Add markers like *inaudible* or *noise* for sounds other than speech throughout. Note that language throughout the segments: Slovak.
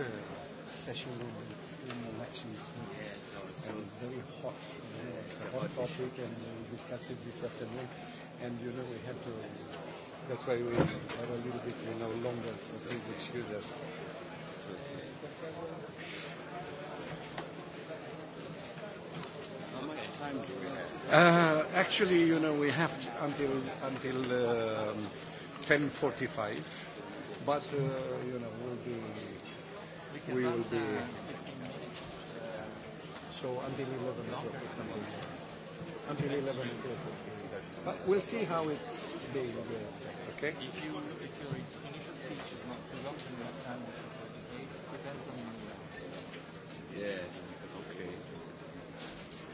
the session will be in elections. Yes, so it's very hot, uh, hot topic, and we discussed it this afternoon. And you know, we had to. That's why we have a little bit, you know, longer. So please excuse us. How much time do we have? Uh, actually, you know, we have until until um, 10:45, but uh, you know, we'll be we will be so until 11 o'clock. Until 11 o'clock. But we'll see how it's being. Uh, okay. If you if your initial speech is not too long, you have time to debate. Depends on you. Yes. Okay.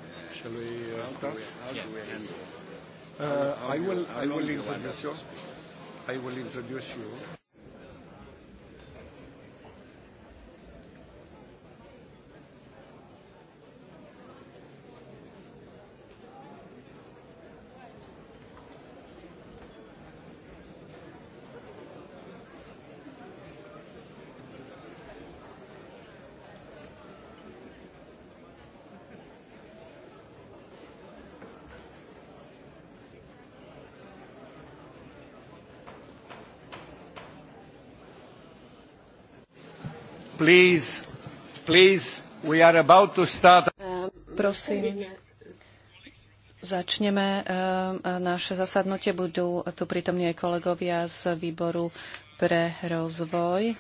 Uh, Shall we uh, start? How do we handle it? Uh, I will. I will introduce you. I will introduce you Please, please, we are about to start. Ehm, prosím, začneme ehm, naše zasadnutie. Budú tu prítomní aj kolegovia z výboru pre rozvoj.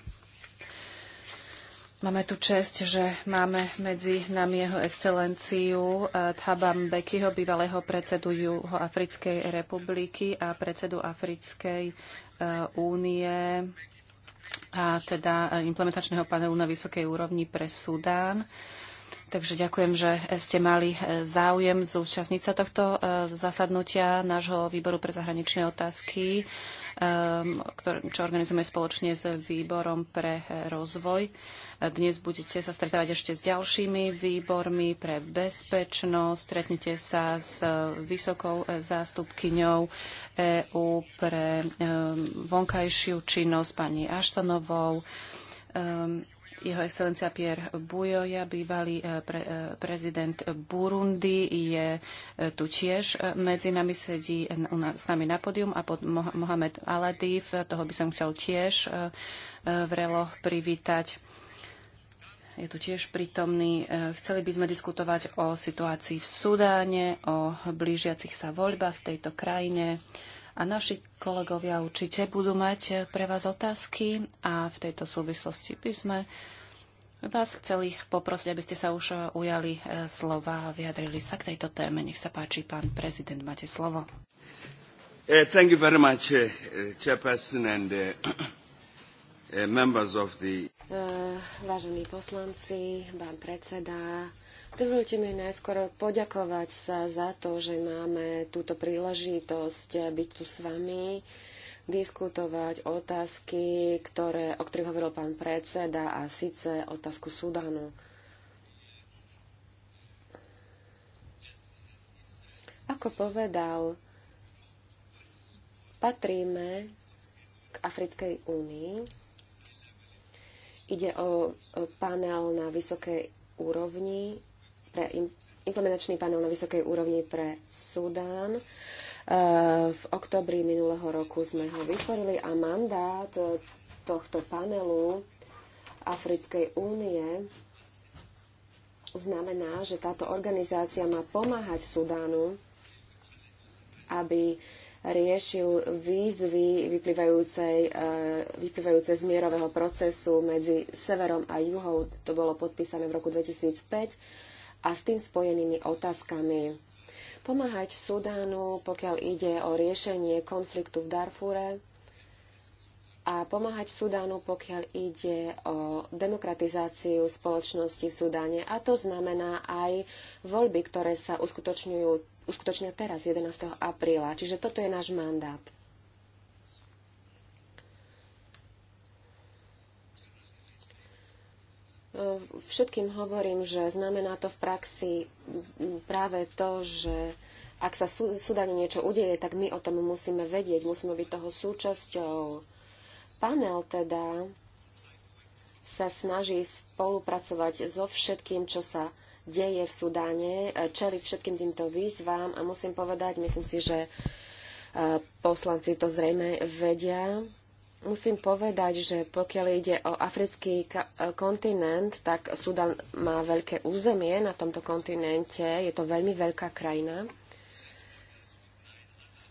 Máme tu čest, že máme medzi nami jeho excelenciu eh, Thabam Bekyho, bývalého predsedu Juhoafrickej republiky a predsedu Africkej eh, únie a teda implementačného panelu na vysokej úrovni pre Sudán. Takže ďakujem, že ste mali e, záujem zúčastniť sa tohto e, zasadnutia nášho výboru pre zahraničné otázky. Ehm, čo organizujeme spoločne s výborom pre rozvoj. Dnes budete sa stretávať ešte s ďalšími výbormi pre bezpečnosť. Stretnete sa s vysokou zástupkyňou EÚ pre ehm, vonkajšiu činnosť pani Aštonovou. Ehm, jeho excelencia Pierre Bujoja, bývalý e, pre, e, prezident Burundi, je e, tu tiež medzi nami, sedí s nami na pódium a pod Mohamed Aladif, toho by som chcel tiež vrelo privítať je tu tiež prítomný. Chceli by sme diskutovať o situácii v Sudáne, o blížiacich sa voľbách v tejto krajine. A naši kolegovia určite budú mať pre vás otázky a v tejto súvislosti by sme vás chceli poprosiť, aby ste sa už e, ujali e, slova a vyjadrili sa k tejto téme. Nech sa páči, pán prezident, máte slovo. Eh, thank you very much, eh, eh, chairperson and members of the... Vážení poslanci, pán predseda, dovolte mi najskôr poďakovať sa za to, že máme túto príležitosť byť tu s vami diskutovať otázky, ktoré, o ktorých hovoril pán predseda, a síce otázku Sudanu. Ako povedal, patríme k Africkej únii. Ide o panel na vysokej úrovni pre implementačný panel na vysokej úrovni pre Sudán. V oktobri minulého roku sme ho vytvorili a mandát e, tohto panelu Africkej únie znamená, že táto organizácia má pomáhať Sudánu, aby riešil výzvy e, vyplývajúce z mierového procesu medzi severom a juhou. To bolo podpísané v roku 2005 a s tým spojenými otázkami pomáhať Sudánu, pokiaľ ide o riešenie konfliktu v Darfúre a pomáhať Sudánu, pokiaľ ide o demokratizáciu spoločnosti v Sudáne. A to znamená aj voľby, ktoré sa uskutočňujú, uskutočnia teraz, 11. apríla. Čiže toto je náš mandát. Všetkým hovorím, že znamená to v praxi práve to, že ak sa súdane niečo udeje, tak my o tom musíme vedieť, musíme byť toho súčasťou. Panel teda sa snaží spolupracovať so všetkým, čo sa deje v Sudáne, čeli všetkým týmto výzvám a musím povedať, myslím si, že eh, poslanci to zrejme vedia, musím povedať, že pokiaľ ide o africký kontinent, tak Sudan má veľké územie na tomto kontinente. Je to veľmi veľká krajina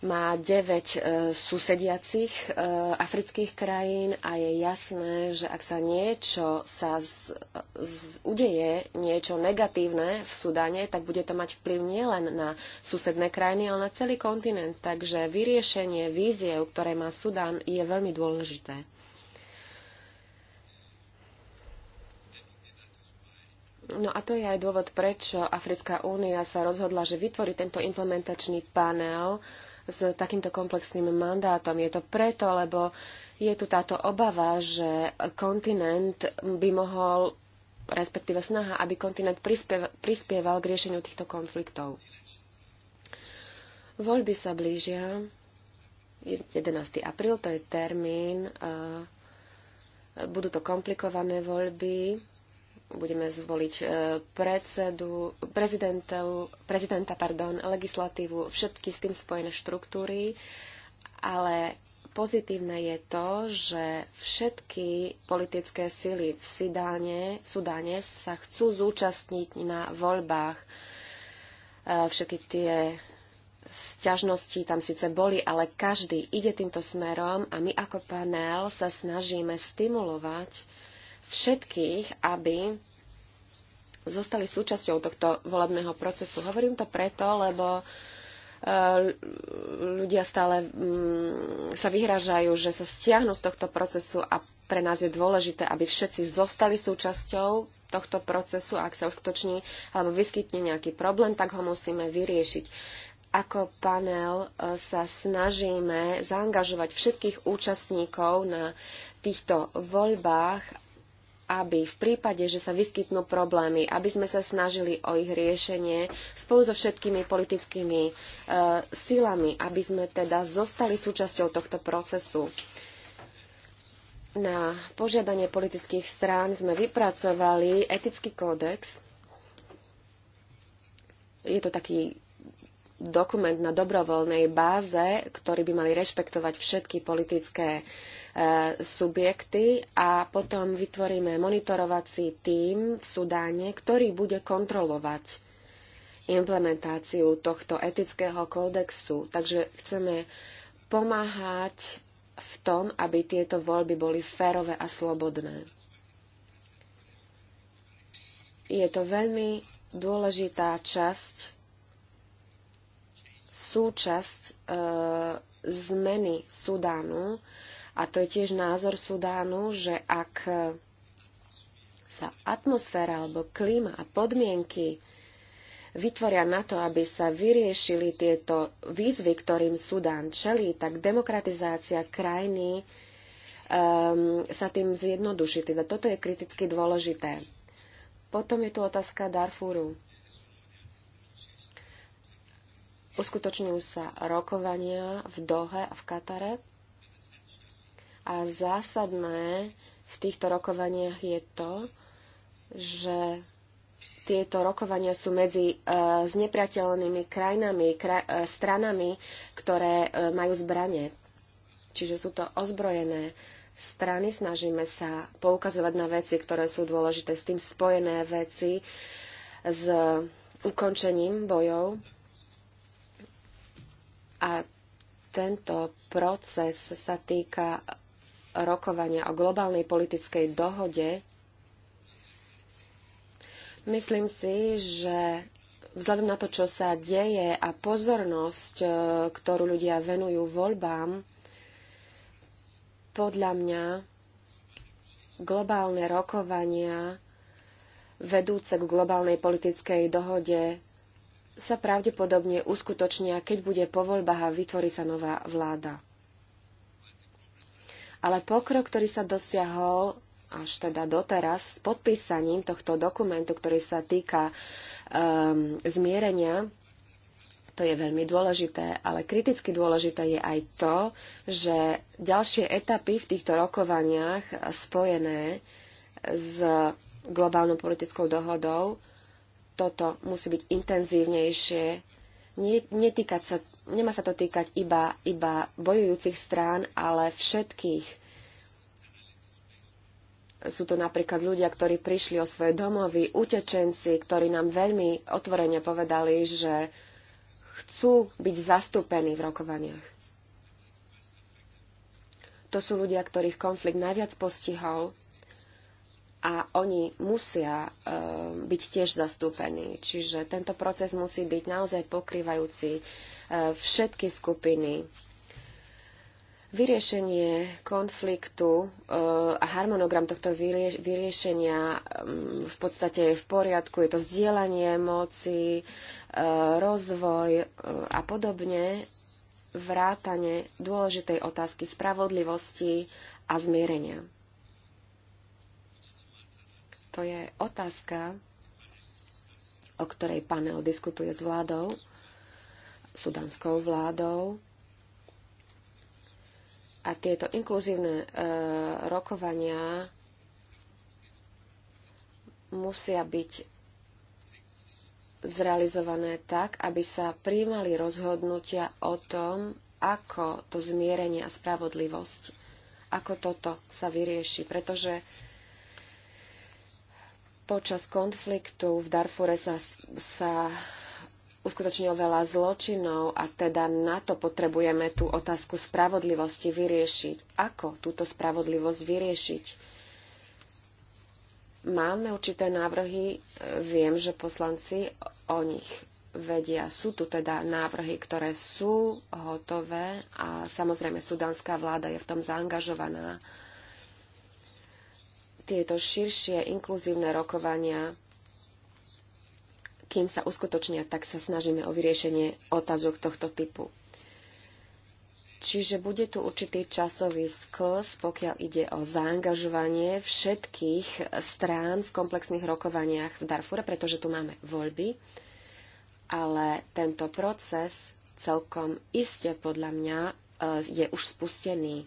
má 9 e, susediacich e, afrických krajín a je jasné, že ak sa niečo sa z, z, udeje, niečo negatívne v Sudane, tak bude to mať vplyv nielen na susedné krajiny, ale na celý kontinent. Takže vyriešenie víziev, ktoré má Sudan, je veľmi dôležité. No a to je aj dôvod, prečo Africká únia sa rozhodla, že vytvorí tento implementačný panel s takýmto komplexným mandátom. Je to preto, lebo je tu táto obava, že kontinent by mohol, respektíve snaha, aby kontinent prispieval, prispieval k riešeniu týchto konfliktov. Voľby sa blížia. 11. apríl, to je termín. Budú to komplikované voľby budeme zvoliť e, predsedu, prezidenta, pardon, legislatívu, všetky s tým spojené štruktúry, ale pozitívne je to, že všetky politické sily v Sidáne, v Sudáne sa chcú zúčastniť na voľbách. E, všetky tie sťažnosti tam síce boli, ale každý ide týmto smerom a my ako panel sa snažíme stimulovať všetkých, aby zostali súčasťou tohto volebného procesu. Hovorím to preto, lebo e, ľudia stále mm, sa vyhražajú, že sa stiahnu z tohto procesu a pre nás je dôležité, aby všetci zostali súčasťou tohto procesu a ak sa uskutoční alebo vyskytne nejaký problém, tak ho musíme vyriešiť. Ako panel e, sa snažíme zaangažovať všetkých účastníkov na týchto voľbách aby v prípade, že sa vyskytnú problémy, aby sme sa snažili o ich riešenie spolu so všetkými politickými e, silami, aby sme teda zostali súčasťou tohto procesu. Na požiadanie politických strán sme vypracovali etický kódex. Je to taký dokument na dobrovoľnej báze, ktorý by mali rešpektovať všetky politické e, subjekty a potom vytvoríme monitorovací tím v Sudáne, ktorý bude kontrolovať implementáciu tohto etického kódexu. Takže chceme pomáhať v tom, aby tieto voľby boli férové a slobodné. Je to veľmi dôležitá časť súčasť uh, zmeny Sudánu a to je tiež názor Sudánu, že ak sa atmosféra alebo klíma a podmienky vytvoria na to, aby sa vyriešili tieto výzvy, ktorým Sudán čelí, tak demokratizácia krajiny um, sa tým zjednoduší. Teda toto je kriticky dôležité. Potom je tu otázka Darfuru. Uskutočňujú sa rokovania v Dohe a v Katare. A zásadné v týchto rokovaniach je to, že tieto rokovania sú medzi uh, znepriateľnými krajinami, kraj, uh, stranami, ktoré uh, majú zbranie. Čiže sú to ozbrojené strany. Snažíme sa poukazovať na veci, ktoré sú dôležité, s tým spojené veci, s ukončením bojov a tento proces sa týka rokovania o globálnej politickej dohode. Myslím si, že vzhľadom na to, čo sa deje a pozornosť, e, ktorú ľudia venujú voľbám, podľa mňa globálne rokovania vedúce k globálnej politickej dohode sa pravdepodobne uskutočnia, keď bude po voľbách a vytvorí sa nová vláda. Ale pokrok, ktorý sa dosiahol až teda doteraz s podpísaním tohto dokumentu, ktorý sa týka um, zmierenia, to je veľmi dôležité, ale kriticky dôležité je aj to, že ďalšie etapy v týchto rokovaniach spojené s globálnou politickou dohodou toto musí byť intenzívnejšie. netýkať sa, nemá sa to týkať iba, iba bojujúcich strán, ale všetkých. Sú to napríklad ľudia, ktorí prišli o svoje domovy, utečenci, ktorí nám veľmi otvorene povedali, že chcú byť zastúpení v rokovaniach. To sú ľudia, ktorých konflikt najviac postihol a oni musia eh, byť tiež zastúpení. Čiže tento proces musí byť naozaj pokrývajúci eh, všetky skupiny. Vyriešenie konfliktu eh, a harmonogram tohto vyriešenia mm, v podstate je v poriadku. Je to vzdielanie moci, rozvoj a podobne, vrátanie dôležitej otázky spravodlivosti a zmierenia. To je otázka, o ktorej panel diskutuje s vládou, sudanskou vládou. A tieto inkluzívne e, rokovania musia byť zrealizované tak, aby sa príjmali rozhodnutia o tom, ako to zmierenie a spravodlivosť, ako toto sa vyrieši. Pretože Počas konfliktu v Darfure sa, sa uskutočnilo veľa zločinov a teda na to potrebujeme tú otázku spravodlivosti vyriešiť. Ako túto spravodlivosť vyriešiť? Máme určité návrhy, viem, že poslanci o nich vedia. Sú tu teda návrhy, ktoré sú hotové a samozrejme sudanská vláda je v tom zaangažovaná tieto širšie inkluzívne rokovania, kým sa uskutočnia, tak sa snažíme o vyriešenie otázok tohto typu. Čiže bude tu určitý časový sklz, pokiaľ ide o zaangažovanie všetkých strán v komplexných rokovaniach v Darfure, pretože tu máme voľby, ale tento proces celkom iste podľa mňa e, je už spustený.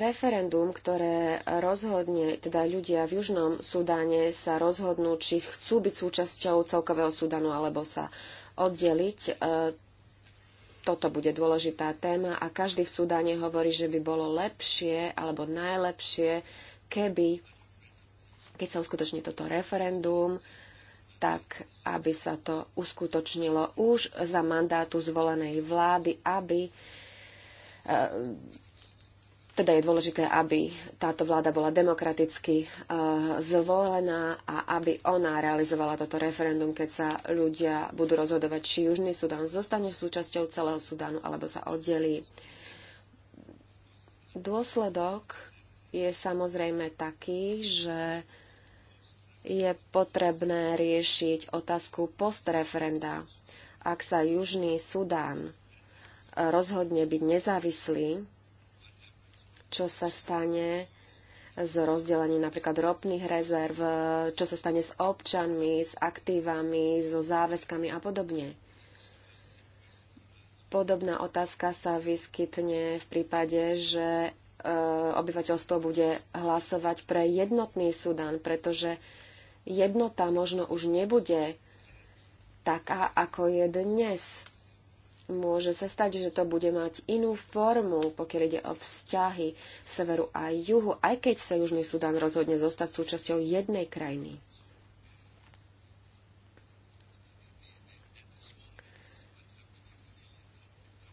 referendum, ktoré rozhodne, teda ľudia v Južnom Sudáne sa rozhodnú, či chcú byť súčasťou celkového Sudanu alebo sa oddeliť. E, toto bude dôležitá téma a každý v Sudáne hovorí, že by bolo lepšie alebo najlepšie, keby, keď sa uskutoční toto referendum, tak aby sa to uskutočnilo už za mandátu zvolenej vlády, aby e, teda je dôležité, aby táto vláda bola demokraticky uh, zvolená a aby ona realizovala toto referendum, keď sa ľudia budú rozhodovať, či Južný Sudán zostane súčasťou celého Sudánu alebo sa oddelí. Dôsledok je samozrejme taký, že je potrebné riešiť otázku postreferenda. Ak sa Južný Sudán eh, rozhodne byť nezávislý, čo sa stane s rozdelením napríklad ropných rezerv, čo sa stane s občanmi, s aktívami, so záväzkami a podobne. Podobná otázka sa vyskytne v prípade, že e, obyvateľstvo bude hlasovať pre jednotný Sudan, pretože jednota možno už nebude taká, ako je dnes môže sa stať, že to bude mať inú formu, pokiaľ ide o vzťahy severu a juhu, aj keď sa Južný Sudán rozhodne zostať súčasťou jednej krajiny.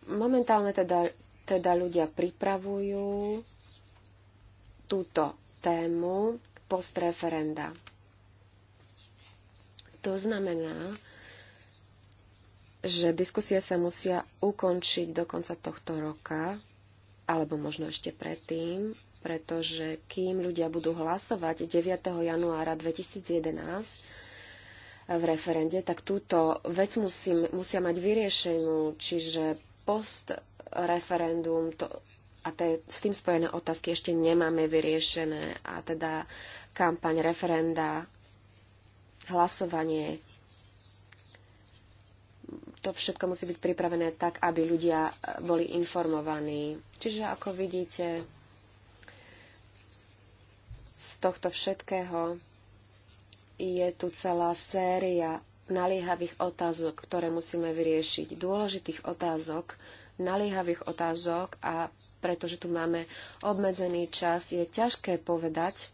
Momentálne teda, teda ľudia pripravujú túto tému post referenda. To znamená, že diskusie sa musia ukončiť do konca tohto roka, alebo možno ešte predtým, pretože kým ľudia budú hlasovať 9. januára 2011 v referende, tak túto vec musí, musia mať vyriešenú, čiže post referendum to, a te, s tým spojené otázky ešte nemáme vyriešené a teda kampaň referenda, hlasovanie to všetko musí byť pripravené tak, aby ľudia e, boli informovaní. Čiže ako vidíte, z tohto všetkého je tu celá séria naliehavých otázok, ktoré musíme vyriešiť. Dôležitých otázok, naliehavých otázok a pretože tu máme obmedzený čas, je ťažké povedať,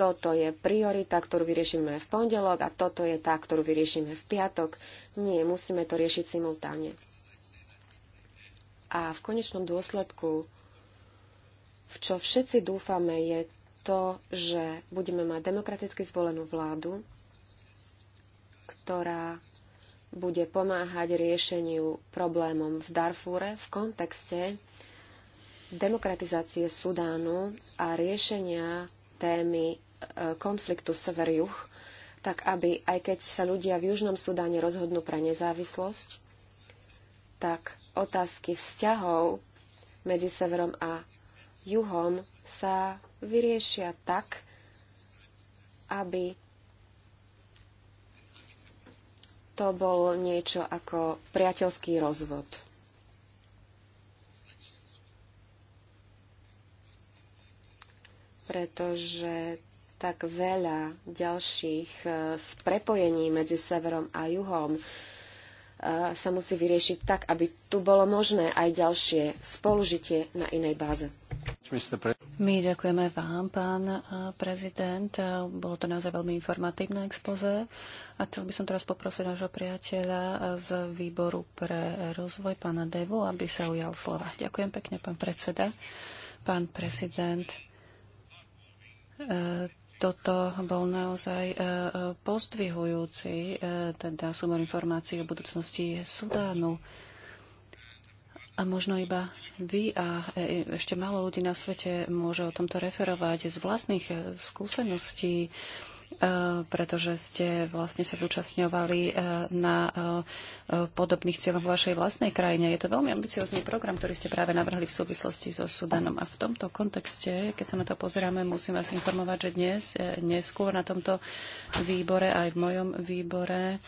toto je priorita, ktorú vyriešime v pondelok a toto je tá, ktorú vyriešime v piatok. Nie, musíme to riešiť simultáne. A v konečnom dôsledku, v čo všetci dúfame, je to, že budeme mať demokraticky zvolenú vládu, ktorá bude pomáhať riešeniu problémom v Darfúre v kontexte demokratizácie Sudánu a riešenia témy konfliktu sever-juh, tak aby aj keď sa ľudia v Južnom Sudáne rozhodnú pre nezávislosť, tak otázky vzťahov medzi severom a juhom sa vyriešia tak, aby to bolo niečo ako priateľský rozvod. Pretože tak veľa ďalších e, sprepojení medzi severom a juhom e, sa musí vyriešiť tak, aby tu bolo možné aj ďalšie spolužitie na inej báze. My ďakujeme vám, pán e, prezident. Bolo to naozaj veľmi informatívne expoze. A chcel by som teraz poprosiť nášho priateľa z výboru pre rozvoj, pána Devu, aby sa ujal slova. Ďakujem pekne, pán predseda. Pán prezident, toto bol naozaj e, e, pozdvihujúci, e, teda súbor informácií o budúcnosti Sudánu. A možno iba vy a ešte málo ľudí na svete môže o tomto referovať z vlastných skúseností E, pretože ste vlastne sa zúčastňovali e, na e, podobných cieľoch vo vašej vlastnej krajine. Je to veľmi ambiciózny program, ktorý ste práve navrhli v súvislosti so Sudanom. A v tomto kontexte, keď sa na to pozeráme, musím vás informovať, že dnes, neskôr na tomto výbore, aj v mojom výbore,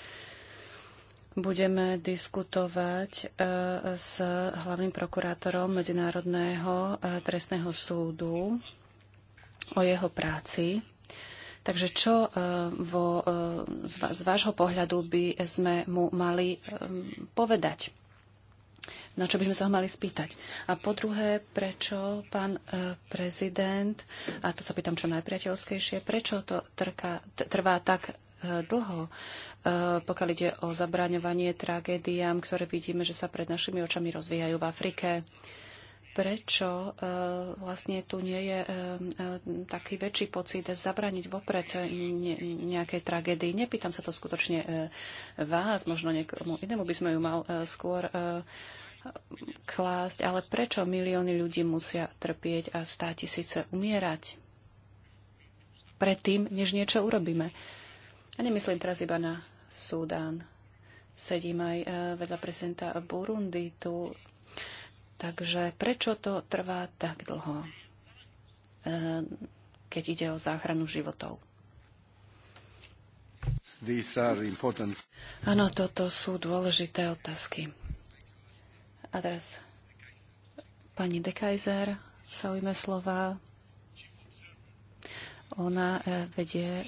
budeme diskutovať s hlavným prokurátorom Medzinárodného trestného súdu o jeho práci Takže čo e, vo, e, z vášho pohľadu by sme mu mali e, povedať? Na čo by sme sa ho mali spýtať? A po druhé, prečo pán prezident, a to sa pýtam čo najpriateľskejšie, prečo to trka, trvá tak dlho, pokiaľ ide o zabraňovanie tragédiám, ktoré vidíme, že sa pred našimi očami rozvíjajú v Afrike prečo e, vlastne tu nie je e, e, taký väčší pocit zabraniť vopred nejakej tragédii. Nepýtam sa to skutočne vás, možno niekomu inému by sme ju mal skôr klásť, ale prečo milióny ľudí musia trpieť a stá tisíce umierať predtým, než niečo urobíme. A nemyslím teraz iba na Súdán. Sedím aj vedľa prezidenta Burundi, tu Takže prečo to trvá tak dlho, eh, keď ide o záchranu životov? Áno, toto sú dôležité otázky. A teraz pani De Kaiser sa ujme slova. Ona eh, vedie eh,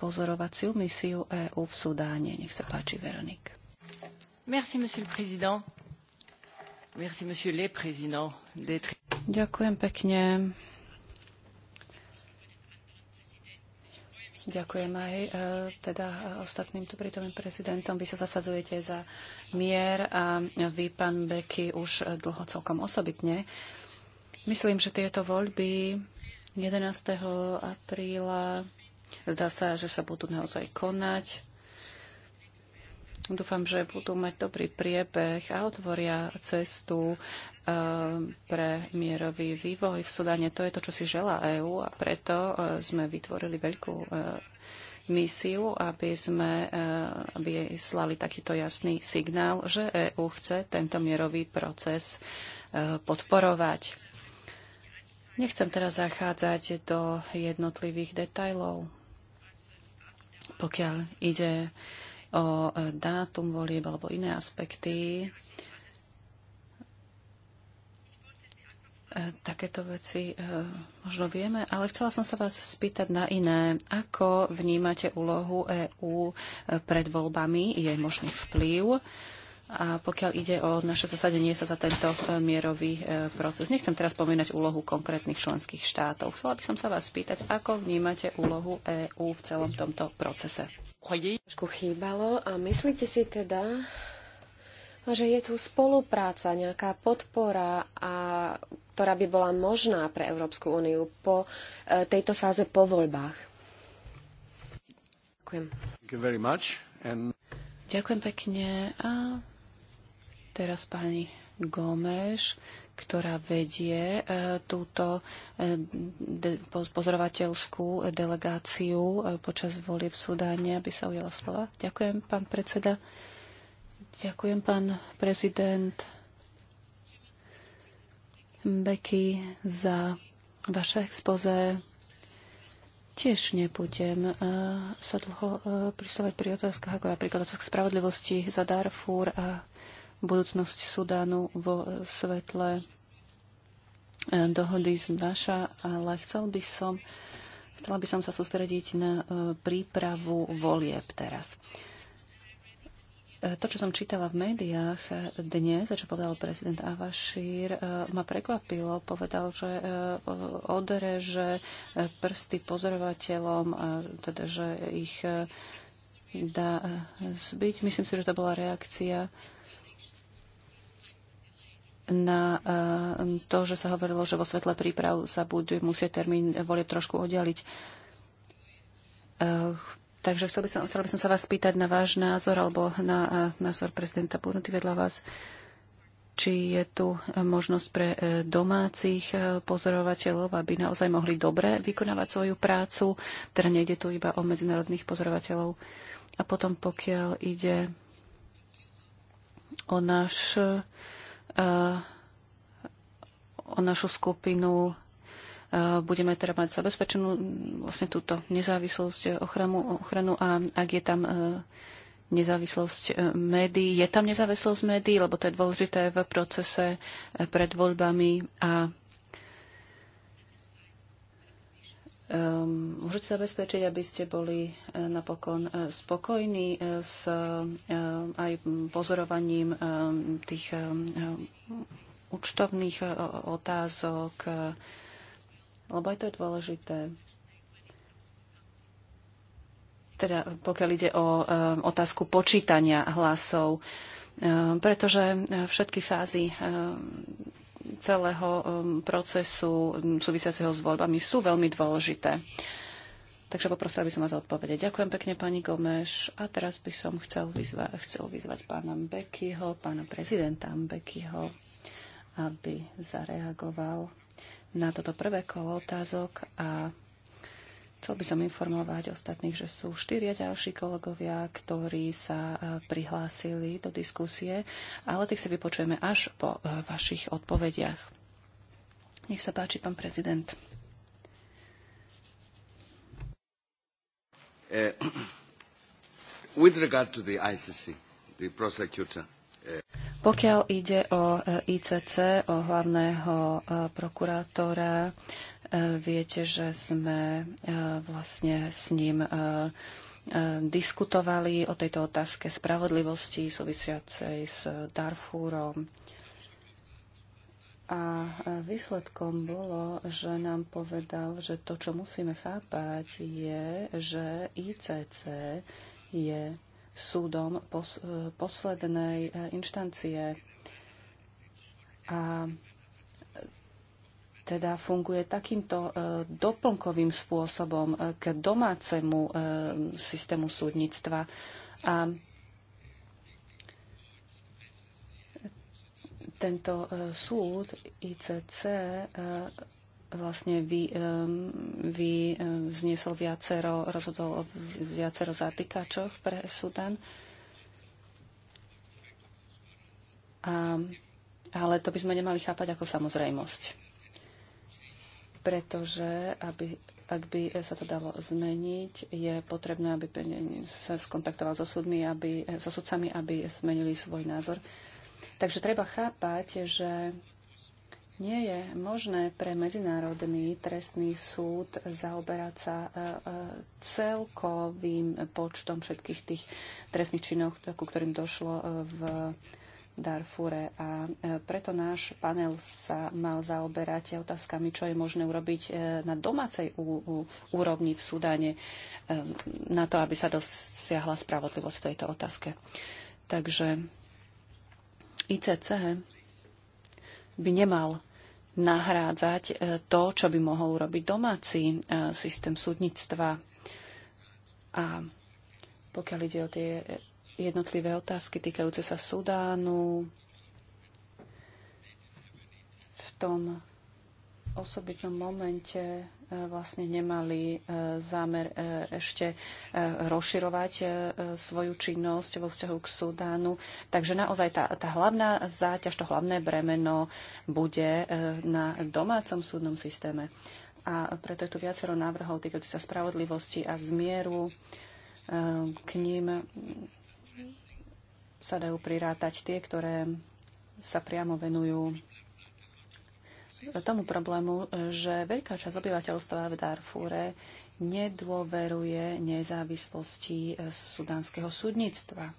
pozorovaciu misiu EÚ v Sudáne. Nech sa páči, Veronik. Merci, monsieur le président. Ďakujem pekne. Ďakujem aj e, teda ostatným tu prítomným prezidentom. Vy sa zasadzujete za mier a vy, pán Beky, už dlho celkom osobitne. Myslím, že tieto voľby 11. apríla zdá sa, že sa budú naozaj konať. Dúfam, že budú mať dobrý priebeh a otvoria cestu eh, pre mierový vývoj v Sudane. To je to, čo si žela EÚ a preto eh, sme vytvorili veľkú eh, misiu, aby sme aby slali takýto jasný signál, že EÚ chce tento mierový proces podporovať. Nechcem teraz zachádzať do jednotlivých detajlov, pokiaľ ide o e, dátum volieb alebo iné aspekty. E, takéto veci e, možno vieme, ale chcela som sa vás spýtať na iné. Ako vnímate úlohu EÚ pred voľbami, jej možný vplyv? A pokiaľ ide o naše zasadenie sa za tento mierový proces, nechcem teraz spomínať úlohu konkrétnych členských štátov. Chcela by som sa vás spýtať, ako vnímate úlohu EÚ v celom tomto procese? croyez... Trošku chýbalo a myslíte si teda, že je tu spolupráca, nejaká podpora, a, ktorá by bola možná pre Európsku úniu po e, tejto fáze po voľbách. Ďakujem. And... Ďakujem pekne. A teraz pani Gomeš ktorá vedie e, túto e, pozorovateľskú delegáciu e, počas volie v Sudáne, aby sa ujala slova. Ďakujem, pán predseda. Ďakujem, pán prezident Beky, za vaše expoze. Tiež nebudem sa dlho uh, pri otázkach, ako napríklad otázka spravodlivosti za Darfur a budúcnosť Sudánu vo svetle eh, dohody z Vaša, ale chcel by som, chcela by som sa sústrediť na eh, prípravu volieb teraz. Eh, to, čo som čítala v médiách dnes, čo povedal prezident Avašír, ma prekvapilo. Povedal, že odreže prsty pozorovateľom, teda, že ich dá zbyť. Myslím si, že to bola reakcia na eh, to, že sa hovorilo, že vo svetle príprav sa bude musieť termín volie trošku oddialiť. Eh, takže chcel by som, chcel by som sa vás spýtať na váš názor alebo na eh, názor prezidenta Burundi vedľa vás, či je tu možnosť pre domácich pozorovateľov, aby naozaj mohli dobre vykonávať svoju prácu, teda nejde tu iba o medzinárodných pozorovateľov. A potom, pokiaľ ide o náš Eh, o našu skupinu eh, budeme teda mať zabezpečenú vlastne túto nezávislosť, eh, ochranu, ochranu a ak je tam nezávislosť médií, je tam nezávislosť médií, lebo to je dôležité v procese pred voľbami a Um, môžete zabezpečiť, aby ste boli uh, napokon uh, spokojní e, s uh, aj pozorovaním tých účtovných uh, otázok, uh, lebo aj to je dôležité. Teda pokiaľ ide o otázku počítania hlasov, pretože všetky fázy celého um, procesu um, súvisiaceho s voľbami sú veľmi dôležité. Takže poprosila by som vás o odpovede. Ďakujem pekne, pani Gomeš. A teraz by som chcel, vyzva- chcel vyzvať pána Bekyho, pána prezidenta Bekyho, aby zareagoval na toto prvé kolo otázok a Chcel by som informovať ostatných, že sú štyria ďalší kolegovia, ktorí sa e, prihlásili do diskusie, ale tých si vypočujeme až po e, vašich odpovediach. Nech sa páči, pán prezident. Uh, *clears throat* with regard to the ICC, the prosecutor, pokiaľ ide o ICC, o hlavného prokurátora, Eh, viete, že sme eh, vlastne s ním eh, diskutovali o tejto otázke spravodlivosti súvisiacej s Darfúrom. A výsledkom bolo, že nám povedal, že to, čo musíme chápať, je, že ICC je súdom pos- poslednej inštancie. A teda funguje takýmto e, doplnkovým spôsobom e, k domácemu e, systému súdnictva. A tento súd ICC vlastne vy, vy vzniesol viacero, rozhodol o viacero zatýkačoch pre Sudan. A, ale to by sme nemali chápať ako samozrejmosť pretože aby, ak by sa to dalo zmeniť, je potrebné, aby sa skontaktoval so, súdmi, aby, so sudcami, aby zmenili svoj názor. Takže treba chápať, že nie je možné pre Medzinárodný trestný súd zaoberať sa e, e, celkovým počtom všetkých tých trestných činov, ku ktorým došlo e, v Darfure. A e, preto náš panel sa mal zaoberať otázkami, čo je možné urobiť e, na domácej úrovni v Sudáne e, na to, aby sa dosiahla spravodlivosť v tejto otázke. Takže ICC by nemal nahrádzať to, čo by mohol urobiť domáci systém súdnictva. A pokiaľ ide o tie jednotlivé otázky týkajúce sa Sudánu v tom osobitnom momente e, vlastne nemali e, zámer e, ešte rozširovať svoju činnosť vo vzťahu k Sudánu. Takže naozaj tá, tá hlavná záťaž, to hlavné bremeno bude na domácom súdnom systéme. A preto je tu viacero návrhov týkajúcich sa spravodlivosti a zmieru. K ním sa dajú prirátať tie, ktoré sa priamo venujú tomu problému, že veľká časť obyvateľstva v Darfúre nedôveruje nezávislosti sudánskeho súdnictva.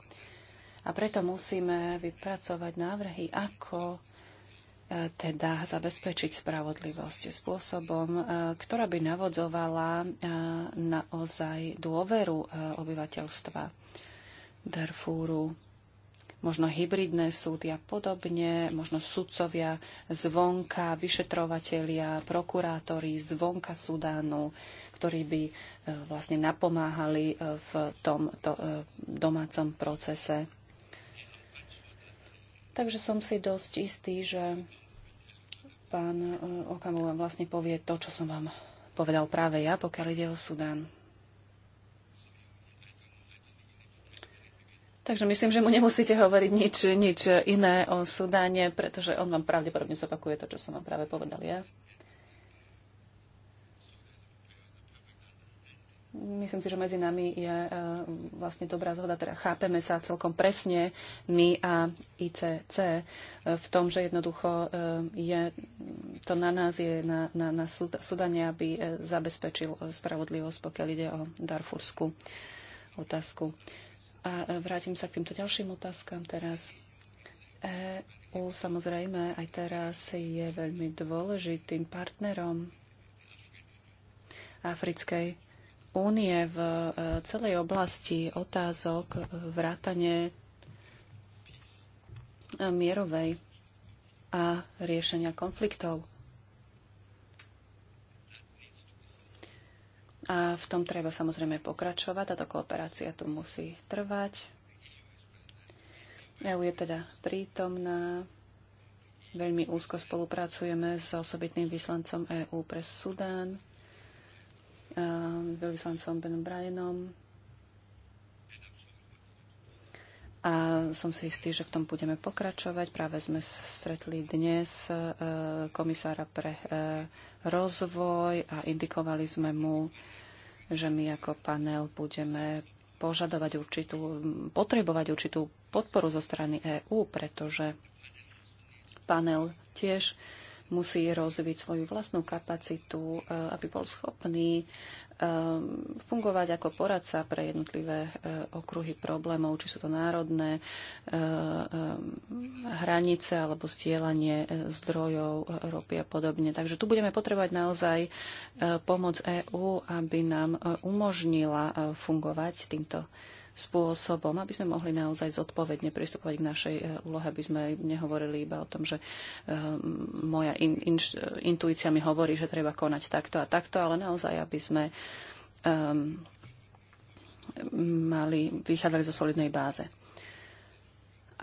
A preto musíme vypracovať návrhy, ako e, teda zabezpečiť spravodlivosť spôsobom, e, ktorá by navodzovala e, naozaj dôveru obyvateľstva Darfúru možno hybridné súdy a podobne, možno sudcovia zvonka, vyšetrovatelia, prokurátori zvonka Sudánu, ktorí by e, vlastne napomáhali e, v tomto e, domácom procese. Takže som si dosť istý, že pán Okamu vám vlastne povie to, čo som vám povedal práve ja, pokiaľ ide o Sudán. Takže myslím, že mu nemusíte hovoriť nič, nič iné o Sudáne, pretože on vám pravdepodobne zopakuje to, čo som vám práve povedal ja. Myslím si, že medzi nami je e, vlastne dobrá zhoda, teda chápeme sa celkom presne my a ICC e, v tom, že jednoducho e, je to na nás, je na, na, na Sudane, aby zabezpečil spravodlivosť, pokiaľ ide o darfurskú otázku. A e, vrátim sa k týmto ďalším otázkam teraz. EU samozrejme aj teraz je veľmi dôležitým partnerom Africkej únie v e, celej oblasti otázok vrátane e, mierovej a riešenia konfliktov. A v tom treba samozrejme pokračovať. Táto kooperácia tu musí trvať. EU je teda prítomná. Veľmi úzko spolupracujeme s osobitným vyslancom EÚ pre Sudán, vyslancom Benom Bryanom. A som si istý, že v tom budeme pokračovať. Práve sme stretli dnes e, komisára pre e, rozvoj a indikovali sme mu že my ako panel budeme požadovať určitú, potrebovať určitú podporu zo strany EÚ, pretože panel tiež musí rozviť svoju vlastnú kapacitu, e, aby bol schopný e, fungovať ako poradca pre jednotlivé e, okruhy problémov, či sú to národné hranice alebo zdieľanie zdrojov ropy a podobne. Takže tu budeme potrebovať naozaj pomoc EÚ, aby nám umožnila fungovať týmto spôsobom, aby sme mohli naozaj zodpovedne pristupovať k našej e, úlohe, aby sme nehovorili iba o tom, že e, moja in, in, intuícia mi hovorí, že treba konať takto a takto, ale naozaj, aby sme um, mali, vychádzali zo solidnej báze.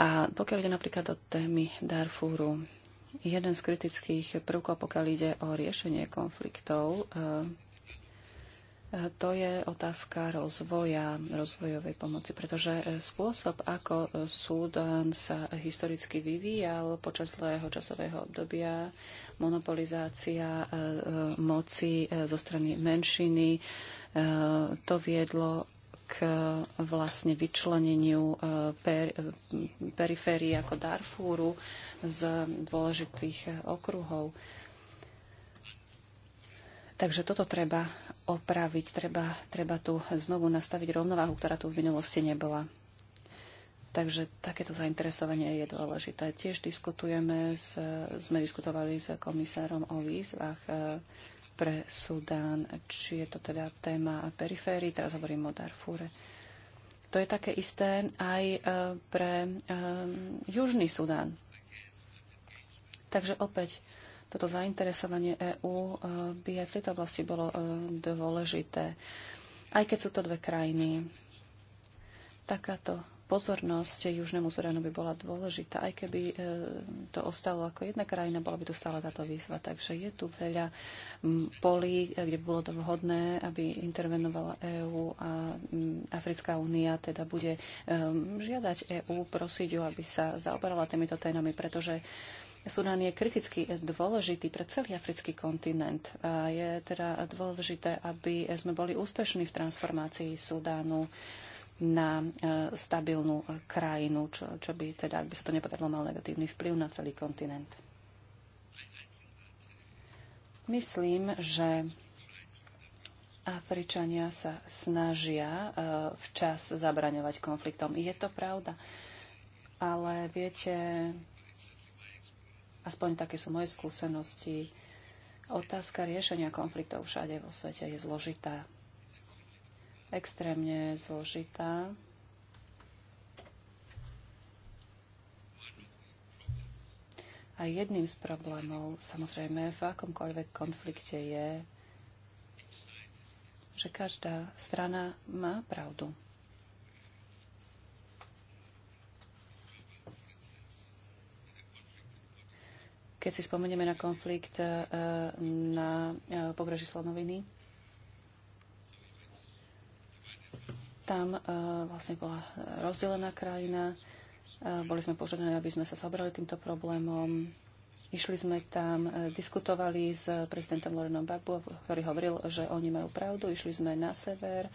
A pokiaľ ide napríklad o témy Darfúru, jeden z kritických prvkov, pokiaľ ide o riešenie konfliktov, ehm, E, to je otázka rozvoja, rozvojovej pomoci, pretože e, spôsob, ako e, Súdan sa historicky vyvíjal počas dlhého časového obdobia, monopolizácia moci zo strany menšiny, to viedlo k vlastne vyčleneniu per, periférií ako Darfúru z dôležitých okruhov. Takže toto treba opraviť, treba, treba tu znovu nastaviť rovnováhu, ktorá tu v minulosti nebola. Takže takéto zainteresovanie je dôležité. Tiež diskutujeme, s, sme diskutovali s komisárom o výzvach e, pre Sudán, či je to teda téma periférii, teraz hovorím o Darfúre. To je také isté aj e, pre um, Južný Sudán. Takže opäť toto zainteresovanie EÚ e, by aj v tejto oblasti bolo e, dôležité. Aj keď sú to dve krajiny, takáto pozornosť Južnému Sudánu by bola dôležitá. Aj keby e, to ostalo ako jedna krajina, bola by tu stále táto výzva. Takže je tu veľa polí, kde by bolo to vhodné, aby intervenovala EÚ a Africká únia teda bude žiadať EÚ, prosiť ju, aby sa zaoberala týmito témami, pretože Sudán je kriticky dôležitý pre celý africký kontinent a je teda dôležité, aby sme boli úspešní v transformácii Sudánu na e, stabilnú krajinu, čo, čo by teda, ak by sa to nepodarilo, mal negatívny vplyv na celý kontinent. Myslím, že Afričania sa snažia e, včas zabraňovať konfliktom. Je to pravda. Ale viete, Aspoň také sú moje skúsenosti. Otázka riešenia konfliktov všade vo svete je zložitá. Extrémne zložitá. A jedným z problémov, samozrejme, v akomkoľvek konflikte je, že každá strana má pravdu. keď si spomenieme na konflikt e, na e, pobreží Slonoviny. Tam e, vlastne bola rozdelená krajina. Boli sme požiadaní, aby sme sa zabrali týmto problémom. Išli sme tam, diskutovali s prezidentom Lorenom Bagbo, ktorý hovoril, že oni majú pravdu. Išli sme na sever,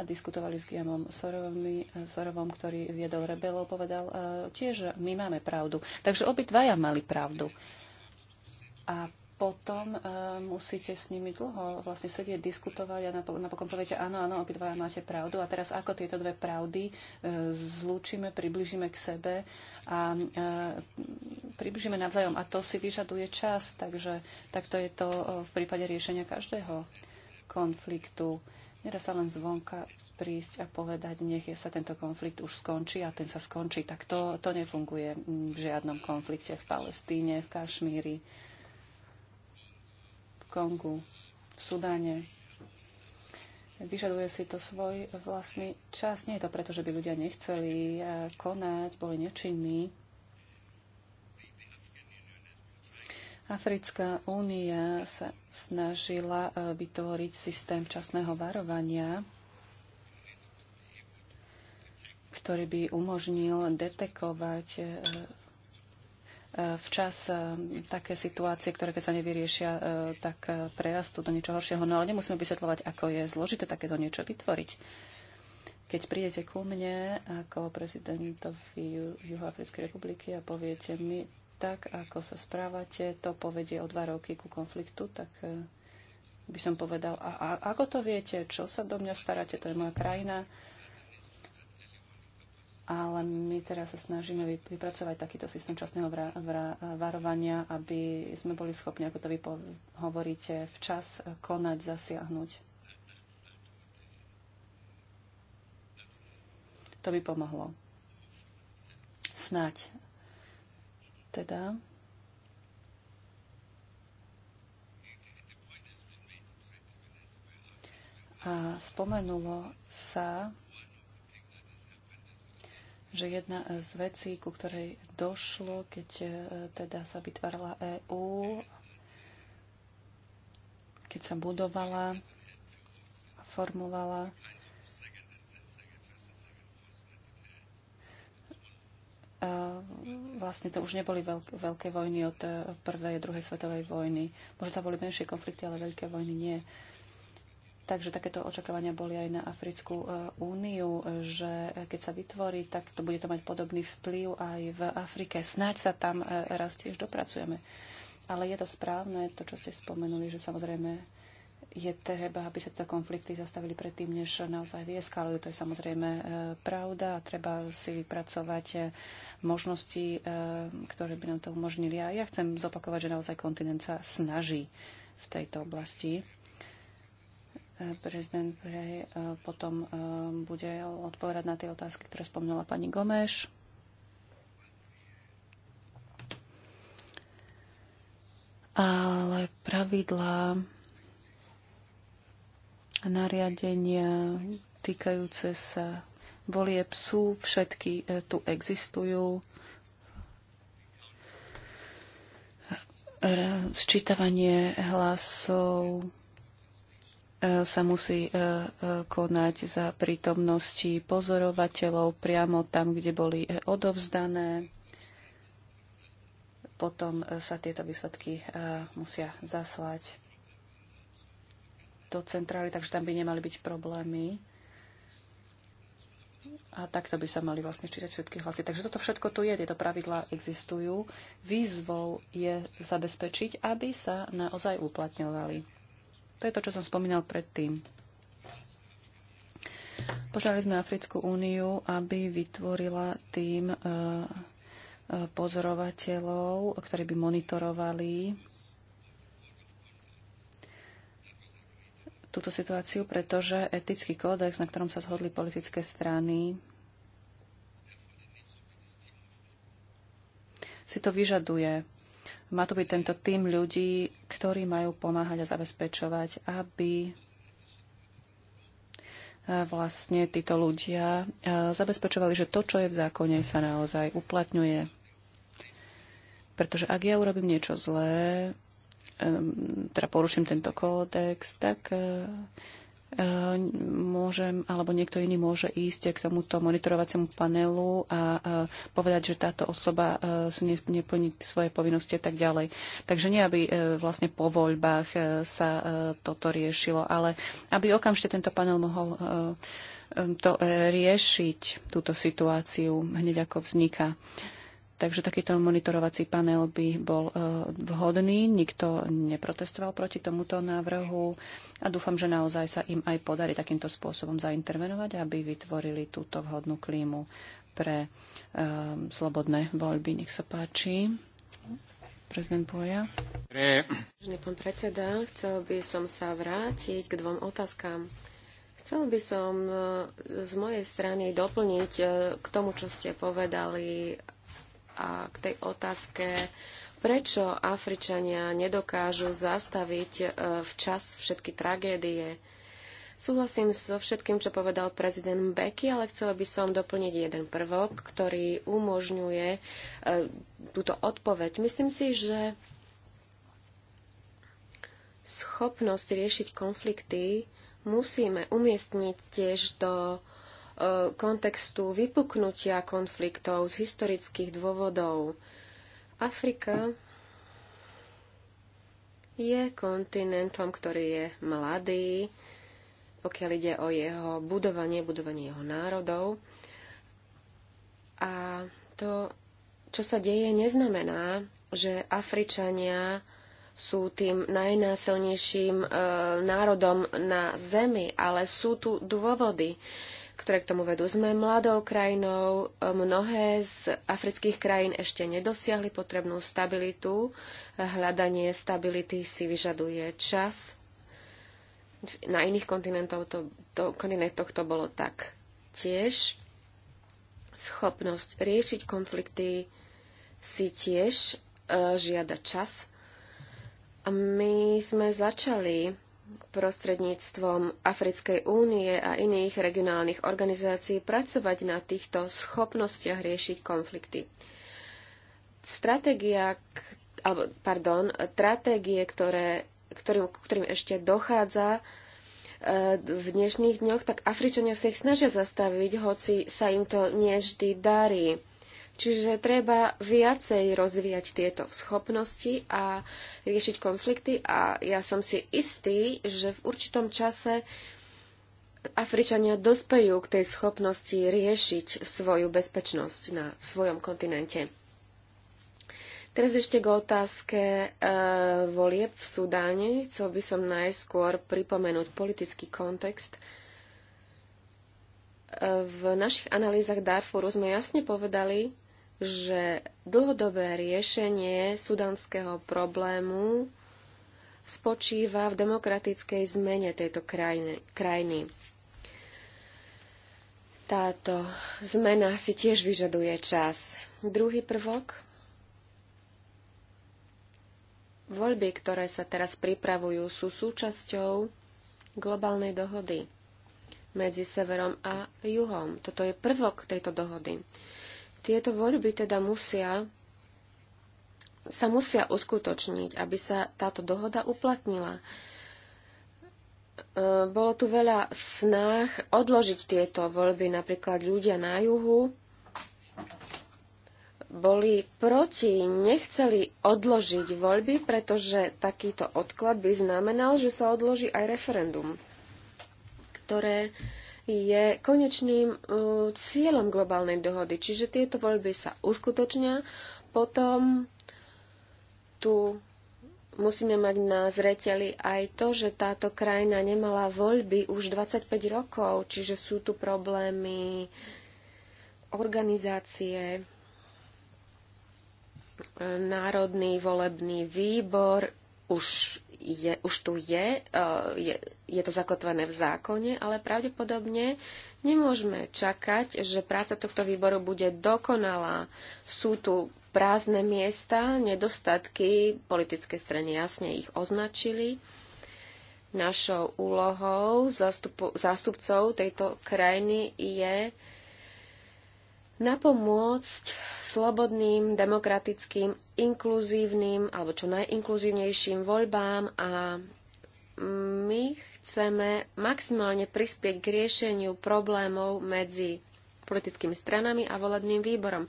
a diskutovali s Giamom Sorovom, ktorý viedol rebelov, povedal e, tiež, my máme pravdu. Takže obidvaja mali pravdu. A potom uh, musíte s nimi dlho vlastne sedieť, diskutovať a napokon poviete, áno, áno, obidvaja máte pravdu. A teraz ako tieto dve pravdy uh, zlúčime, približíme k sebe a uh, približíme navzájom. A to si vyžaduje čas, takže takto je to uh, v prípade riešenia každého konfliktu. Uh, Nedá sa len zvonka prísť a povedať, nech sa tento konflikt už skončí a ten sa skončí. Tak to, to nefunguje v žiadnom konflikte v Palestíne, v Kašmíri, v Kongu, v Sudáne. Vyžaduje si to svoj vlastný čas. Nie je to preto, že by ľudia nechceli eh, konať, boli nečinní. Africká únia sa snažila e, vytvoriť systém časného varovania, ktorý by umožnil detekovať e, e, včas také situácie, ktoré keď sa nevyriešia, tak prerastú do niečo horšieho. No ale nemusíme vysvetľovať, ako je zložité takéto niečo vytvoriť. Keď prídete ku mne ako prezidentovi Juhoafrickej republiky a poviete mi, tak, ako sa správate, to povedie o dva roky ku konfliktu, tak eh, by som povedal, a, a ako to viete, čo sa do mňa staráte, to je moja krajina. Ale my teraz sa snažíme vypracovať takýto systém časného vra, vra, varovania, aby sme boli schopní, ako to vy hovoríte, včas konať, zasiahnuť. To by pomohlo. Snať teda a spomenulo sa, že jedna z vecí, ku ktorej došlo, keď e, teda sa vytvárala EÚ, keď sa budovala, formovala, vlastne to už neboli veľké vojny od eh, prvej a druhej svetovej vojny. Možno tam boli menšie konflikty, ale veľké vojny nie. Takže takéto očakávania boli aj na Africkú eh, úniu, že eh, keď sa vytvorí, tak to bude to mať podobný vplyv aj v Afrike. Snaď sa tam raz tiež dopracujeme. Ale je to správne, to, čo ste spomenuli, že samozrejme je treba, aby sa tieto teda konflikty zastavili predtým, než naozaj vieskalujú. To je samozrejme e, pravda a treba si vypracovať e, možnosti, e, ktoré by nám to umožnili. A ja chcem zopakovať, že naozaj kontinent sa snaží v tejto oblasti. Prezident Prej potom bude odpovedať na tie otázky, ktoré spomínala pani Gomeš. Ale pravidlá nariadenia týkajúce sa volie psu, všetky e, tu existujú. E, sčítavanie hlasov e, sa musí konať za prítomnosti pozorovateľov priamo tam, kde boli odovzdané. Potom sa tieto výsledky musia zaslať do centrály, takže tam by nemali byť problémy. A takto by sa mali vlastne čítať všetky hlasy. Takže toto všetko tu je, tieto pravidlá existujú. Výzvou je zabezpečiť, aby sa naozaj uplatňovali. To je to, čo som spomínal predtým. Požiadali sme Africkú úniu, aby vytvorila tým eh, eh, pozorovateľov, ktorí by monitorovali túto situáciu, pretože etický kódex, na ktorom sa zhodli politické strany, si to vyžaduje. Má to byť tento tým ľudí, ktorí majú pomáhať a zabezpečovať, aby vlastne títo ľudia zabezpečovali, že to, čo je v zákone, sa naozaj uplatňuje. Pretože ak ja urobím niečo zlé, teda poruším tento kódex, tak e, e, môžem, alebo niekto iný môže ísť k tomuto monitorovaciemu panelu a e, povedať, že táto osoba si neplní svoje povinnosti a tak ďalej. Takže nie, aby vlastne po voľbách sa toto riešilo, ale aby okamžite tento panel mohol to riešiť, túto situáciu hneď ako vzniká. Takže takýto monitorovací panel by bol e, vhodný. Nikto neprotestoval proti tomuto návrhu a dúfam, že naozaj sa im aj podarí takýmto spôsobom zaintervenovať, aby vytvorili túto vhodnú klímu pre um, slobodné voľby. Nech sa páči. Prezident Boja. Vážený pán predseda, chcel by som sa vrátiť k dvom otázkám. Chcel by som e, z mojej strany doplniť k tomu, čo ste povedali a k tej otázke, prečo Afričania nedokážu zastaviť e, včas všetky tragédie. Súhlasím so všetkým, čo povedal prezident Becky, ale chcela by som doplniť jeden prvok, ktorý umožňuje e, túto odpoveď. Myslím si, že schopnosť riešiť konflikty musíme umiestniť tiež do kontextu vypuknutia konfliktov z historických dôvodov. Afrika je kontinentom, ktorý je mladý, pokiaľ ide o jeho budovanie, budovanie jeho národov. A to, čo sa deje, neznamená, že Afričania sú tým najnásilnejším e, národom na Zemi, ale sú tu dôvody ktoré k tomu vedú. Sme mladou krajinou, mnohé z afrických krajín ešte nedosiahli potrebnú stabilitu. Hľadanie stability si vyžaduje čas. Na iných kontinentoch to, to, kontinentoch to bolo tak tiež. Schopnosť riešiť konflikty si tiež e, žiada čas. A my sme začali prostredníctvom Africkej únie a iných regionálnych organizácií pracovať na týchto schopnostiach riešiť konflikty. Stratégia, alebo, pardon, stratégie, ktoré, ktorým, ktorým ešte dochádza e, v dnešných dňoch, tak Afričania sa ich snažia zastaviť, hoci sa im to nie vždy darí. Čiže treba viacej rozvíjať tieto schopnosti a riešiť konflikty a ja som si istý, že v určitom čase Afričania dospejú k tej schopnosti riešiť svoju bezpečnosť na v svojom kontinente. Teraz ešte k otázke e, volieb v Sudáne. Chcel by som najskôr pripomenúť politický kontext e, v našich analýzach Darfuru sme jasne povedali, že dlhodobé riešenie sudanského problému spočíva v demokratickej zmene tejto krajiny. krajiny. Táto zmena si tiež vyžaduje čas. Druhý prvok. Voľby, ktoré sa teraz pripravujú, sú súčasťou globálnej dohody medzi severom a juhom. Toto je prvok tejto dohody. Tieto voľby teda musia sa musia uskutočniť, aby sa táto dohoda uplatnila. E, bolo tu veľa snách odložiť tieto voľby. Napríklad ľudia na juhu boli proti, nechceli odložiť voľby, pretože takýto odklad by znamenal, že sa odloží aj referendum, ktoré je konečným uh, cieľom globálnej dohody. Čiže tieto voľby sa uskutočnia, potom tu musíme mať na zreteli aj to, že táto krajina nemala voľby už 25 rokov, čiže sú tu problémy organizácie, eh, Národný volebný výbor už, je, už tu je, e, je, je to zakotvené v zákone, ale pravdepodobne nemôžeme čakať, že práca tohto výboru bude dokonalá. Sú tu prázdne miesta, nedostatky, politické strany jasne ich označili. Našou úlohou zástupcov tejto krajiny je napomôcť slobodným, demokratickým, inkluzívnym alebo čo najinkluzívnejším voľbám a my chceme maximálne prispieť k riešeniu problémov medzi politickými stranami a volebným výborom.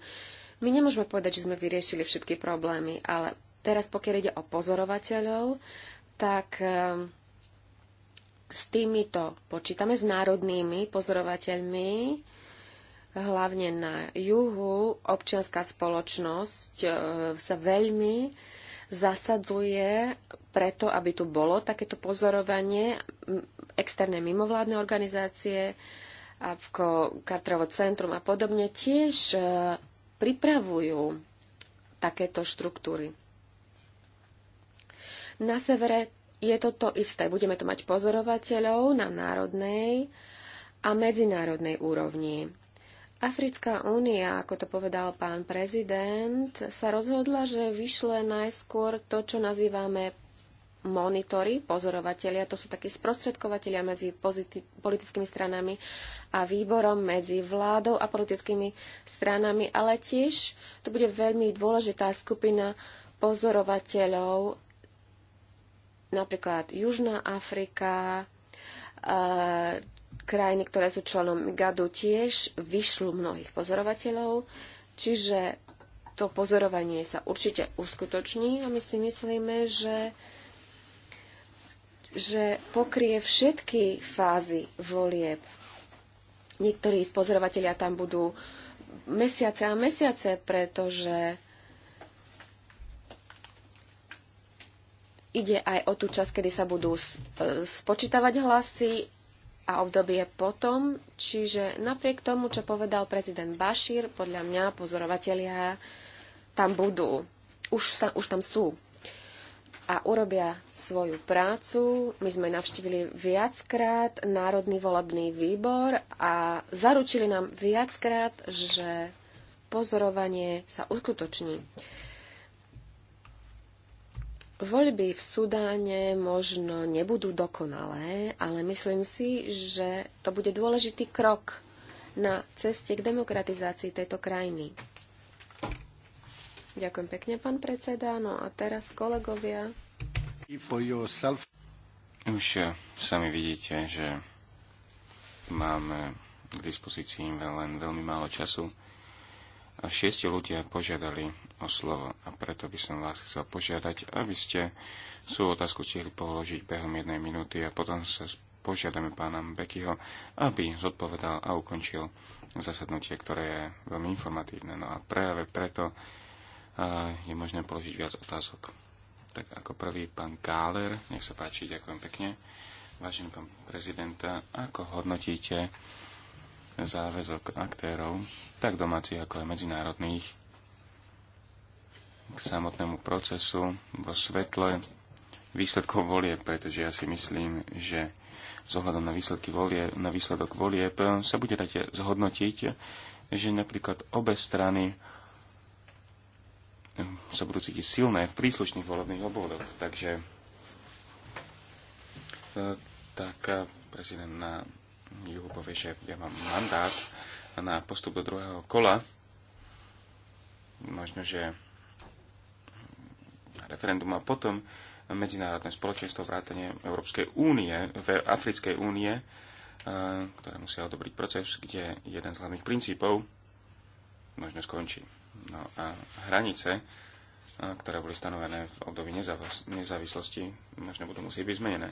My nemôžeme povedať, že sme vyriešili všetky problémy, ale teraz pokiaľ ide o pozorovateľov, tak eh, s týmito počítame, s národnými pozorovateľmi, hlavne na juhu, občianská spoločnosť e, sa veľmi zasadzuje preto, aby tu bolo takéto pozorovanie externé mimovládne organizácie, ako Kartrovo centrum a podobne, tiež e, pripravujú takéto štruktúry. Na severe je to to isté. Budeme to mať pozorovateľov na národnej a medzinárodnej úrovni. Africká únia, ako to povedal pán prezident, sa rozhodla, že vyšle najskôr to, čo nazývame monitory, pozorovatelia, to sú takí sprostredkovateľia medzi politickými stranami a výborom medzi vládou a politickými stranami, ale tiež to bude veľmi dôležitá skupina pozorovateľov, napríklad Južná Afrika, eh, krajiny, ktoré sú členom GADu, tiež vyšľú mnohých pozorovateľov, čiže to pozorovanie sa určite uskutoční a my si myslíme, že že pokrie všetky fázy volieb. Niektorí z pozorovateľia tam budú mesiace a mesiace, pretože ide aj o tú časť, kedy sa budú e, spočítavať hlasy a obdobie potom, čiže napriek tomu, čo povedal prezident Bašír, podľa mňa pozorovatelia tam budú. Už, sa, už tam sú. A urobia svoju prácu. My sme navštívili viackrát Národný volebný výbor a zaručili nám viackrát, že pozorovanie sa uskutoční. Voľby v Sudáne možno nebudú dokonalé, ale myslím si, že to bude dôležitý krok na ceste k demokratizácii tejto krajiny. Ďakujem pekne, pán predseda. No a teraz, kolegovia. Už eh, sami vidíte, že máme k dispozícii len veľmi málo času šiesti ľudia požiadali o slovo a preto by som vás chcel požiadať, aby ste svoju otázku stihli položiť behom jednej minúty a potom sa požiadame pána Bekyho, aby zodpovedal a ukončil zasadnutie, ktoré je veľmi informatívne. No a práve preto e, je možné položiť viac otázok. Tak ako prvý pán Káler, nech sa páči, ďakujem pekne. Vážený pán prezidenta, ako hodnotíte záväzok aktérov, tak domácich ako aj medzinárodných, k samotnému procesu vo svetle výsledkov volieb, pretože ja si myslím, že s ohľadom na, výsledky volie, na výsledok volieb sa bude dať zhodnotiť, že napríklad obe strany sa budú cítiť silné v príslušných volebných obvodoch. Takže e, tak e, prezident na Juhu povie, že ja mám mandát na postup do druhého kola, možno, že referendum a potom medzinárodné spoločenstvo vrátane Európskej únie, v Africkej únie, eh, ktoré musia odobriť proces, kde jeden z hlavných princípov možno skončí. No a hranice, eh, ktoré boli stanovené v období nezávislosti, možno budú musieť byť zmenené.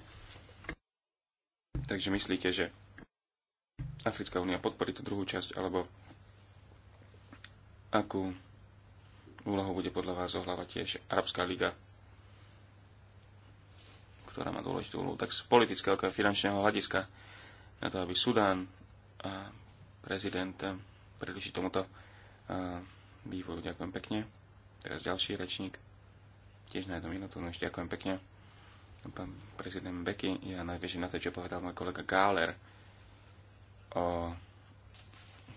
Takže myslíte, že Africká únia podporí tú druhú časť, alebo akú úlohu bude podľa vás zohľavať tiež Arabská liga, ktorá má dôležitú úlohu, tak z politického a finančného hľadiska na to, aby Sudán a prezident predlíži tomuto vývoju. Ďakujem pekne. Teraz ďalší rečník. Tiež na jednu minútu, no ešte ďakujem pekne. Pán prezident Beky, ja nadviežím na to, čo povedal môj kolega Gáler o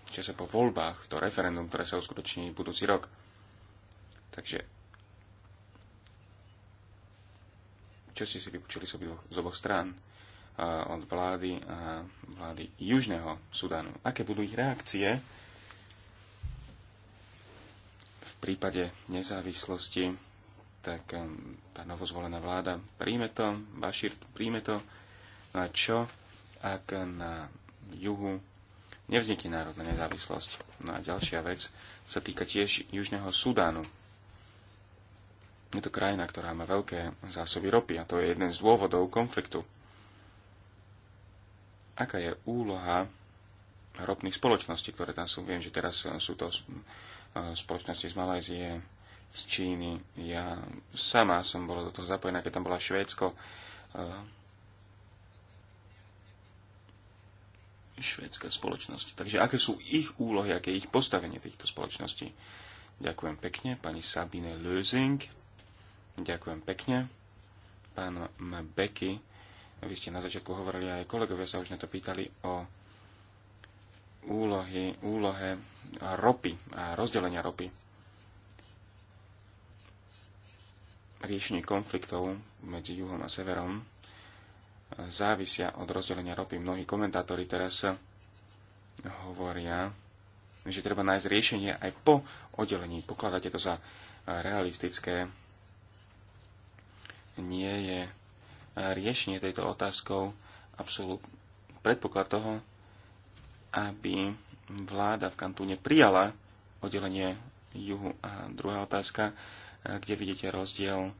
čase po voľbách, to referendum, ktoré sa uskutoční budúci rok. Takže, čo ste si vypočuli z, oboch, z oboch strán a, e, od vlády a vlády Južného Sudánu? Aké budú ich reakcie v prípade nezávislosti? Tak e, tá novozvolená vláda príjme to, Bašír príjme to. No a čo, ak na juhu nevznikne národná nezávislosť. No a ďalšia vec sa týka tiež Južného Sudánu. Je to krajina, ktorá má veľké zásoby ropy a to je jeden z dôvodov konfliktu. Aká je úloha ropných spoločností, ktoré tam sú? Viem, že teraz sú to eh, spoločnosti z Malajzie, z Číny. Ja sama som bola do toho zapojená, keď tam bola Švédsko, eh, švédska spoločnosť. Takže aké sú ich úlohy, aké je ich postavenie týchto spoločností? Ďakujem pekne pani Sabine Lösing. Ďakujem pekne pán Mbeki. Vy ste na začiatku hovorili, aj kolegovia sa už na to pýtali o úlohy, úlohe ropy a rozdelenia ropy. Riešenie konfliktov medzi juhom a severom závisia od rozdelenia ropy. Mnohí komentátori teraz hovoria, že treba nájsť riešenie aj po oddelení. Pokladáte to za realistické. Nie je riešenie tejto otázkou absolút predpoklad toho, aby vláda v kantúne prijala oddelenie juhu. A druhá otázka, kde vidíte rozdiel eh,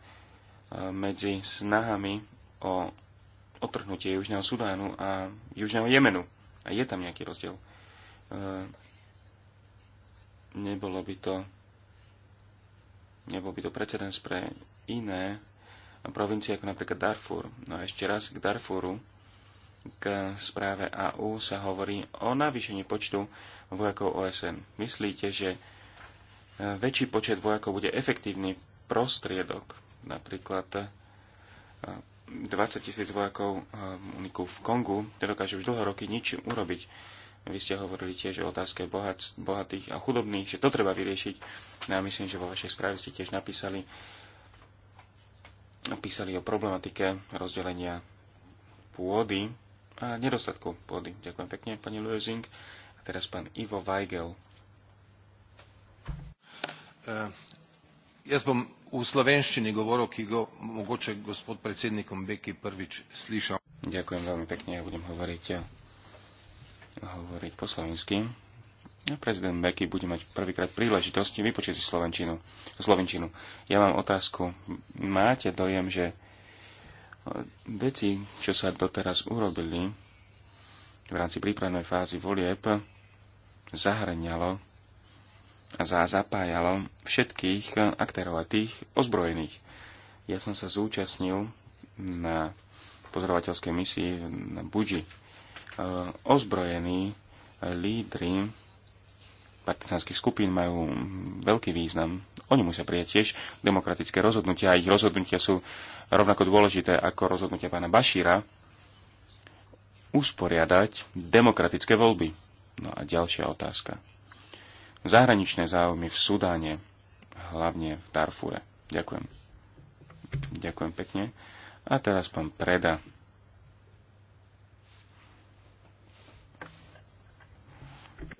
medzi snahami o otrhnutie Južného Sudánu a Južného Jemenu. A je tam nejaký rozdiel. E, nebolo by to nebol by to precedens pre iné provincie, ako napríklad Darfur. No a ešte raz k Darfuru. K správe AU sa hovorí o navýšení počtu vojakov OSN. Myslíte, že e, väčší počet vojakov bude efektívny prostriedok, napríklad 20 tisíc vojakov eh, uniku v Kongu, dokáže už dlho roky ničím urobiť. Vy ste hovorili tiež o otázke bohat, bohatých a chudobných, že to treba vyriešiť. No myslím, že vo vašej správe ste tiež napísali, Napísali o problematike rozdelenia pôdy a nedostatku pôdy. Ďakujem pekne, pani Luezing. A teraz pán Ivo Weigel. Eh, Jaz bom v slovenščini govoril, ki ga mogoče gospod predsednik Mbeki prvič slišal. Ďakujem veľmi pekne, ja budem hovoriť, hovoriť po slovensky. No, prezident Mbeki bude mať prvýkrát príležitosť vypočuť si slovenčinu, slovenčinu. Ja mám otázku. Máte dojem, že e, veci, čo sa doteraz urobili v rámci prípravnej fázy volieb, zahrňalo za zapájalo všetkých aktérov a tých ozbrojených. Ja som sa zúčastnil na pozorovateľskej misii na Budži. E, ozbrojení lídry partizánskych skupín majú veľký význam. Oni musia prijať tiež demokratické rozhodnutia a ich rozhodnutia sú rovnako dôležité ako rozhodnutia pána Bašíra usporiadať demokratické voľby. No a ďalšia otázka zahraničné záujmy v Sudáne, hlavne v Darfure. Ďakujem. Ďakujem pekne. A teraz pán Preda.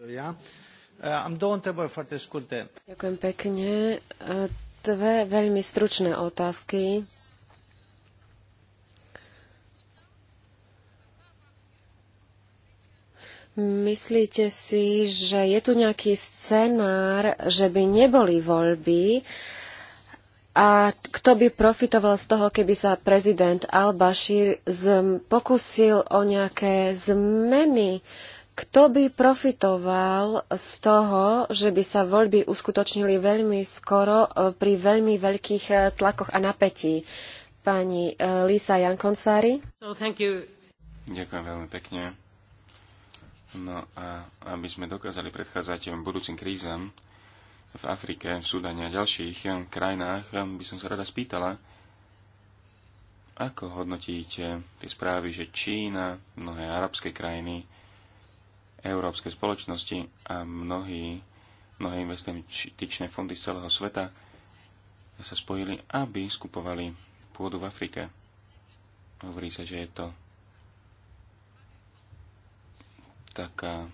Ja. E, am foarte scurte. Ďakujem pekne. E, dve veľmi stručné otázky. Myslíte si, že je tu nejaký scenár, že by neboli voľby a kto by profitoval z toho, keby sa prezident al-Bashir pokusil o nejaké zmeny? Kto by profitoval z toho, že by sa voľby uskutočnili veľmi skoro e, pri veľmi veľkých e, tlakoch a napätí? Pani e, Lisa Jankonsári. Ďakujem veľmi pekne. No a aby sme dokázali predchádzať budúcim krízam v Afrike, v Sudane a ďalších krajinách, by som sa rada spýtala, ako hodnotíte tie správy, že Čína, mnohé arabské krajiny, európske spoločnosti a mnohí, mnohé investičné fondy z celého sveta sa spojili, aby skupovali pôdu v Afrike. Hovorí sa, že je to taká...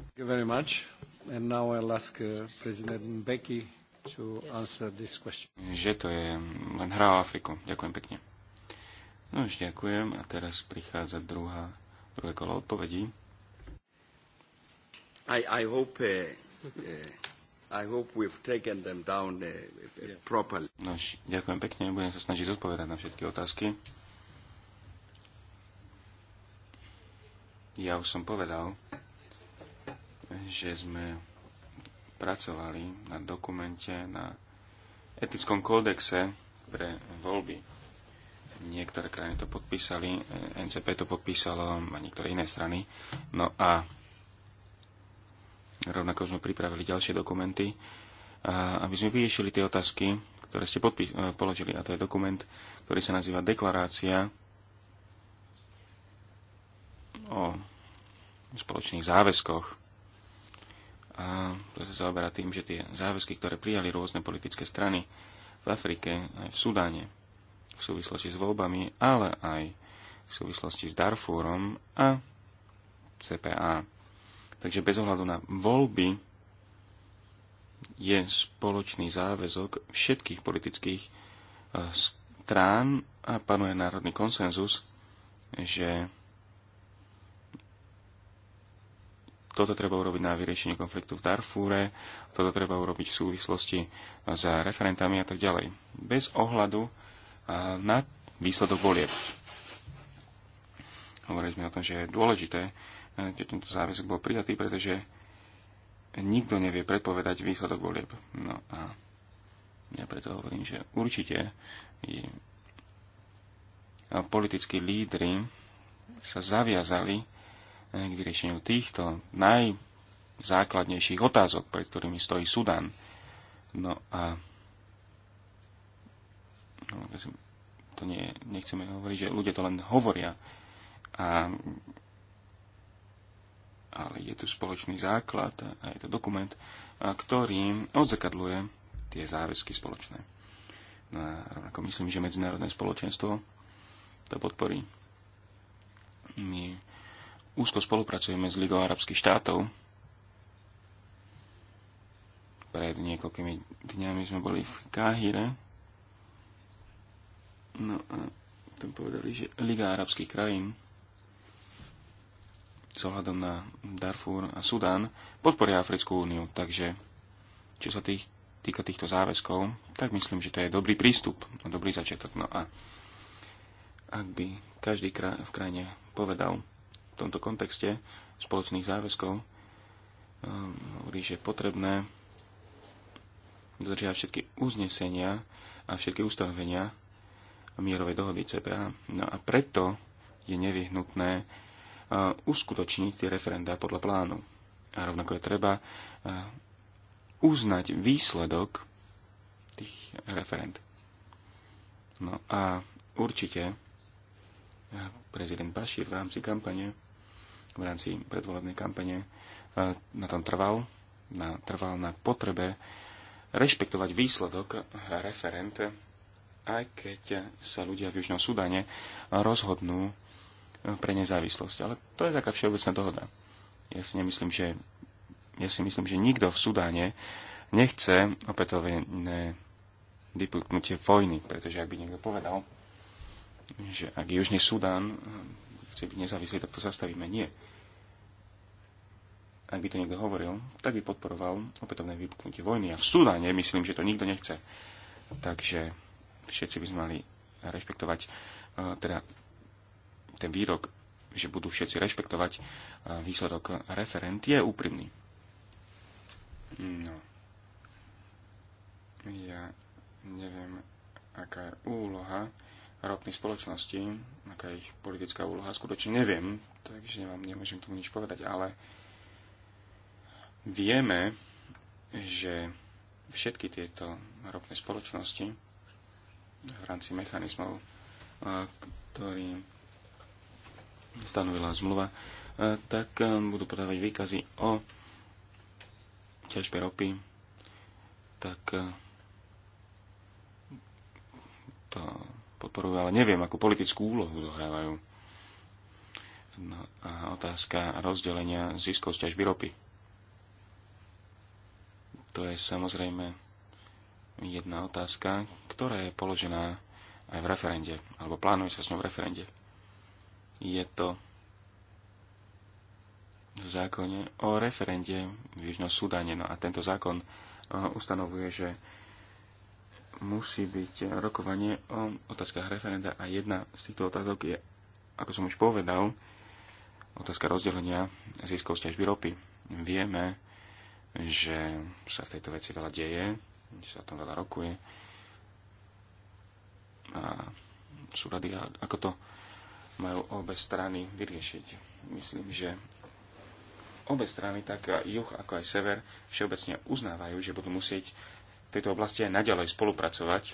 Thank you very much. And now I'll ask uh, President Becky to answer this question. Že to je len hra o Afriku. Ďakujem pekne. No už ďakujem a teraz prichádza druhá, druhé kolo odpovedí. I, I hope, uh, uh, I hope we've taken them down uh, properly. No, ďakujem pekne, budem sa snažiť zodpovedať na všetky otázky. Ja už som povedal, že sme pracovali na dokumente, na etickom kódexe pre voľby. Niektoré krajiny to podpísali, NCP to podpísalo a niektoré iné strany. No a rovnako sme pripravili ďalšie dokumenty, aby sme vyriešili tie otázky, ktoré ste e, položili. A to je dokument, ktorý sa nazýva Deklarácia o spoločných záväzkoch. A to sa zaoberá tým, že tie záväzky, ktoré prijali rôzne politické strany v Afrike, aj v Sudáne, v súvislosti s voľbami, ale aj v súvislosti s Darfúrom a CPA. Takže bez ohľadu na voľby je spoločný záväzok všetkých politických eh, strán a panuje národný konsenzus, že Toto treba urobiť na vyriešenie konfliktu v Darfúre, toto treba urobiť v súvislosti s referentami a tak ďalej. Bez ohľadu na výsledok volieb. Hovorili sme o tom, že je dôležité, e, že tento záväzok bol prijatý, pretože nikto nevie predpovedať výsledok volieb. No a ja preto hovorím, že určite politickí lídry sa zaviazali k vyriešeniu týchto najzákladnejších otázok, pred ktorými stojí Sudan. No a no, to nie, nechceme hovoriť, že ľudia to len hovoria. A, ale je tu spoločný základ a je to dokument, ktorý odzakadluje tie záväzky spoločné. No a rovnako myslím, že medzinárodné spoločenstvo to podporí. My úzko spolupracujeme s Ligou arabských štátov. Pred niekoľkými dňami sme boli v Káhire. No a tam povedali, že Liga arabských krajín s ohľadom na Darfur a Sudán podporia Africkú úniu. Takže čo sa tých, týka týchto záväzkov, tak myslím, že to je dobrý prístup a dobrý začiatok. No a ak by každý kraj, v krajine povedal, v tomto kontexte spoločných záväzkov um, hovorí, že je potrebné dodržiavať všetky uznesenia a všetky ustanovenia mierovej dohody CPA. No a preto je nevyhnutné uh, uskutočniť tie referendá podľa plánu. A rovnako je treba uh, uznať výsledok tých referend. No a určite prezident Bashir v rámci kampane, v rámci predvolebnej kampane e, na tom trval, na, trval na potrebe rešpektovať výsledok referent, aj keď sa ľudia v Južnom Sudane rozhodnú e, pre nezávislosť. Ale to je taká všeobecná dohoda. Ja si nemyslím, že ja si myslím, že nikto v Sudáne nechce opätovne vypuknutie vojny, pretože ak by niekto povedal, že ak Južný Sudán eh, chce byť nezávislý, tak to zastavíme. Nie. Ak by to niekto hovoril, tak by podporoval opätovné vypuknutie vojny. A v Sudáne myslím, že to nikto nechce. Takže všetci by sme mali rešpektovať eh, teda ten výrok, že budú všetci rešpektovať eh, výsledok referent, je úprimný. No. Ja neviem, aká je úloha ropných spoločností, aká je ich politická úloha, skutočne neviem, takže vám nemôžem tomu nič povedať, ale vieme, že všetky tieto ropné spoločnosti v rámci mechanizmov, e, ktorý stanovila zmluva, e, tak e, budú podávať výkazy o ťažbe ropy, tak to podporujú, ale neviem, akú politickú úlohu zohrávajú. No a otázka rozdelenia ziskov z ropy. To je samozrejme jedna otázka, ktorá je položená aj v referende, alebo plánuje sa s ňou v referende. Je to v zákone o referende v Južnom Sudáne. No a tento zákon e, ustanovuje, že musí byť rokovanie o otázkach referenda a jedna z týchto otázok je, ako som už povedal, otázka rozdelenia ziskov z ťažby ropy. Vieme, že sa v tejto veci veľa deje, že sa o tom veľa rokuje a sú rady, ako to majú obe strany vyriešiť. Myslím, že obe strany, tak juh ako aj sever, všeobecne uznávajú, že budú musieť v tejto oblasti aj naďalej spolupracovať.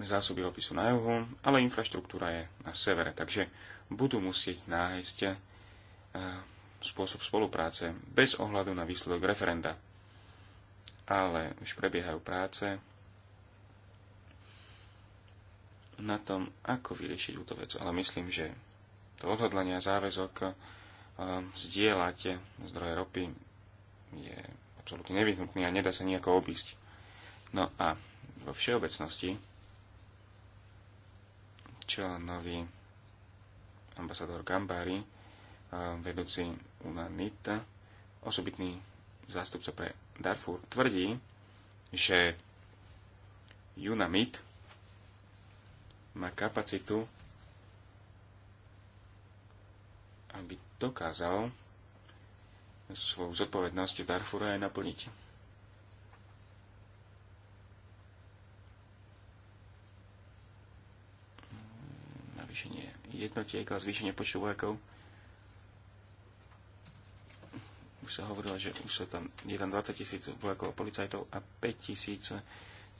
Zásoby sú na juhu, ale infraštruktúra je na severe, takže budú musieť nájsť eh, spôsob spolupráce bez ohľadu na výsledok referenda. Ale už prebiehajú práce na tom, ako vyriešiť túto vec. Ale myslím, že to odhodlanie a záväzok eh, zdieľať zdroje ropy je absolútne nevyhnutný a nedá sa nejako obísť. No a vo všeobecnosti, čo nový ambasador Gambari, eh, vedúci UNANIT, osobitný zástupca pre Darfur, tvrdí, že UNAMIT má kapacitu, aby dokázal svoju zodpovednosť v Darfure aj naplniť. Navýšenie jednotiek a zvýšenie počtu vojakov. Už sa hovorilo, že už sú tam 1 20 tisíc vojakov a policajtov a 5 tisíc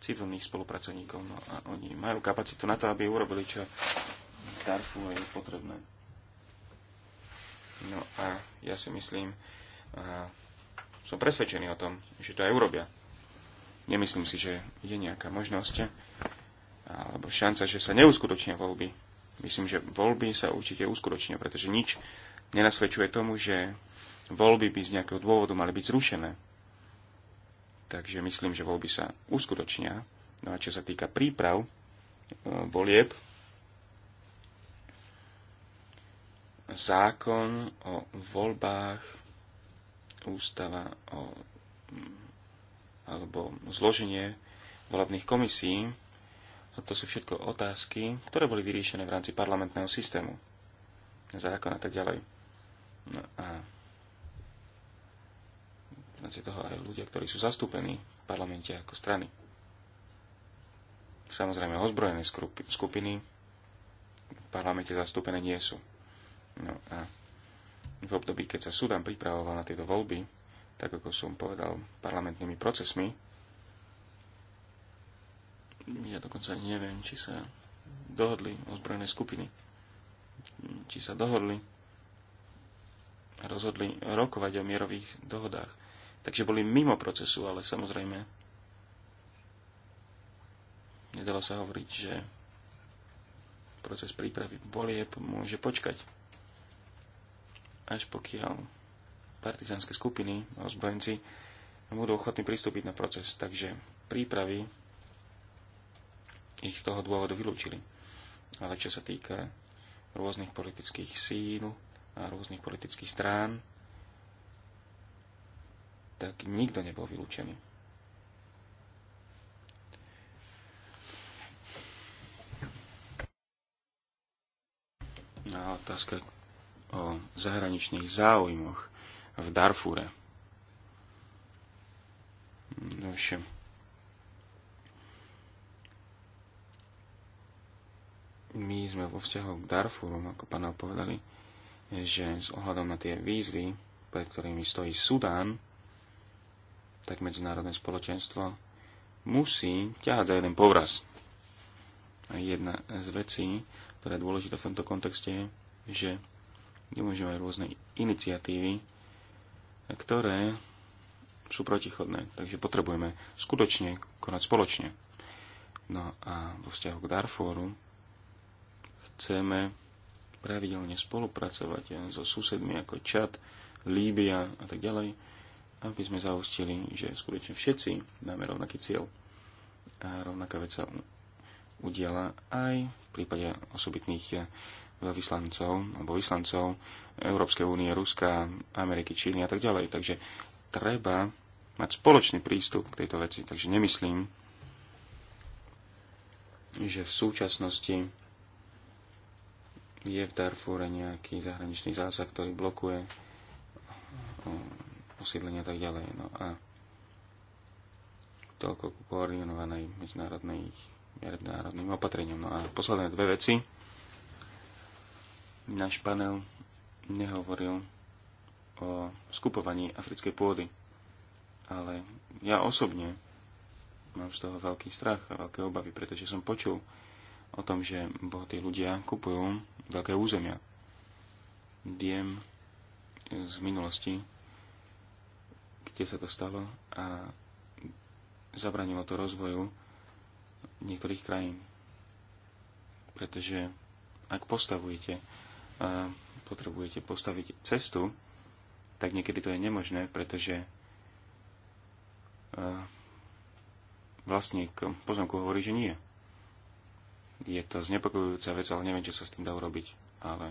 civilných spolupracovníkov. No a oni majú kapacitu na to, aby urobili, čo v Darfuru je potrebné. No a ja si myslím, a som presvedčený o tom, že to aj urobia. Nemyslím si, že je nejaká možnosť alebo šanca, že sa neuskutočnia voľby. Myslím, že voľby sa určite uskutočnia, pretože nič nenasvedčuje tomu, že voľby by z nejakého dôvodu mali byť zrušené. Takže myslím, že voľby sa uskutočnia. No a čo sa týka príprav eh, volieb, zákon o voľbách ústava o, alebo zloženie volebných komisí. A to sú všetko otázky, ktoré boli vyriešené v rámci parlamentného systému. Zákon a tak ďalej. No a v rámci toho aj ľudia, ktorí sú zastúpení v parlamente ako strany. Samozrejme, ozbrojené skupiny v parlamente zastúpené nie sú. No a v období, keď sa Sudan pripravoval na tieto voľby, tak ako som povedal, parlamentnými procesmi. Ja dokonca neviem, či sa dohodli ozbrojené skupiny, či sa dohodli a rozhodli rokovať o mierových dohodách. Takže boli mimo procesu, ale samozrejme nedalo sa hovoriť, že proces prípravy volieb môže počkať až pokiaľ partizánske skupiny, ozbrojenci, budú ochotní pristúpiť na proces. Takže prípravy ich z toho dôvodu vylúčili. Ale čo sa týka rôznych politických síl a rôznych politických strán, tak nikto nebol vylúčený. No a otázka, o zahraničných záujmoch v Darfúre. No, my sme vo vzťahu k Darfúru, ako panel povedali, že s ohľadom na tie výzvy, pred ktorými stojí Sudán, tak medzinárodné spoločenstvo musí ťahať za jeden povraz. A jedna z vecí, ktorá je dôležitá v tomto kontexte, je, že nemôžeme rôzne iniciatívy, ktoré sú protichodné. Takže potrebujeme skutočne konať spoločne. No a vo vzťahu k Darfóru chceme pravidelne spolupracovať so susedmi ako Čad, Líbia a tak ďalej, aby sme zaustili, že skutočne všetci máme rovnaký cieľ. A rovnaká vec sa udiala aj v prípade osobitných E, vyslancov alebo vyslancov Európskej únie, Ruska, Ameriky, Číny a tak ďalej. Takže treba mať spoločný prístup k tejto veci. Takže nemyslím, že v súčasnosti je v Darfúre nejaký zahraničný zásah, ktorý blokuje e, osídlenia a tak ďalej. No a toľko koordinovanej medzinárodných medzinárodným opatreniam. No a posledné dve veci náš panel nehovoril o skupovaní africkej pôdy. Ale ja osobne mám z toho veľký strach a veľké obavy, pretože som počul o tom, že bohatí ľudia kupujú veľké územia. Viem z minulosti, kde sa to stalo a zabranilo to rozvoju niektorých krajín. Pretože ak postavujete potrebujete postaviť cestu, tak niekedy to je nemožné, pretože e, vlastník pozemku hovorí, že nie. Je to znepokojujúca vec, ale neviem, čo sa s tým dá urobiť. Ale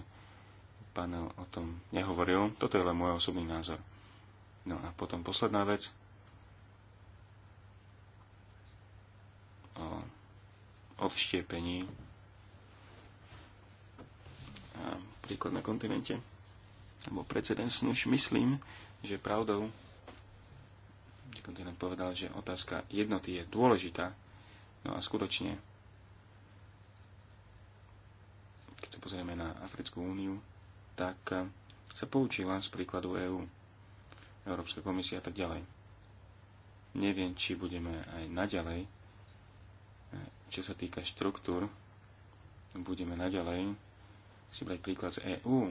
panel o tom nehovoril. Toto je len môj osobný názor. No a potom posledná vec. O odštiepení príklad na kontinente, alebo precedens, no už myslím, že pravdou, že kontinent povedal, že otázka jednoty je dôležitá, no a skutočne, keď sa pozrieme na Africkú úniu, tak eh, sa poučila z príkladu EÚ, Európska komisia a tak ďalej. Neviem, či budeme aj naďalej, eh, čo sa týka štruktúr, budeme naďalej si brať príklad z EÚ,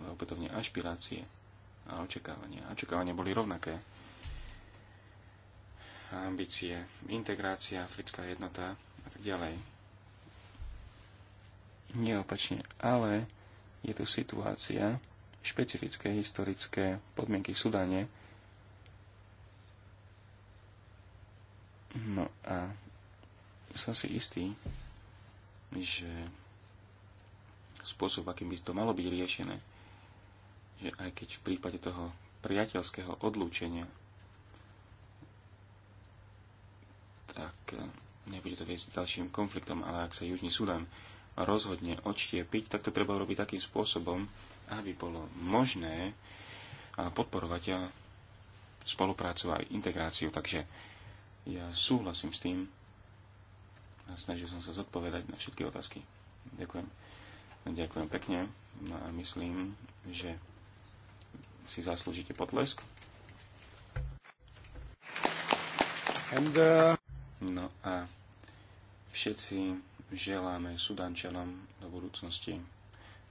ale opätovne ašpirácie a očakávania. Očakávania boli rovnaké. A ambície, integrácia, africká jednota a tak ďalej. Neopačne, ale je tu situácia, špecifické historické podmienky v Sudáne. No a som si istý, že spôsob, akým by to malo byť riešené. Že aj keď v prípade toho priateľského odlúčenia, tak eh, nebude to viesť ďalším konfliktom, ale ak sa Južný Sudan rozhodne odštiepiť, tak to treba urobiť takým spôsobom, aby bolo možné eh, podporovať spoluprácu a integráciu. Takže ja súhlasím s tým a snažil som sa zodpovedať na všetky otázky. Ďakujem. Ďakujem pekne. No a myslím, že si zaslúžite potlesk. And, uh... No a všetci želáme Sudančanom do budúcnosti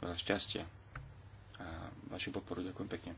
veľa šťastia a vašu podporu. Ďakujem pekne.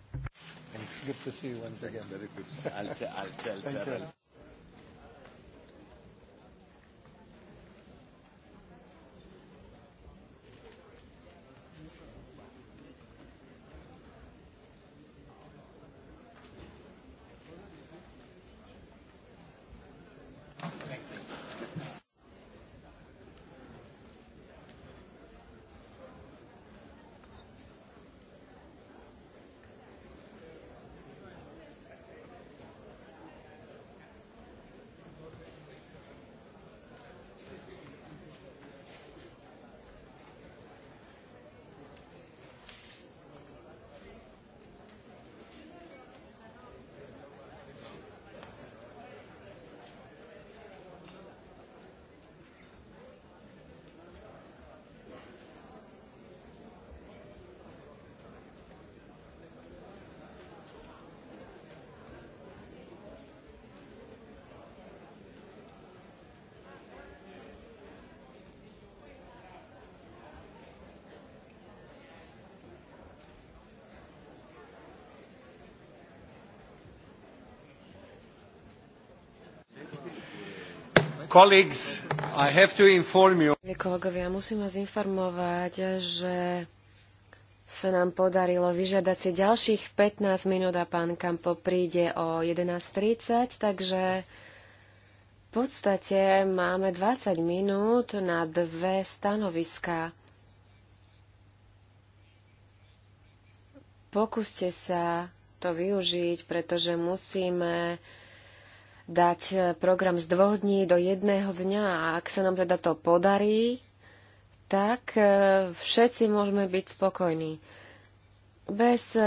Colleagues, I have to inform you. Kolegovia, musím vás informovať, že sa nám podarilo vyžiadať si ďalších 15 minút a pán Kampo príde o 11.30, takže v podstate máme 20 minút na dve stanoviska. Pokúste sa to využiť, pretože musíme dať e, program z dvoch dní do jedného dňa a ak sa nám teda to podarí, tak e, všetci môžeme byť spokojní. Bez e,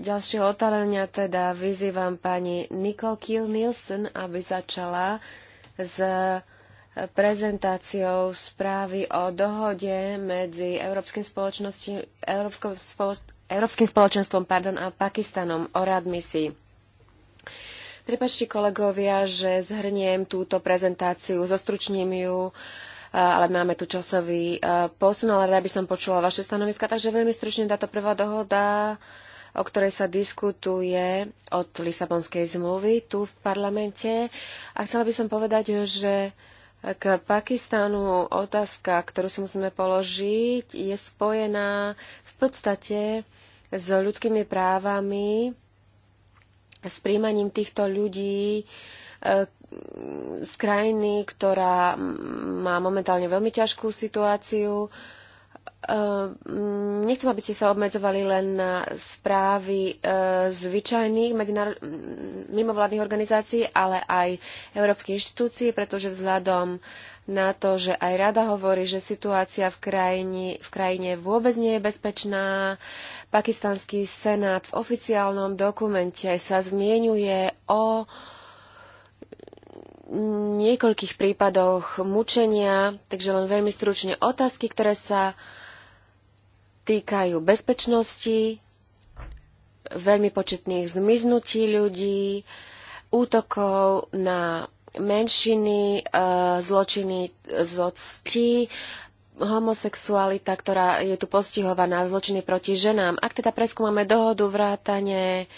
ďalšieho otalenia teda vyzývam pani Nicole Kiel Nielsen, aby začala s prezentáciou správy o dohode medzi Európskym, Európskou, spoloč, Európskym spoločenstvom pardon, a Pakistanom o readmisii. Prepačte kolegovia, že zhrniem túto prezentáciu, zostručním ju, eh, ale máme tu časový eh, posun, ale rada by som počula vaše stanoviska, takže veľmi stručne táto prvá dohoda o ktorej sa diskutuje od Lisabonskej zmluvy tu v parlamente. A chcela by som povedať, že k Pakistánu otázka, ktorú si musíme položiť, je spojená v podstate s ľudskými právami s príjmaním týchto ľudí e, z krajiny, ktorá má momentálne veľmi ťažkú situáciu. E, nechcem, aby ste sa obmedzovali len na správy e, zvyčajných medzinárod... mimovládnych organizácií, ale aj európskych inštitúcií, pretože vzhľadom na to, že aj rada hovorí, že situácia v krajine, v krajine vôbec nie je bezpečná, Pakistanský senát v oficiálnom dokumente sa zmienuje o niekoľkých prípadoch mučenia, takže len veľmi stručne otázky, ktoré sa týkajú bezpečnosti, veľmi početných zmiznutí ľudí, útokov na menšiny, eh, zločiny zo cti, homosexualita, ktorá je tu postihovaná, zločiny proti ženám. Ak teda preskúmame dohodu vrátane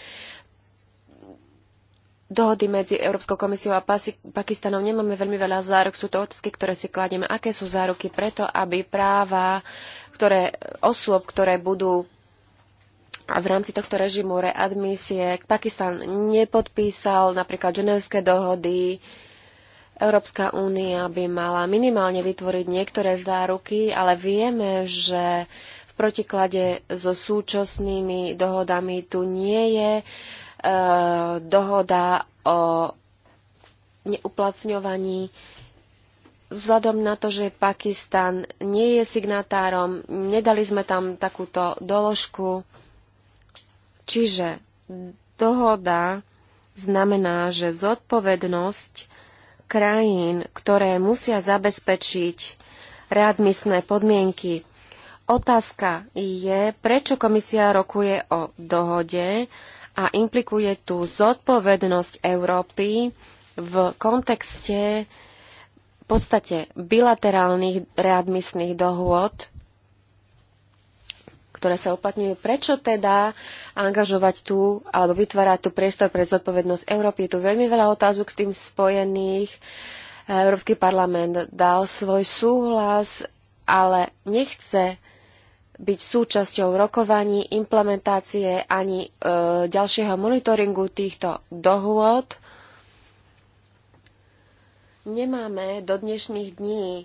dohody medzi Európskou komisiou a Pakistanom, nemáme veľmi veľa zárok, Sú to otázky, ktoré si kladieme. Aké sú záruky preto, aby práva ktoré, osôb, ktoré budú a v rámci tohto režimu readmisie Pakistan nepodpísal napríklad ženevské dohody, Európska únia by mala minimálne vytvoriť niektoré záruky, ale vieme, že v protiklade so súčasnými dohodami tu nie je e, dohoda o neuplatňovaní vzhľadom na to, že Pakistan nie je signatárom, nedali sme tam takúto doložku. Čiže dohoda znamená, že zodpovednosť krajín, ktoré musia zabezpečiť readmisné podmienky. Otázka je, prečo komisia rokuje o dohode a implikuje tú zodpovednosť Európy v kontekste v podstate bilaterálnych readmisných dohôd ktoré sa uplatňujú. Prečo teda angažovať tu alebo vytvárať tu priestor pre zodpovednosť Európy? Je tu veľmi veľa otázok s tým spojených. Európsky parlament dal svoj súhlas, ale nechce byť súčasťou rokovaní, implementácie ani e, ďalšieho monitoringu týchto dohôd. Nemáme do dnešných dní e,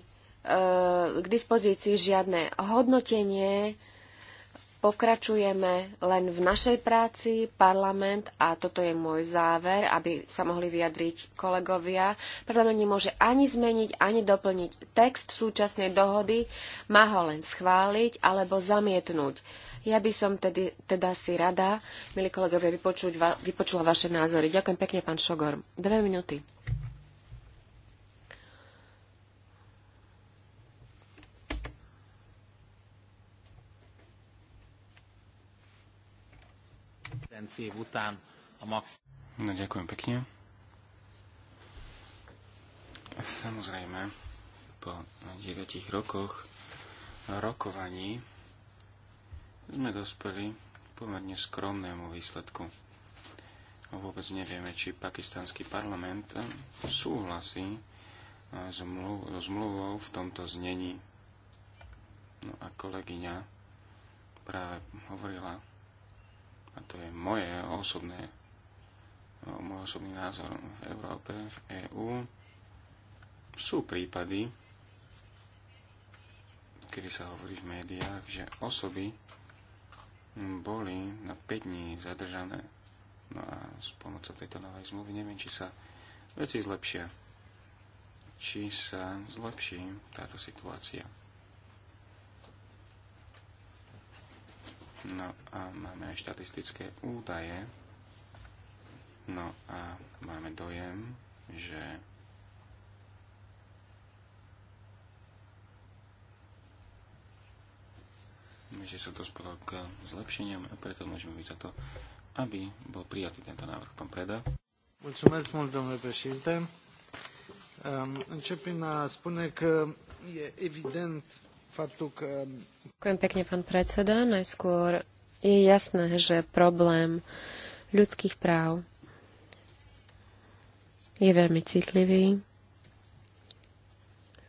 k dispozícii žiadne hodnotenie, pokračujeme len v našej práci, parlament, a toto je môj záver, aby sa mohli vyjadriť kolegovia. Parlament nemôže ani zmeniť, ani doplniť text súčasnej dohody, má ho len schváliť alebo zamietnúť. Ja by som tedy, teda si rada, milí kolegovia, vypočuť, vypočula vaše názory. Ďakujem pekne, pán Šogor. Dve minúty. év után a max... No, ďakujem pekne. Samozrejme, po 9 rokoch rokovaní sme dospeli pomerne skromnému výsledku. Vôbec nevieme, či pakistanský parlament súhlasí s zmluvou v tomto znení. No a kolegyňa práve hovorila a to je moje osobné, môj osobný názor v Európe, v EÚ, sú prípady, kedy sa hovorí v médiách, že osoby boli na 5 dní zadržané. No a s pomocou tejto novej zmluvy neviem, či sa veci zlepšia. Či sa zlepší táto situácia. No a máme aj štatistické údaje. No a máme dojem, že že sa spolo k zlepšeniam a preto môžeme byť za to, aby bol prijatý tento návrh. Pán Preda. Mulțumesc mult, domnule președinte. Încep prin a spune că e evident Ďakujem pekne, pán predseda. Najskôr je jasné, že problém ľudských práv je veľmi citlivý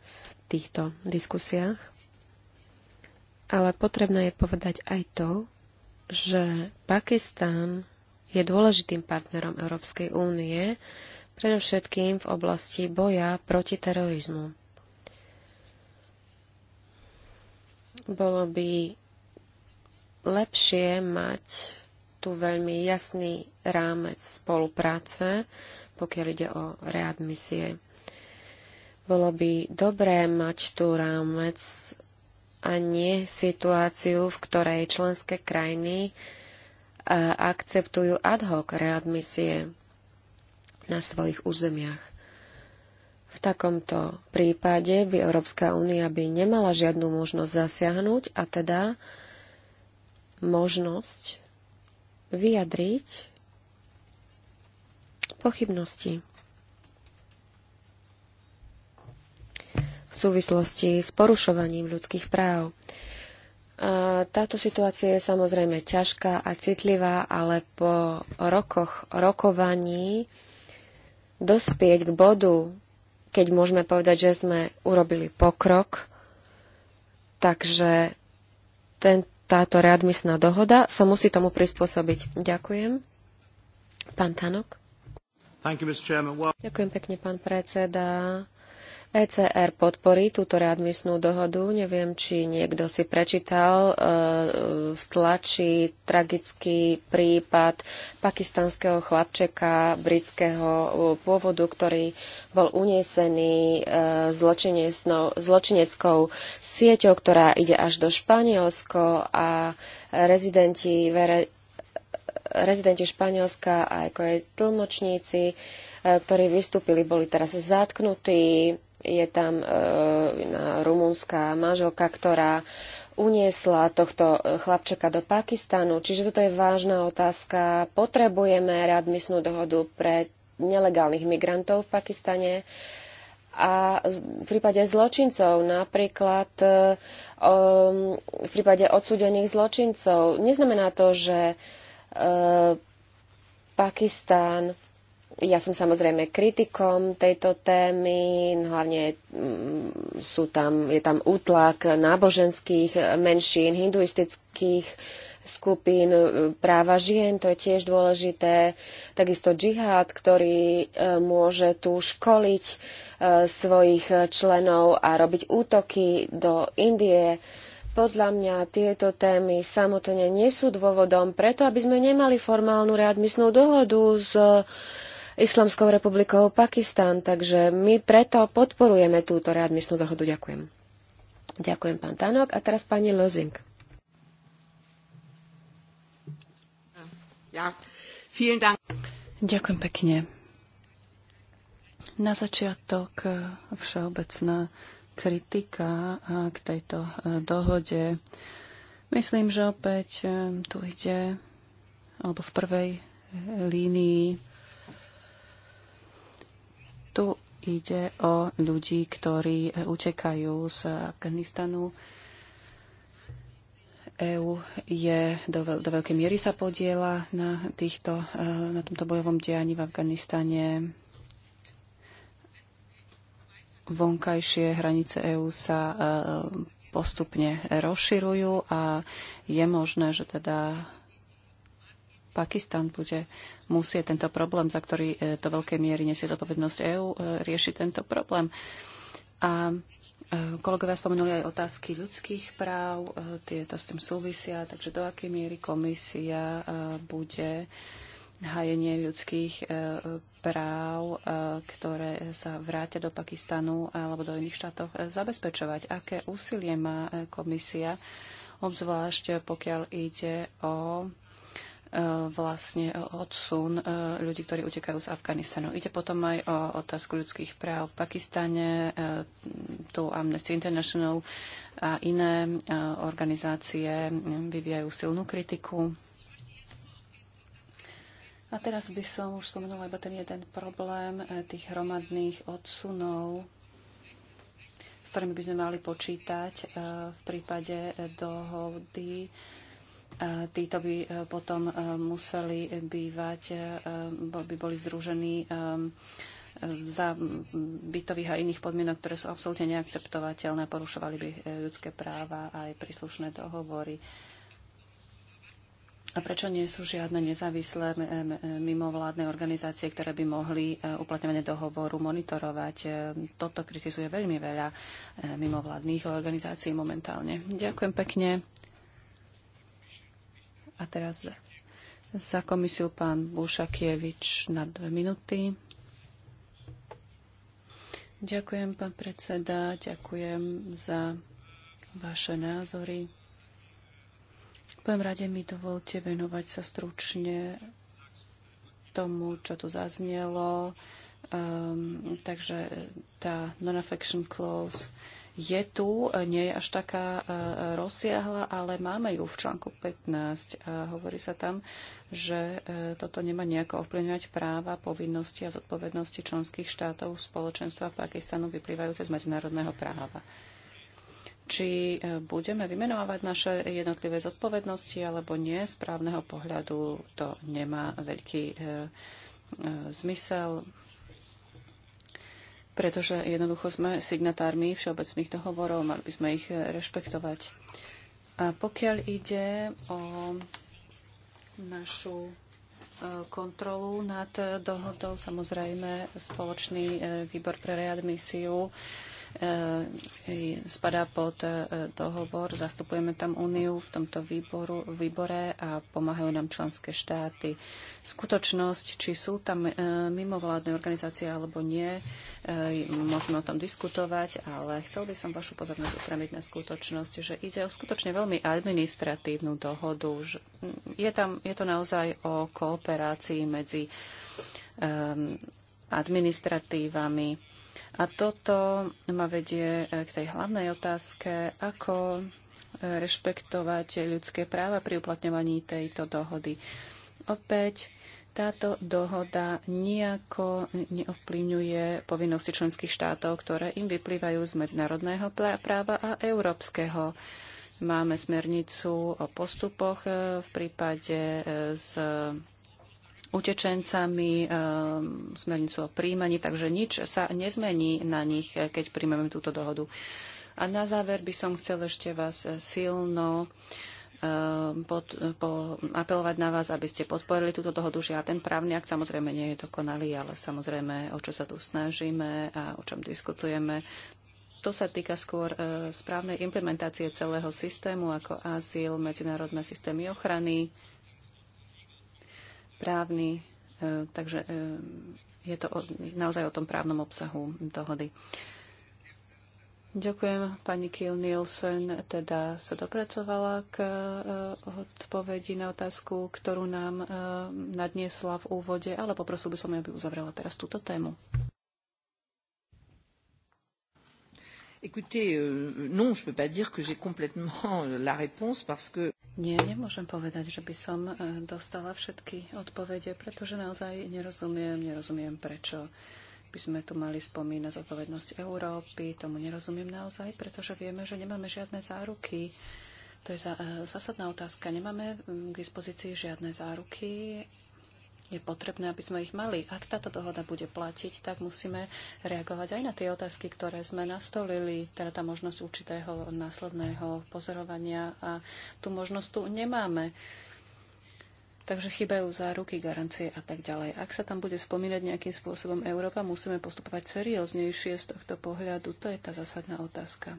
v týchto diskusiách. Ale potrebné je povedať aj to, že Pakistan je dôležitým partnerom Európskej únie, predovšetkým v oblasti boja proti terorizmu. Bolo by lepšie mať tu veľmi jasný rámec spolupráce, pokiaľ ide o readmisie. Bolo by dobré mať tu rámec a nie situáciu, v ktorej členské krajiny e, akceptujú ad hoc readmisie na svojich územiach. V takomto prípade by Európska únia by nemala žiadnu možnosť zasiahnuť a teda možnosť vyjadriť pochybnosti v súvislosti s porušovaním ľudských práv. Táto situácia je samozrejme ťažká a citlivá, ale po rokoch rokovaní dospieť k bodu, keď môžeme povedať, že sme urobili pokrok, takže ten, táto readmisná dohoda sa musí tomu prispôsobiť. Ďakujem. Pán Tanok. Ďakujem pekne, pán predseda. ECR podporí túto readmisnú dohodu. Neviem, či niekto si prečítal e, v tlači tragický prípad pakistanského chlapčeka britského e, pôvodu, ktorý bol uniesený e, zločineckou sieťou, ktorá ide až do Španielsko a rezidenti, rezidenti Španielska, ako aj tlmočníci, ktorí vystúpili, boli teraz zatknutí je tam e, rumúnska manželka, ktorá uniesla tohto e, chlapčeka do Pakistanu. Čiže toto je vážna otázka. Potrebujeme readmisnú dohodu pre nelegálnych migrantov v Pakistane a v prípade zločincov, napríklad e, um, v prípade odsúdených zločincov. Neznamená to, že e, Pakistan. Pakistán ja som samozrejme kritikom tejto témy, no hlavne mm, sú tam, je tam útlak náboženských menšín, hinduistických skupín, e, práva žien, to je tiež dôležité. Takisto džihad, ktorý e, môže tu školiť e, svojich členov a robiť útoky do Indie. Podľa mňa tieto témy samotne nie sú dôvodom preto, aby sme nemali formálnu readmisnú dohodu s Islamskou republikou Pakistan. Takže my preto podporujeme túto readmisnú dohodu. Ďakujem. Ďakujem, pán Tanok. A teraz pani Lozing. Ďakujem pekne. Na začiatok eh, všeobecná kritika eh, k tejto eh, dohode. Myslím, že opäť tu ide, alebo v prvej línii tu ide o ľudí, ktorí utekajú z Afganistanu. EÚ je do, veľ- do veľkej miery sa podiela na, týchto, e, na tomto bojovom dianí v Afganistane. Vonkajšie hranice EÚ sa e, postupne rozširujú a je možné, že teda Pakistan bude musieť tento problém, za ktorý e, do veľkej miery nesie zodpovednosť EÚ, e, riešiť tento problém. A e, kolegovia spomenuli aj otázky ľudských práv, tieto s tým súvisia, takže do akej miery komisia bude hajenie ľudských práv, ktoré sa vrátia do Pakistanu alebo do iných štátov, zabezpečovať. Aké úsilie má komisia, obzvlášť pokiaľ ide o E, vlastne odsun e, ľudí, ktorí utekajú z Afganistanu. Ide potom aj o otázku ľudských práv v Pakistane. E, tu Amnesty International a iné organizácie vyvíjajú silnú kritiku. A teraz by som už spomenula iba ten jeden problém tých hromadných odsunov s ktorými by sme mali počítať v prípade dohody Títo by e, potom e, museli bývať, e, by boli združení za bytových a iných podmienok, ktoré sú absolútne neakceptovateľné, porušovali by ľudské práva a aj príslušné dohovory. A prečo nie sú žiadne nezávislé mimovládne organizácie, ktoré by mohli uplatňovanie dohovoru monitorovať? Toto kritizuje veľmi veľa mimovládnych organizácií momentálne. Ďakujem pekne. A teraz za komisiu pán Bušakievič na dve minúty. Ďakujem, pán predseda, ďakujem za vaše názory. V prvom rade mi dovolte venovať sa stručne tomu, čo tu zaznelo. Um, takže tá non-affection clause je tu, e, nie je až taká e, rozsiahla, ale máme ju v článku 15 a hovorí sa tam, že e, toto nemá nejako ovplyvňovať práva, povinnosti a zodpovednosti členských štátov spoločenstva Pakistanu vyplývajúce z medzinárodného práva či budeme vymenovať naše jednotlivé zodpovednosti alebo nie. Z právneho pohľadu to nemá veľký e, e, zmysel pretože jednoducho sme signatármi všeobecných dohovorov, mali by sme ich rešpektovať. A pokiaľ ide o našu e, kontrolu nad dohodou, samozrejme spoločný e, výbor pre readmisiu E, e, spadá pod e, dohovor, zastupujeme tam úniu v tomto výboru, výbore a pomáhajú nám členské štáty. Skutočnosť, či sú tam mimovládne organizácie alebo nie, môžeme o tom diskutovať, ale chcel by som vašu pozornosť upremiť na skutočnosť, že ide o skutočne veľmi administratívnu dohodu. Je, tam, je to naozaj o kooperácii medzi um, administratívami a toto ma vedie eh, k tej hlavnej otázke, ako eh, rešpektovať ľudské práva pri uplatňovaní tejto dohody. Opäť táto dohoda nejako neovplyvňuje povinnosti členských štátov, ktoré im vyplývajú z medzinárodného práva a európskeho. Máme smernicu o postupoch eh, v prípade z utečencami, eh, smernicu o príjmaní, takže nič sa nezmení na nich, eh, keď príjmeme túto dohodu. A na záver by som chcel ešte vás eh, silno pod, po, apelovať na vás, aby ste podporili túto dohodu. Žiaľ, ten právny akt samozrejme nie je dokonalý, ale samozrejme, o čo sa tu snažíme a o čom diskutujeme, to sa týka skôr správnej implementácie celého systému ako azyl, medzinárodné systémy ochrany, právny, e, takže e, je to naozaj o tom právnom obsahu dohody. Ďakujem pani Kiel Nielsen, teda sa dopracovala k e, odpovedi na otázku, ktorú nám nadniesla v úvode, ale poprosil by som, aby uzavrela teraz túto tému. Écoutez, euh, non, je peux pas dire que j'ai complètement euh, la réponse parce que... Nie, nemôžem povedať, že by som e, dostala všetky odpovede, pretože naozaj nerozumiem, nerozumiem prečo by sme tu mali spomínať zodpovednosť Európy. Tomu nerozumiem naozaj, pretože vieme, že nemáme žiadne záruky. To je e, zásadná otázka. Nemáme k dispozícii žiadne záruky je potrebné, aby sme ich mali. Ak táto dohoda bude platiť, tak musíme reagovať aj na tie otázky, ktoré sme nastolili, teda tá možnosť určitého následného pozorovania a tú možnosť tu nemáme. Takže chýbajú záruky, garancie a tak ďalej. Ak sa tam bude spomínať nejakým spôsobom Európa, musíme postupovať serióznejšie z tohto pohľadu. To je tá zásadná otázka.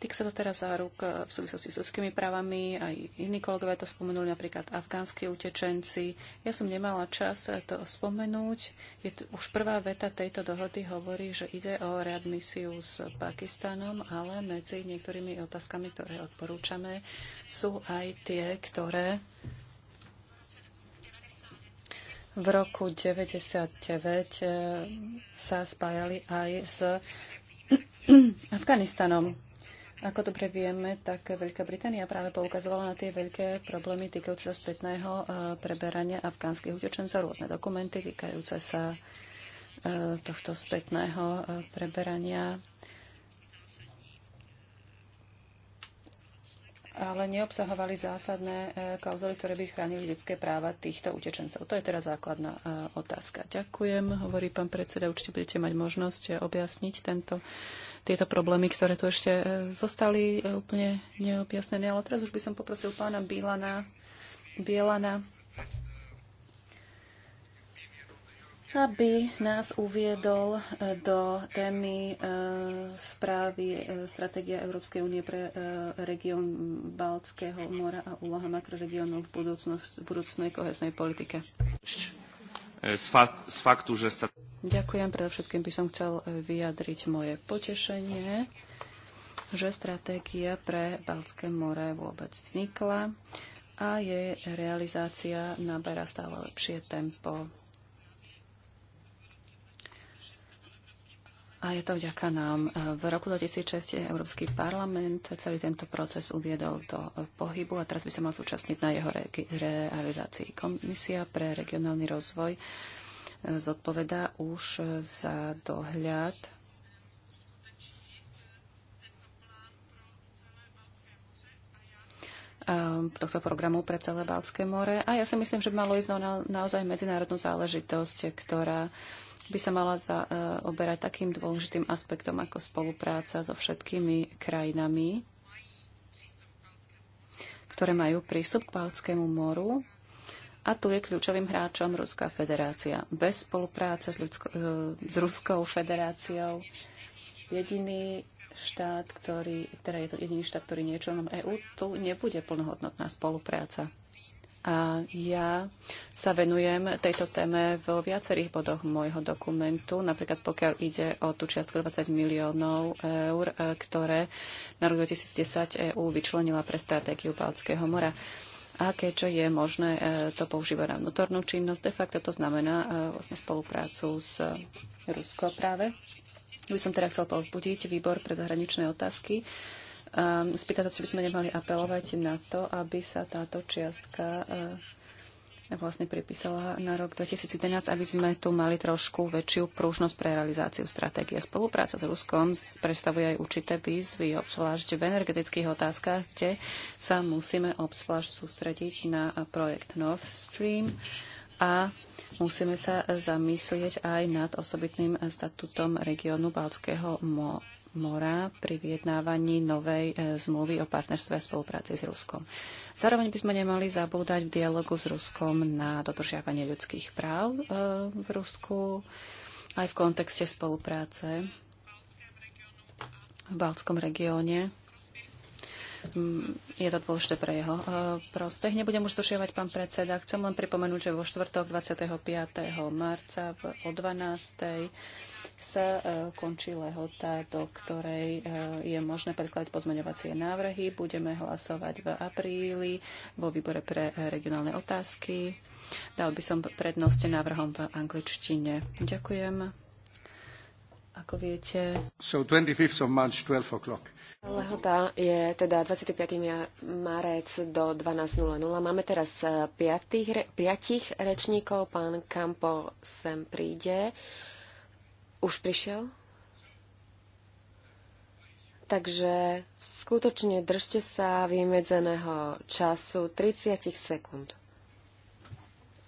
Týka sa to teraz záruk eh, v súvislosti s ľudskými právami, aj iní kolegovia to spomenuli, napríklad afgánsky utečenci. Ja som nemala čas eh, to spomenúť. Je to, už prvá veta tejto dohody hovorí, že ide o readmisiu s Pakistanom, ale medzi niektorými otázkami, ktoré odporúčame, sú aj tie, ktoré v roku 1999 eh, sa spájali aj s *clears throat* Afganistanom. Ako dobre vieme, tak Veľká Británia práve poukazovala na tie veľké problémy týkajúce sa spätného e, preberania afgánskych utečencov, rôzne dokumenty týkajúce sa e, tohto spätného e, preberania. ale neobsahovali zásadné klauzuly, ktoré by chránili ľudské práva týchto utečencov. To je teraz základná otázka. Ďakujem, hovorí pán predseda. Určite budete mať možnosť objasniť tento tieto problémy, ktoré tu ešte e, zostali e, úplne neobjasnené. Ale teraz už by som poprosil pána Bílana, Bielana, aby nás uviedol e, do témy správy Stratégia Európskej únie pre región Baltského mora a úloha makroregiónov v, v budúcnej kohesnej politike. Ešte z, fa- z faktu, že... Ďakujem. Predovšetkým by som chcel e, vyjadriť moje potešenie, že stratégia pre Balské more vôbec vznikla a jej realizácia naberá stále lepšie tempo. A je to vďaka nám. V roku 2006 Európsky parlament celý tento proces uviedol do pohybu a teraz by sa mal zúčastniť na jeho re realizácii. Komisia pre regionálny rozvoj e, zodpovedá už za dohľad e, tohto programu pre celé Balské more. A ja si myslím, že by malo ísť na, naozaj medzinárodnú záležitosť, ktorá uh, by sa mala zaoberať e, takým dôležitým aspektom ako spolupráca so všetkými krajinami, ktoré majú prístup k Baltskému moru. A tu je kľúčovým hráčom Ruská federácia. Bez spolupráce s, ľudsko- e, s Ruskou federáciou jediný štát, ktorý, teda je to jediný štát, ktorý nie je členom EÚ, tu nebude plnohodnotná spolupráca. A ja sa venujem tejto téme vo viacerých bodoch môjho dokumentu, napríklad pokiaľ ide o tú čiastku 20 miliónov eur, e, ktoré na rok 2010 EÚ vyčlenila pre stratégiu Balckého mora. A keďže je možné e, to používať na vnútornú činnosť, de facto to znamená e, vlastne spoluprácu s Rusko práve. By som teda chcel povzbudiť výbor pre zahraničné otázky, um, spýtať, či by sme nemali apelovať na to, aby sa táto čiastka uh, vlastne pripísala na rok 2011, aby sme tu mali trošku väčšiu pružnosť pre realizáciu stratégie. Spolupráca s Ruskom predstavuje aj určité výzvy, obzvlášť v energetických otázkach, kde sa musíme obzvlášť sústrediť na projekt Nord Stream a musíme sa zamyslieť aj nad osobitným statutom regiónu Balckého mora mora pri vyjednávaní novej e, zmluvy o partnerstve a spolupráci s Ruskom. Zároveň by sme nemali zabúdať v dialogu s Ruskom na dodržiavanie ľudských práv e, v Rusku aj v kontexte spolupráce v Baltskom regióne. Mm, je to dôležité pre jeho e, prospech. Nebudem už dušiavať, pán predseda. Chcem len pripomenúť, že vo štvrtok 25. marca o 12 sa e, končí lehota, do ktorej e, je možné predkladať pozmeňovacie návrhy. Budeme hlasovať v apríli vo výbore pre regionálne otázky. Dal by som prednosť návrhom v angličtine. Ďakujem. Ako viete... So 25th of March, 12 o'clock. Lehota je teda 25. marec do 12.00. Máme teraz e, piatich, piatich rečníkov. Pán Kampo sem príde. Uh, už prišiel? Takže skutočne držte sa vymedzeného času 30 sekúnd.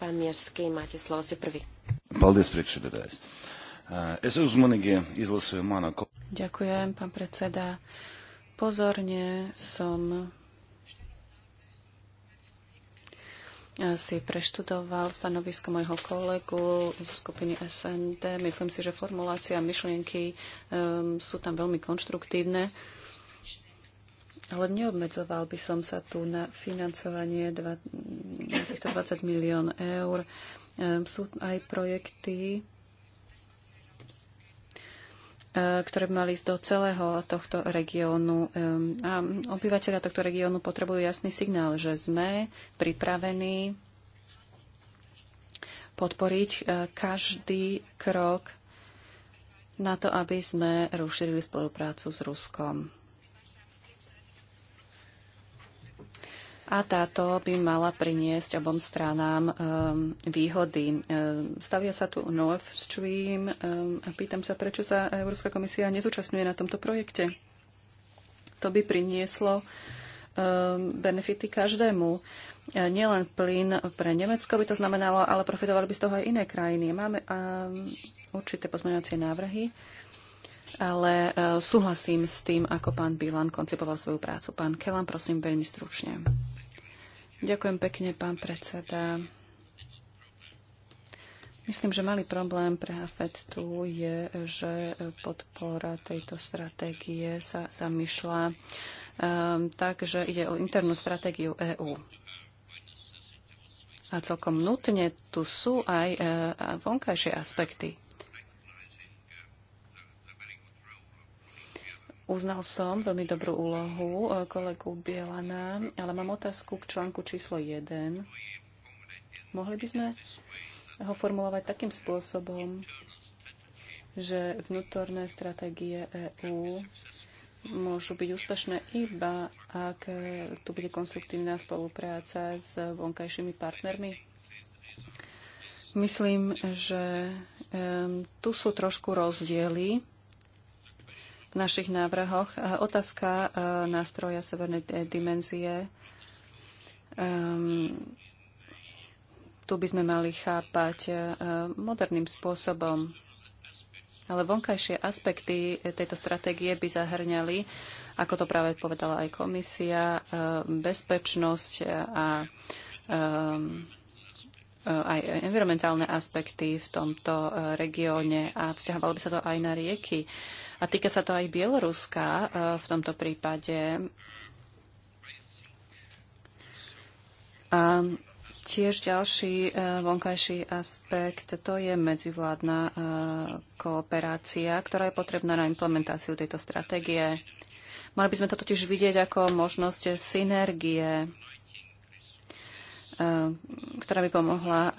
Pán Mierský, máte slovo, ste prvý. Paldies, eh, Ďakujem, pán predseda. Pozorne som si preštudoval stanovisko mojho kolegu zo skupiny SND. Myslím si, že formulácia a myšlienky um, sú tam veľmi konštruktívne. Ale neobmedzoval by som sa tu na financovanie dva, týchto 20 milión eur. Um, sú aj projekty, E, ktoré by mali ísť do celého tohto regiónu. E, a obyvateľia tohto regiónu potrebujú jasný signál, že sme pripravení podporiť e, každý krok na to, aby sme rozšírili spoluprácu s Ruskom. a táto by mala priniesť obom stranám um, výhody. Um, stavia sa tu North Stream um, a pýtam sa, prečo sa Európska komisia nezúčastňuje na tomto projekte. To by prinieslo benefity každému. Nielen plyn pre Nemecko by to znamenalo, ale profitovali by z toho aj iné krajiny. Máme určité pozmeňovacie návrhy, ale súhlasím s tým, ako pán Bílan koncipoval svoju prácu. Pán Kelan, prosím, veľmi stručne. Ďakujem pekne, pán predseda. Myslím, že malý problém pre HAFET tu je, že podpora tejto stratégie sa zamýšľa um, tak, že ide o internú stratégiu EÚ. A celkom nutne tu sú aj uh, vonkajšie aspekty Uznal som veľmi dobrú úlohu e, kolegu Bielana, ale mám otázku k článku číslo 1. Mohli by sme ho formulovať takým spôsobom, že vnútorné stratégie EÚ môžu byť úspešné iba, ak tu bude konstruktívna spolupráca s vonkajšími partnermi. Myslím, že um, tu sú trošku rozdiely v našich návrhoch. Otázka e, nástroja Severnej dimenzie. Um, tu by sme mali chápať e, moderným spôsobom. Ale vonkajšie aspekty tejto stratégie by zahrňali, ako to práve povedala aj komisia, e, bezpečnosť a ehm, aj environmentálne aspekty v tomto regióne a vzťahovalo by sa to aj na rieky. A týka sa to aj Bieloruska e, v tomto prípade. A Tiež ďalší e, vonkajší aspekt, to je medzivládna e, kooperácia, ktorá je potrebná na implementáciu tejto stratégie. Mali by sme to totiž vidieť ako možnosť synergie Eh, ktorá by pomohla eh,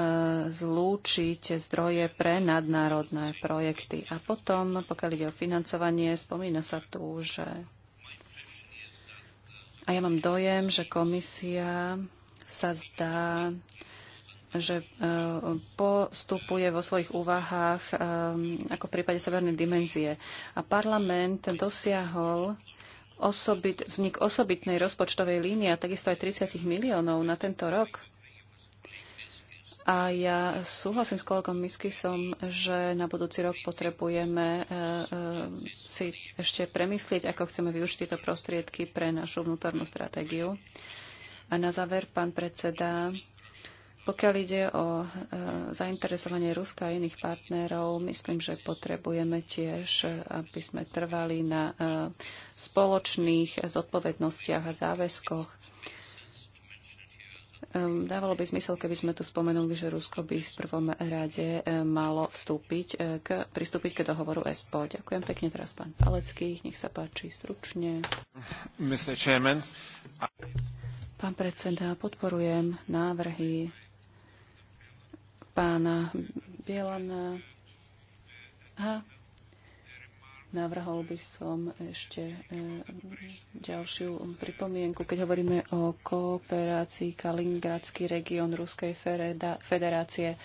zlúčiť zdroje pre nadnárodné projekty. A potom, pokiaľ ide o financovanie, spomína sa tu, že a ja mám dojem, že komisia sa zdá, že eh, postupuje vo svojich úvahách ako v prípade severnej dimenzie. A parlament dosiahol osobit, vznik osobitnej rozpočtovej línie a takisto aj 30 miliónov na tento rok. A ja súhlasím s kolegom Miskisom, že na budúci rok potrebujeme e, e, si ešte premyslieť, ako chceme využiť tieto prostriedky pre našu vnútornú stratégiu. A na záver, pán predseda, pokiaľ ide o e, zainteresovanie Ruska a iných partnerov, myslím, že potrebujeme tiež, aby sme trvali na spoločných zodpovednostiach a záväzkoch Dávalo by zmysel, keby sme tu spomenuli, že Rusko by v prvom rade eh, malo vstúpiť eh, k, pristúpiť k dohovoru ESPO. Ďakujem pekne teraz pán Palecký. Nech sa páči stručne. Mr. Chairman. Pán predseda, podporujem návrhy pána Bielana a Navrhol by som ešte e, ďalšiu pripomienku. Keď hovoríme o kooperácii Kaliningradský región Ruskej federácie,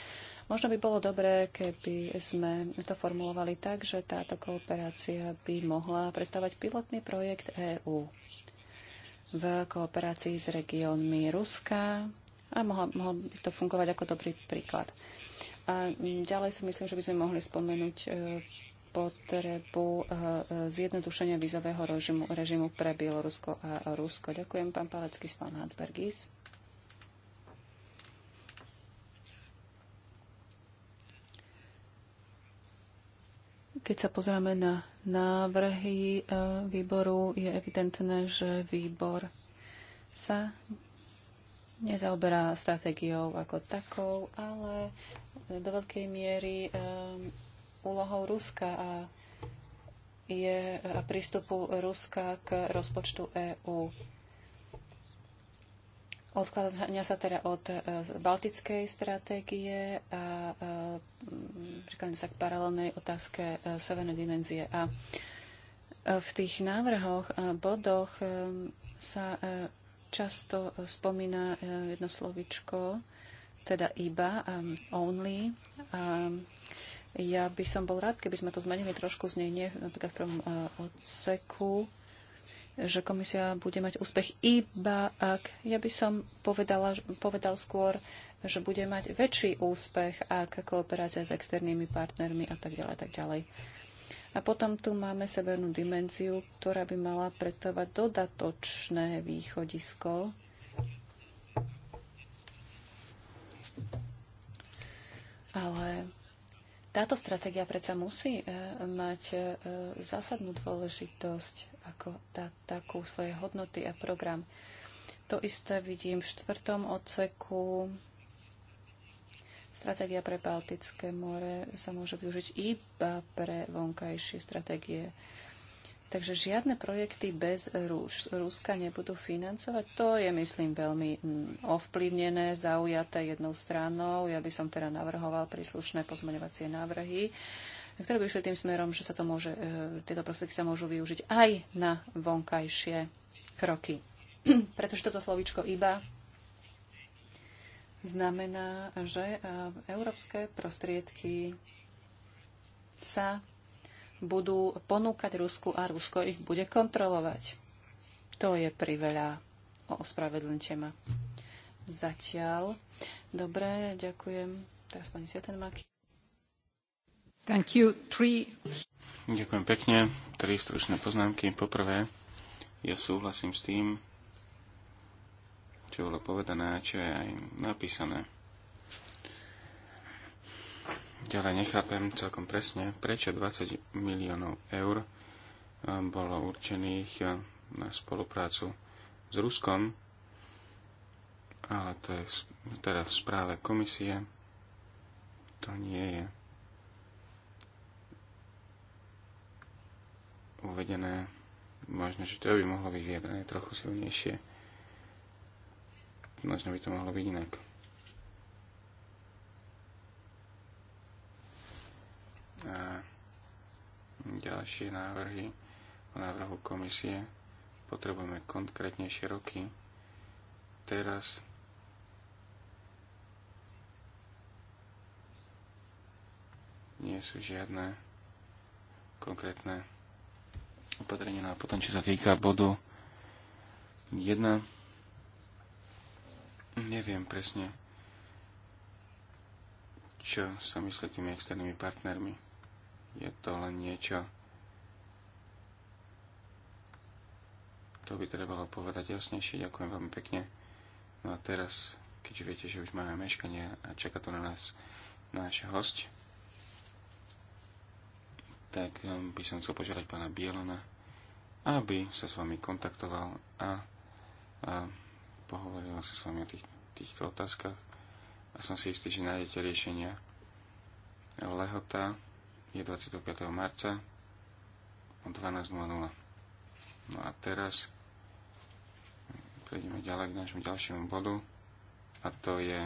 možno by bolo dobré, keby sme to formulovali tak, že táto kooperácia by mohla predstavať pilotný projekt EÚ v kooperácii s regiónmi Ruska a mohlo, mohlo by to fungovať ako dobrý príklad. A ďalej si myslím, že by sme mohli spomenúť e, potrebu eh, eh, zjednodušenia vizového režimu, režimu pre Bielorusko a Rusko. Ďakujem, pán Palecký, pán Hansbergis. Keď sa pozrieme na návrhy eh, výboru, je evidentné, že výbor sa nezaoberá stratégiou ako takou, ale do veľkej miery úlohou Ruska a, je, a prístupu Ruska k rozpočtu EÚ. Odkladňa sa teda od e, baltickej stratégie a e, prikladňa sa k paralelnej otázke e, severnej dimenzie. A v tých návrhoch a bodoch sa často spomína jedno slovičko, teda iba, um, only, um, ja by som bol rád, keby sme to zmenili trošku znenie, napríklad v prvom e, odseku, že komisia bude mať úspech iba ak, ja by som povedala, povedal skôr, že bude mať väčší úspech ak kooperácia s externými partnermi a tak ďalej, tak ďalej. A potom tu máme severnú dimenziu, ktorá by mala predstavovať dodatočné východisko. Ale táto stratégia predsa musí e, mať e, zásadnú dôležitosť ako tá, takú svoje hodnoty a program. To isté vidím v štvrtom odseku. Stratégia pre Baltické more sa môže využiť iba pre vonkajšie stratégie Takže žiadne projekty bez Rúš, Ruska nebudú financovať. To je, myslím, veľmi mm, ovplyvnené, zaujaté jednou stranou. Ja by som teda navrhoval príslušné pozmeňovacie návrhy, ktoré by išli tým smerom, že sa to môže, e, tieto prostriedky sa môžu využiť aj na vonkajšie kroky. *clears throat* Pretože toto slovičko iba znamená, že e, európske prostriedky sa budú ponúkať Rusku a Rusko ich bude kontrolovať. To je priveľa. Ospravedlňte ma. Zatiaľ. Dobre, ďakujem. Teraz pani Svetenmaky. Thank you. Three... Ďakujem pekne. Tri stručné poznámky. Poprvé, ja súhlasím s tým, čo bolo povedané a čo je aj napísané Ďalej nechápem celkom presne, prečo 20 miliónov eur eh, bolo určených eh, na spoluprácu s Ruskom, ale to je teda v správe komisie. To nie je uvedené. Možno, že to by mohlo byť vyjadrené trochu silnejšie. Možno by to mohlo byť inak. a ďalšie návrhy o návrhu komisie. Potrebujeme konkrétnejšie roky. Teraz nie sú žiadne konkrétne opatrenia. na no a potom, čo sa týka bodu 1, neviem presne, čo sa myslí tými externými partnermi je to len niečo. To by trebalo povedať jasnejšie. Ďakujem veľmi pekne. No a teraz, keďže viete, že už máme meškanie a čaká to na nás náš host, tak um, by som chcel požiadať pána Bielona, aby sa s vami kontaktoval a, a pohovoril sa s vami o tých, týchto otázkach. A som si istý, že nájdete riešenia. Lehota je 25. marca o 12.00. No a teraz prejdeme ďalej k nášmu ďalšiemu bodu a to je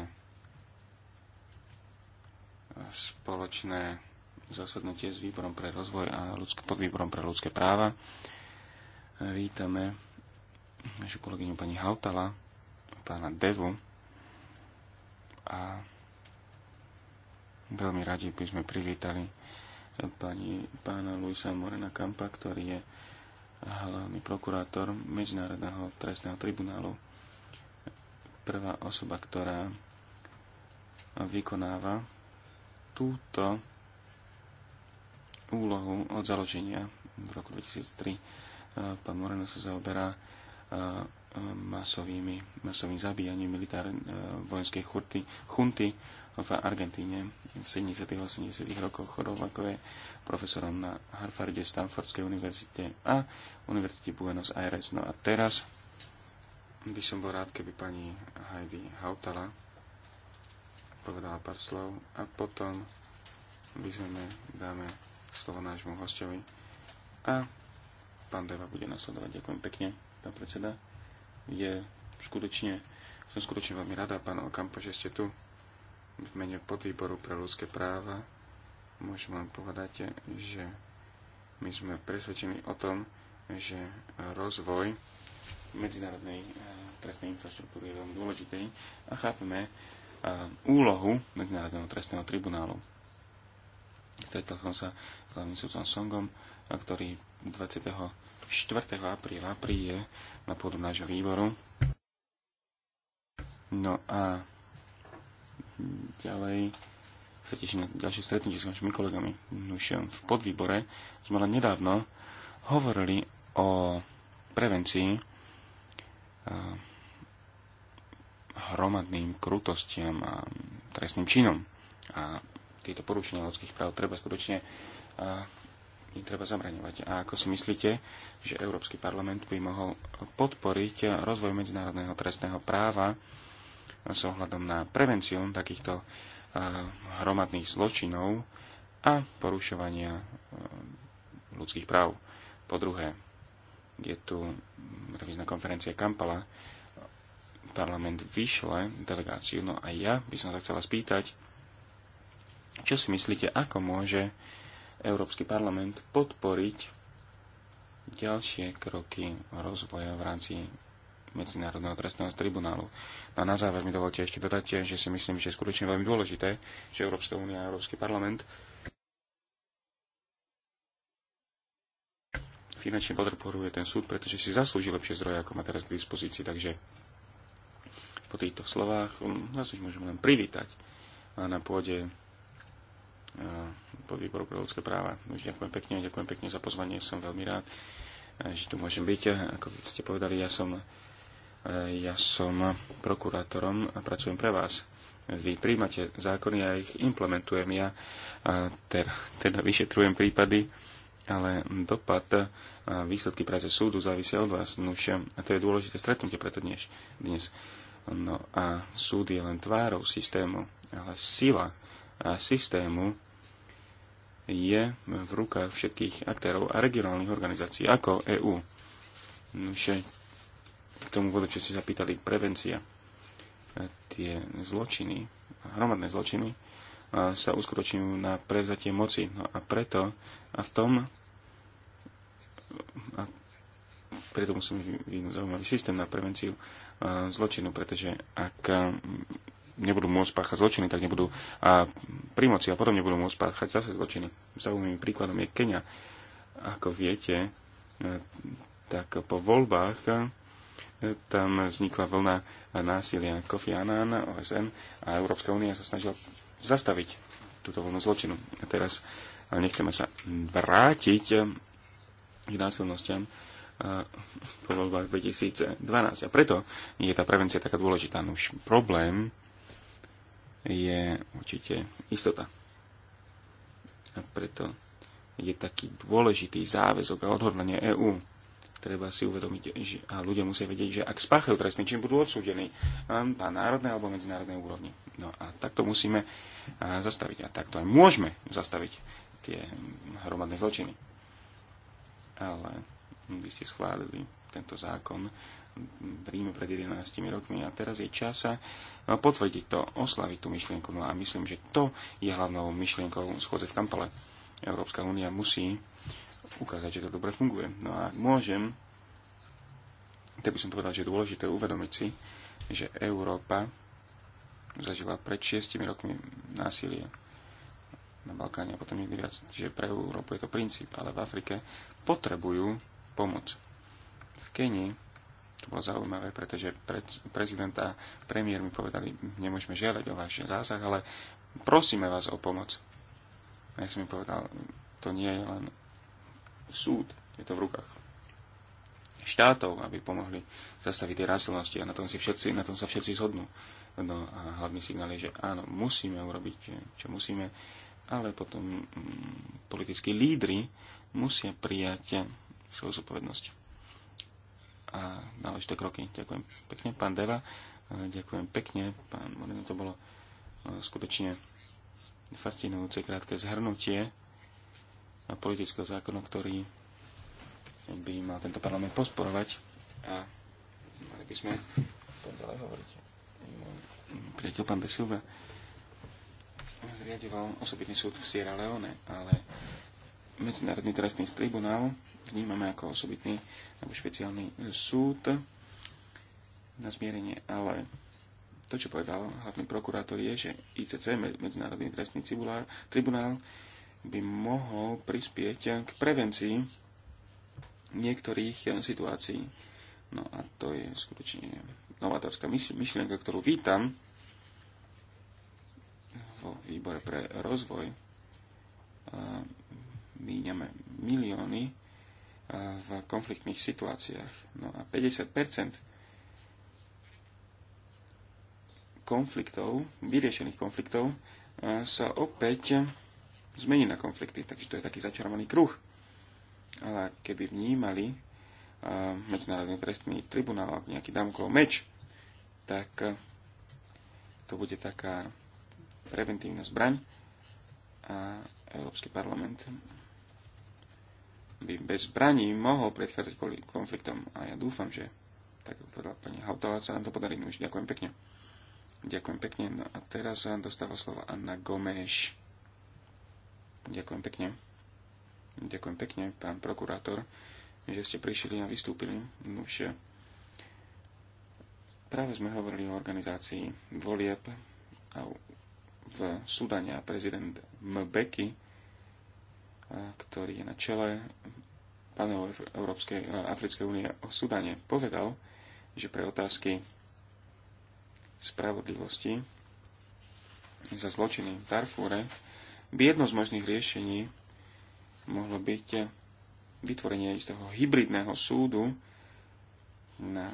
spoločné zasadnutie s výborom pre rozvoj a ľudské, výborom pre ľudské práva. Vítame našu kolegyňu pani Hautala, pána Devu a veľmi radi by sme privítali pani, pána Luisa Morena Kampa, ktorý je hlavný prokurátor Medzinárodného trestného tribunálu. Prvá osoba, ktorá vykonáva túto úlohu od založenia v roku 2003. Pán Moreno sa zaoberá e, masovými, masovým zabíjaním militár, e, vojenskej chunty, chunty v Argentíne v 70. a 80. rokoch rovnako je profesorom na Harvarde, Stanfordskej univerzite a Univerzite Buenos Aires. No a teraz by som bol rád, keby pani Heidi Hautala povedala pár slov a potom by sme dáme slovo nášmu hostovi a pán Deva bude nasledovať. Ďakujem pekne, pán predseda. Je skutočne, som skutočne veľmi rada, pán Okampo, že ste tu v mene podvýboru pre ľudské práva môžem vám povedať, že my sme presvedčení o tom, že rozvoj medzinárodnej eh, trestnej infraštruktúry je veľmi dôležitý a chápeme eh, úlohu Medzinárodného trestného tribunálu. Stretol som sa s hlavným sudcom Songom, eh, ktorý 24. apríla príje na pôdu nášho výboru. No a ďalej sa teším na ďalšie stretnutie s vašimi kolegami. v podvýbore sme len nedávno hovorili o prevencii eh, hromadným krutostiam a trestným činom. A tieto porušenia ľudských práv treba skutočne eh, im treba zabraňovať. A ako si myslíte, že Európsky parlament by mohol podporiť rozvoj medzinárodného trestného práva s ohľadom na prevenciu takýchto eh, hromadných zločinov a porušovania eh, ľudských práv. Po druhé, je tu revízna konferencia Kampala, parlament vyšle delegáciu, no a ja by som sa chcela spýtať, čo si myslíte, ako môže Európsky parlament podporiť ďalšie kroky rozvoja v rámci Medzinárodného trestného tribunálu. No a na záver mi dovolte ešte dodať, eh, že si myslím, že je skutočne veľmi dôležité, že Európska únia a Európsky parlament finančne podporuje ten súd, pretože si zaslúži lepšie zdroje, ako má teraz k dispozícii. Takže po týchto slovách mm, nás už môžeme len privítať na pôde eh, pod výboru pre ľudské práva. No už ďakujem pekne, ďakujem pekne za pozvanie, som veľmi rád, eh, že tu môžem byť. Ako ste povedali, ja som ja som prokurátorom a pracujem pre vás. Vy príjmate zákony a ja ich implementujem. Ja teda vyšetrujem prípady, ale dopad a výsledky práce súdu závisia od vás. Nuž, a to je dôležité stretnutie preto dnes. dnes. No a súd je len tvárou systému, ale sila a systému je v rukách všetkých aktérov a regionálnych organizácií ako EÚ k tomu bodu, čo ste sa pýtali, prevencia. E, tie zločiny, hromadné zločiny, e, sa uskutočňujú na prevzatie moci. No a preto, a v tom, a preto musíme vyvinúť zaujímavý systém na prevenciu e, zločinu, pretože ak nebudú môcť páchať zločiny, tak nebudú a pri moci a potom nebudú môcť páchať zase zločiny. Zaujímavým príkladom je Kenia. Ako viete, tak po voľbách tam vznikla vlna násilia Kofi Annan, OSN a Európska únia sa snažila zastaviť túto vlnu zločinu. A teraz nechceme sa vrátiť eh, k násilnostiam eh, po voľbách 2012. A preto je tá prevencia taká dôležitá. No už problém je určite istota. A preto je taký dôležitý záväzok a odhodlanie EÚ treba si uvedomiť že, a ľudia musia vedieť, že ak spáchajú trestný čin, budú odsúdení na národnej alebo medzinárodnej úrovni. No a takto musíme zastaviť a takto aj môžeme zastaviť tie hromadné zločiny. Ale vy ste schválili tento zákon v Ríme pred 11 rokmi a teraz je čas no, potvrdiť to, oslaviť tú myšlienku. No a myslím, že to je hlavnou myšlienkou schôdze v Kampale. Európska únia musí ukázať, že to dobre funguje. No a môžem, tak by som povedal, že je dôležité uvedomiť si, že Európa zažila pred šiestimi rokmi násilie na Balkáne a potom niekde viac, že pre Európu je to princíp, ale v Afrike potrebujú pomoc. V Kenii to bolo zaujímavé, pretože pred, prezident a premiér mi povedali, nemôžeme žiadať o váš zásah, ale prosíme vás o pomoc. A ja som mi povedal, to nie je len súd. Je to v rukách štátov, aby pomohli zastaviť tie rásilnosti. a na tom, si všetci, na tom sa všetci zhodnú. No a hlavný signál je, že áno, musíme urobiť, čo musíme, ale potom mm, politickí lídry musia prijať svoju zodpovednosť a náležité kroky. Ďakujem pekne, pán Deva, ďakujem pekne, pán Moreno, to bolo no, skutočne fascinujúce krátke zhrnutie politického zákonu, ktorý by mal tento parlament posporovať a mali by sme to ďalej hovoriť. Priateľ pán Besilva zriadoval osobitný súd v Sierra Leone, ale Medzinárodný trestný tribunál vnímame ako osobitný alebo špeciálny súd na zmierenie, ale to, čo povedal hlavný prokurátor, je, že ICC, Medzinárodný trestný tribunál, by mohol prispieť k prevencii niektorých eh, situácií. No a to je skutočne novátorská myšlienka, ktorú vítam vo výbore pre rozvoj. Míňame milióny eh, v konfliktných situáciách. No a 50 konfliktov, vyriešených konfliktov, eh, sa opäť zmení na konflikty. Takže to je taký začarovaný kruh. Ale keby vnímali uh, eh, Medzinárodný trestný tribunál ako nejaký Damoklov meč, tak uh, to bude taká preventívna zbraň a Európsky parlament by bez zbraní mohol predchádzať konfliktom. A ja dúfam, že tak povedala pani Hautala, sa nám to podarí. No už ďakujem pekne. Ďakujem pekne. No a teraz dostáva slovo Anna Gomeš. Ďakujem pekne. Ďakujem pekne, pán prokurátor, že ste prišli a vystúpili. Už práve sme hovorili o organizácii volieb a v Sudane a prezident Mbeki, ktorý je na čele panelu Európskej, Africkej únie o Sudane, povedal, že pre otázky spravodlivosti za zločiny v Darfúre by jedno z možných riešení mohlo byť vytvorenie istého hybridného súdu na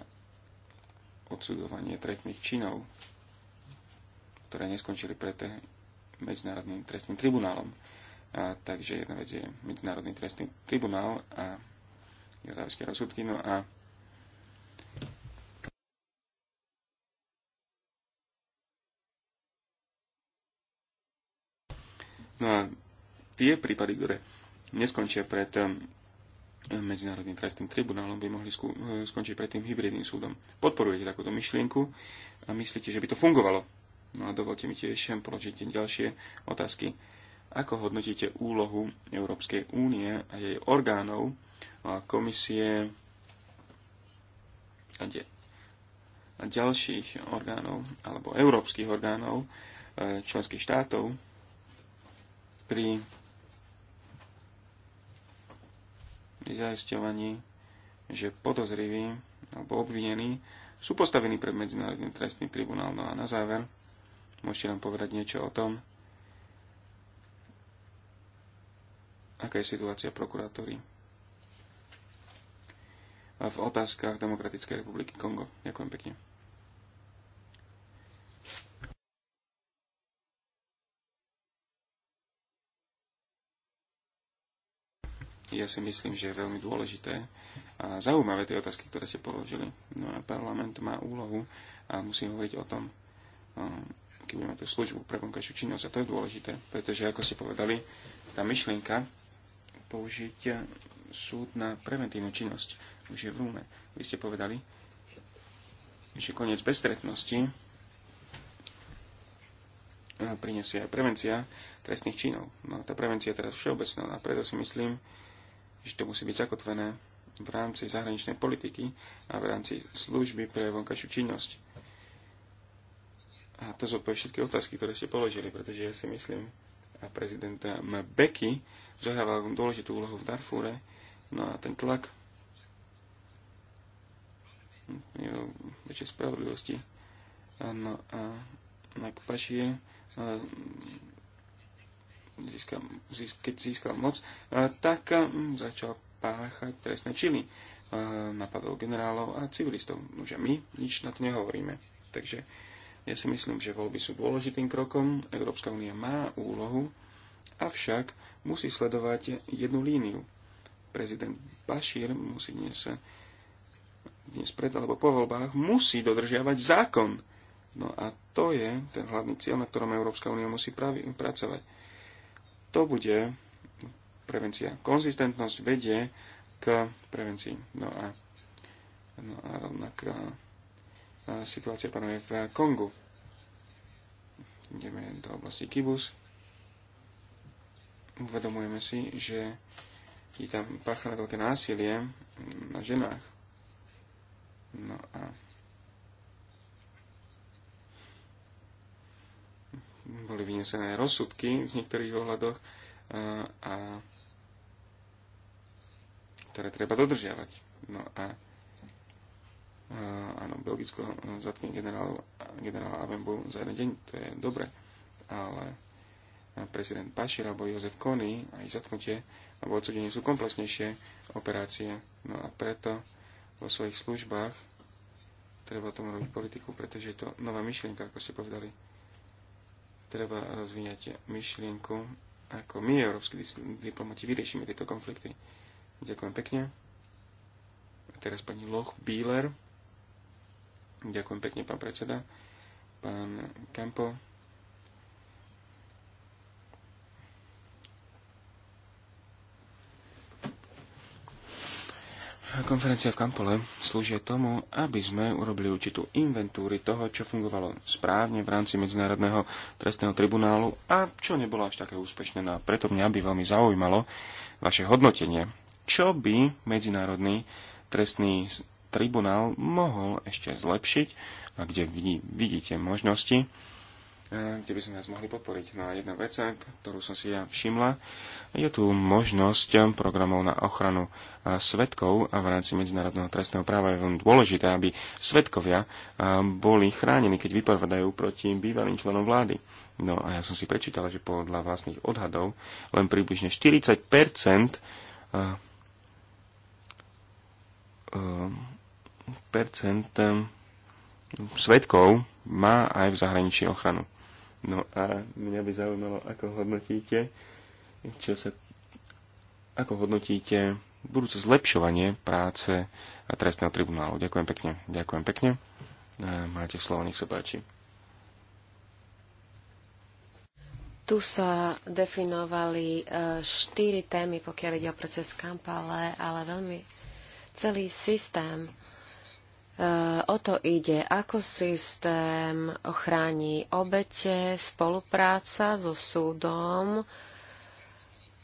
odsudovanie trestných činov, ktoré neskončili pred Medzinárodným trestným tribunálom. A, takže jedna vec je Medzinárodný trestný tribunál a nezávislé rozsudky, no a No a tie prípady, ktoré neskončia pred um, Medzinárodným trestným tribunálom, by mohli uh, skončiť pred tým hybridným súdom. Podporujete takúto myšlienku a myslíte, že by to fungovalo? No a dovolte mi tiež položiť ďalšie otázky. Ako hodnotíte úlohu Európskej únie a jej orgánov a komisie a, de, a ďalších orgánov alebo európskych orgánov eh, členských štátov pri zaisťovaní, že podozriví alebo obvinení sú postavení pred Medzinárodný trestný tribunál. No a na záver môžete nám povedať niečo o tom, aká je situácia prokurátory v otázkach Demokratickej republiky Kongo. Ďakujem pekne. ja si myslím, že je veľmi dôležité a zaujímavé tie otázky, ktoré ste položili. No a parlament má úlohu a musí hovoriť o tom, keď budeme tú službu pre vonkajšiu činnosť. A to je dôležité, pretože, ako ste povedali, tá myšlienka použiť súd na preventívnu činnosť už je v Rúme. Vy ste povedali, že koniec bezstretnosti e, prinesie aj prevencia trestných činov. No tá prevencia je teraz všeobecná a preto si myslím, že to musí byť zakotvené v rámci zahraničnej politiky a v rámci služby pre vonkajšiu činnosť. A to zodpovie všetky otázky, ktoré ste položili, pretože ja si myslím, a prezidenta Mbeki zohrával dôležitú úlohu v Darfúre, no a ten tlak jeho väčšej spravodlivosti. No a Mike Bashir získal, keď získal moc, eh, tak eh, začal páchať trestné činy. Eh, napadol generálov a civilistov. Nože my nič na to nehovoríme. Takže ja si myslím, že voľby sú dôležitým krokom. Európska únia má úlohu, avšak musí sledovať jednu líniu. Prezident Bashir musí dnes, dnes pred alebo po voľbách musí dodržiavať zákon. No a to je ten hlavný cieľ, na ktorom Európska únia musí pravi, pracovať to bude prevencia. Konzistentnosť vedie k prevencii. No a, no a rovnak a, a situácia panuje v Kongu. Ideme do oblasti Kibus. Uvedomujeme si, že je tam páchané veľké násilie na ženách. No a boli vynesené rozsudky v niektorých ohľadoch, a ktoré treba dodržiavať. No a áno, Belgicko zatkne generál, generál Avenbu za jeden deň, to je dobre, ale prezident Bashir alebo Jozef Kony a ich zatknutie alebo odsudenie sú komplexnejšie operácie. No a preto vo svojich službách treba tomu robiť politiku, pretože je to nová myšlienka, ako ste povedali treba rozvíjať myšlienku, ako my, európsky diplomati, vyriešime tieto konflikty. Ďakujem pekne. A teraz pani Loch Bieler. Ďakujem pekne, pán predseda. Pán Kampo, Konferencia v Kampole slúži tomu, aby sme urobili určitú inventúry toho, čo fungovalo správne v rámci Medzinárodného trestného tribunálu a čo nebolo až také úspešné. No a preto mňa by veľmi zaujímalo vaše hodnotenie. Čo by Medzinárodný trestný tribunál mohol ešte zlepšiť a kde vidíte možnosti, E, kde by sme nás mohli podporiť. No a jedna vec, e, ktorú som si ja všimla, je tu možnosť programov na ochranu e, svetkov a v rámci medzinárodného trestného práva je veľmi dôležité, aby svetkovia boli chránení, keď vypovedajú proti bývalým členom vlády. No a ja som si prečítala, že podľa vlastných odhadov len približne 40 percent svetkov má aj v zahraničí ochranu. No a mňa by zaujímalo, ako hodnotíte, čo sa, ako hodnotíte budúce zlepšovanie práce a trestného tribunálu. Ďakujem pekne. Ďakujem pekne. Máte slovo, nech sa páči. Tu sa definovali e, štyri témy, pokiaľ ide o proces Kampale, ale veľmi celý systém O to ide, ako systém ochráni obete, spolupráca so súdom,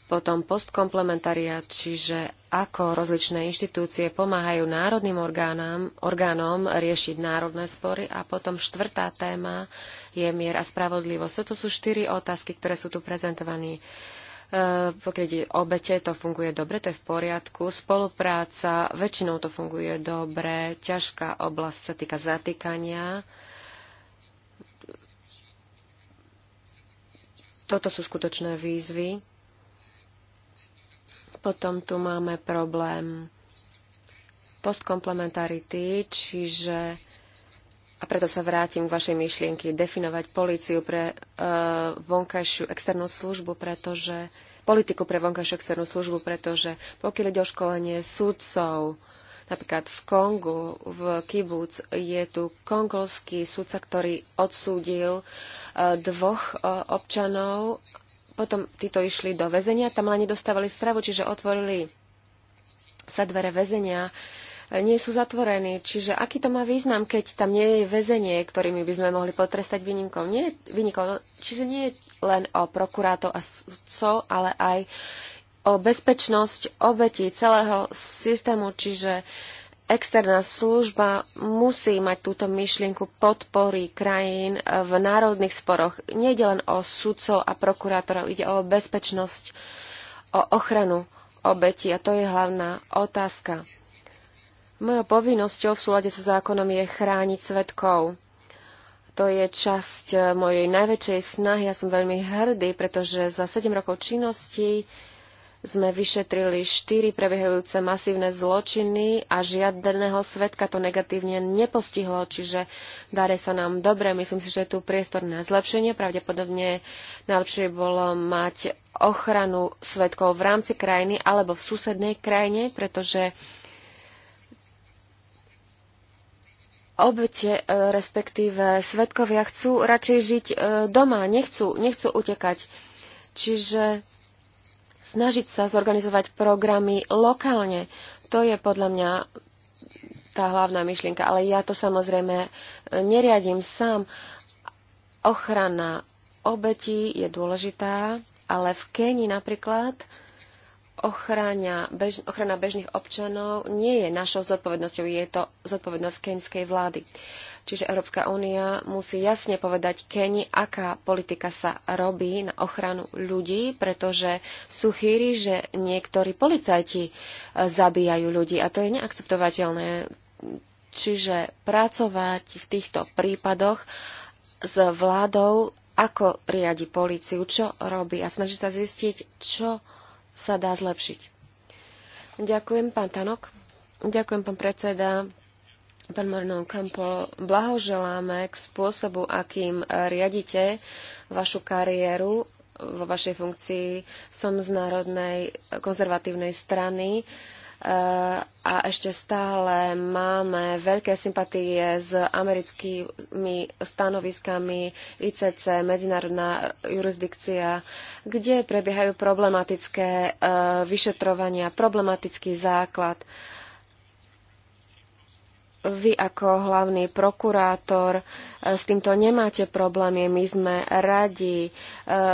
potom postkomplementariat, čiže ako rozličné inštitúcie pomáhajú národným orgánom, orgánom riešiť národné spory. A potom štvrtá téma je mier a spravodlivosť. Toto sú štyri otázky, ktoré sú tu prezentované. Eh, pokiaľ ide obete, to funguje dobre, to je v poriadku. Spolupráca, väčšinou to funguje dobre. Ťažká oblasť sa týka zatýkania. Toto sú skutočné výzvy. Potom tu máme problém postkomplementarity, čiže a preto sa vrátim k vašej myšlienke definovať políciu pre e, vonkajšiu externú službu, pretože politiku pre vonkajšiu externú službu, pretože pokiaľ ide o školenie sudcov, napríklad v Kongu, v Kibuc, je tu kongolský sudca, ktorý odsúdil e, dvoch e, občanov, potom títo išli do väzenia, tam len nedostávali stravu, čiže otvorili sa dvere väzenia nie sú zatvorení. Čiže aký to má význam, keď tam nie je väzenie, ktorými by sme mohli potrestať vynikov? Nie, vynikov. No, čiže nie je len o prokurátov a sudcov, ale aj o bezpečnosť obetí celého systému, čiže externá služba musí mať túto myšlienku podpory krajín v národných sporoch. Nejde len o sudcov a prokurátorov, ide o bezpečnosť, o ochranu obetí a to je hlavná otázka. Mojou povinnosťou v súlade so zákonom je chrániť svetkov. To je časť eh, mojej najväčšej snahy. Ja som veľmi hrdý, pretože za 7 rokov činnosti sme vyšetrili 4 prebiehajúce masívne zločiny a žiadneho svetka to negatívne nepostihlo, čiže dare sa nám dobre. Myslím si, že je tu priestor na zlepšenie. Pravdepodobne najlepšie bolo mať ochranu svetkov v rámci krajiny alebo v susednej krajine, pretože obete, e, respektíve svetkovia chcú radšej žiť e, doma, nechcú, nechcú utekať. Čiže snažiť sa zorganizovať programy lokálne, to je podľa mňa tá hlavná myšlienka. Ale ja to samozrejme e, neriadím sám. Ochrana obetí je dôležitá, ale v Kenii napríklad ochrana, bež, ochrana bežných občanov nie je našou zodpovednosťou, je to zodpovednosť keňskej vlády. Čiže Európska únia musí jasne povedať Keni, aká politika sa robí na ochranu ľudí, pretože sú chýry, že niektorí policajti e, zabíjajú ľudí a to je neakceptovateľné. Čiže pracovať v týchto prípadoch s vládou, ako riadi policiu, čo robí a snažiť sa zistiť, čo sa dá zlepšiť. Ďakujem, pán Tanok. Ďakujem, pán predseda. Pán Morno Campo, blahoželáme k spôsobu, akým riadite vašu kariéru vo vašej funkcii. Som z Národnej konzervatívnej strany. Uh, a ešte stále máme veľké sympatie s americkými stanoviskami ICC, medzinárodná jurisdikcia, kde prebiehajú problematické e, vyšetrovania, problematický základ vy ako hlavný prokurátor e, s týmto nemáte problémy, my sme radi. E,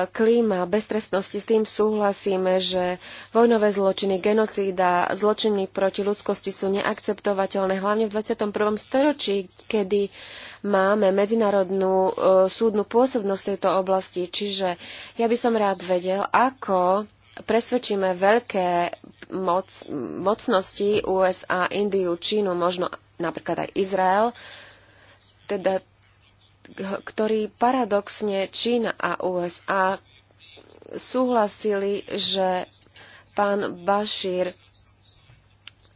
klíma beztrestnosti, s tým súhlasíme, že vojnové zločiny, genocída, zločiny proti ľudskosti sú neakceptovateľné, hlavne v 21. storočí, kedy máme medzinárodnú e, súdnu pôsobnosť tejto oblasti. Čiže ja by som rád vedel, ako presvedčíme veľké moc, mocnosti USA, Indiu, Čínu, možno napríklad aj Izrael, teda, ktorý paradoxne Čína a USA súhlasili, že pán Bašír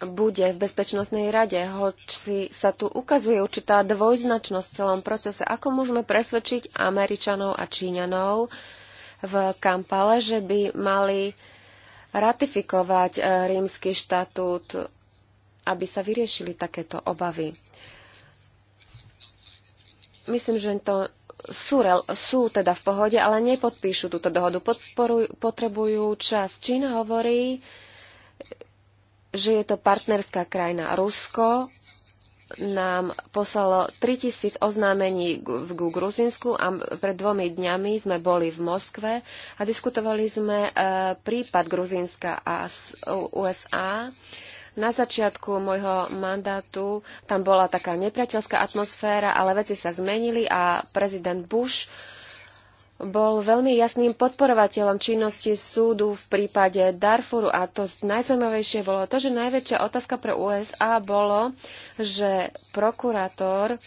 bude v Bezpečnostnej rade, hoci sa tu ukazuje určitá dvojznačnosť v celom procese. Ako môžeme presvedčiť Američanov a Číňanov v Kampale, že by mali ratifikovať eh, rímsky štatút aby sa vyriešili takéto obavy. Myslím, že to sú, sú teda v pohode, ale nepodpíšu túto dohodu. Podporuj, potrebujú čas. Čína hovorí, že je to partnerská krajina. Rusko nám poslalo 3000 oznámení v Gruzinsku a pred dvomi dňami sme boli v Moskve a diskutovali sme e, prípad Gruzinska a USA. Na začiatku môjho mandátu tam bola taká nepriateľská atmosféra, ale veci sa zmenili a prezident Bush bol veľmi jasným podporovateľom činnosti súdu v prípade Darfuru a to najzaujímavejšie bolo to, že najväčšia otázka pre USA bolo, že prokurátor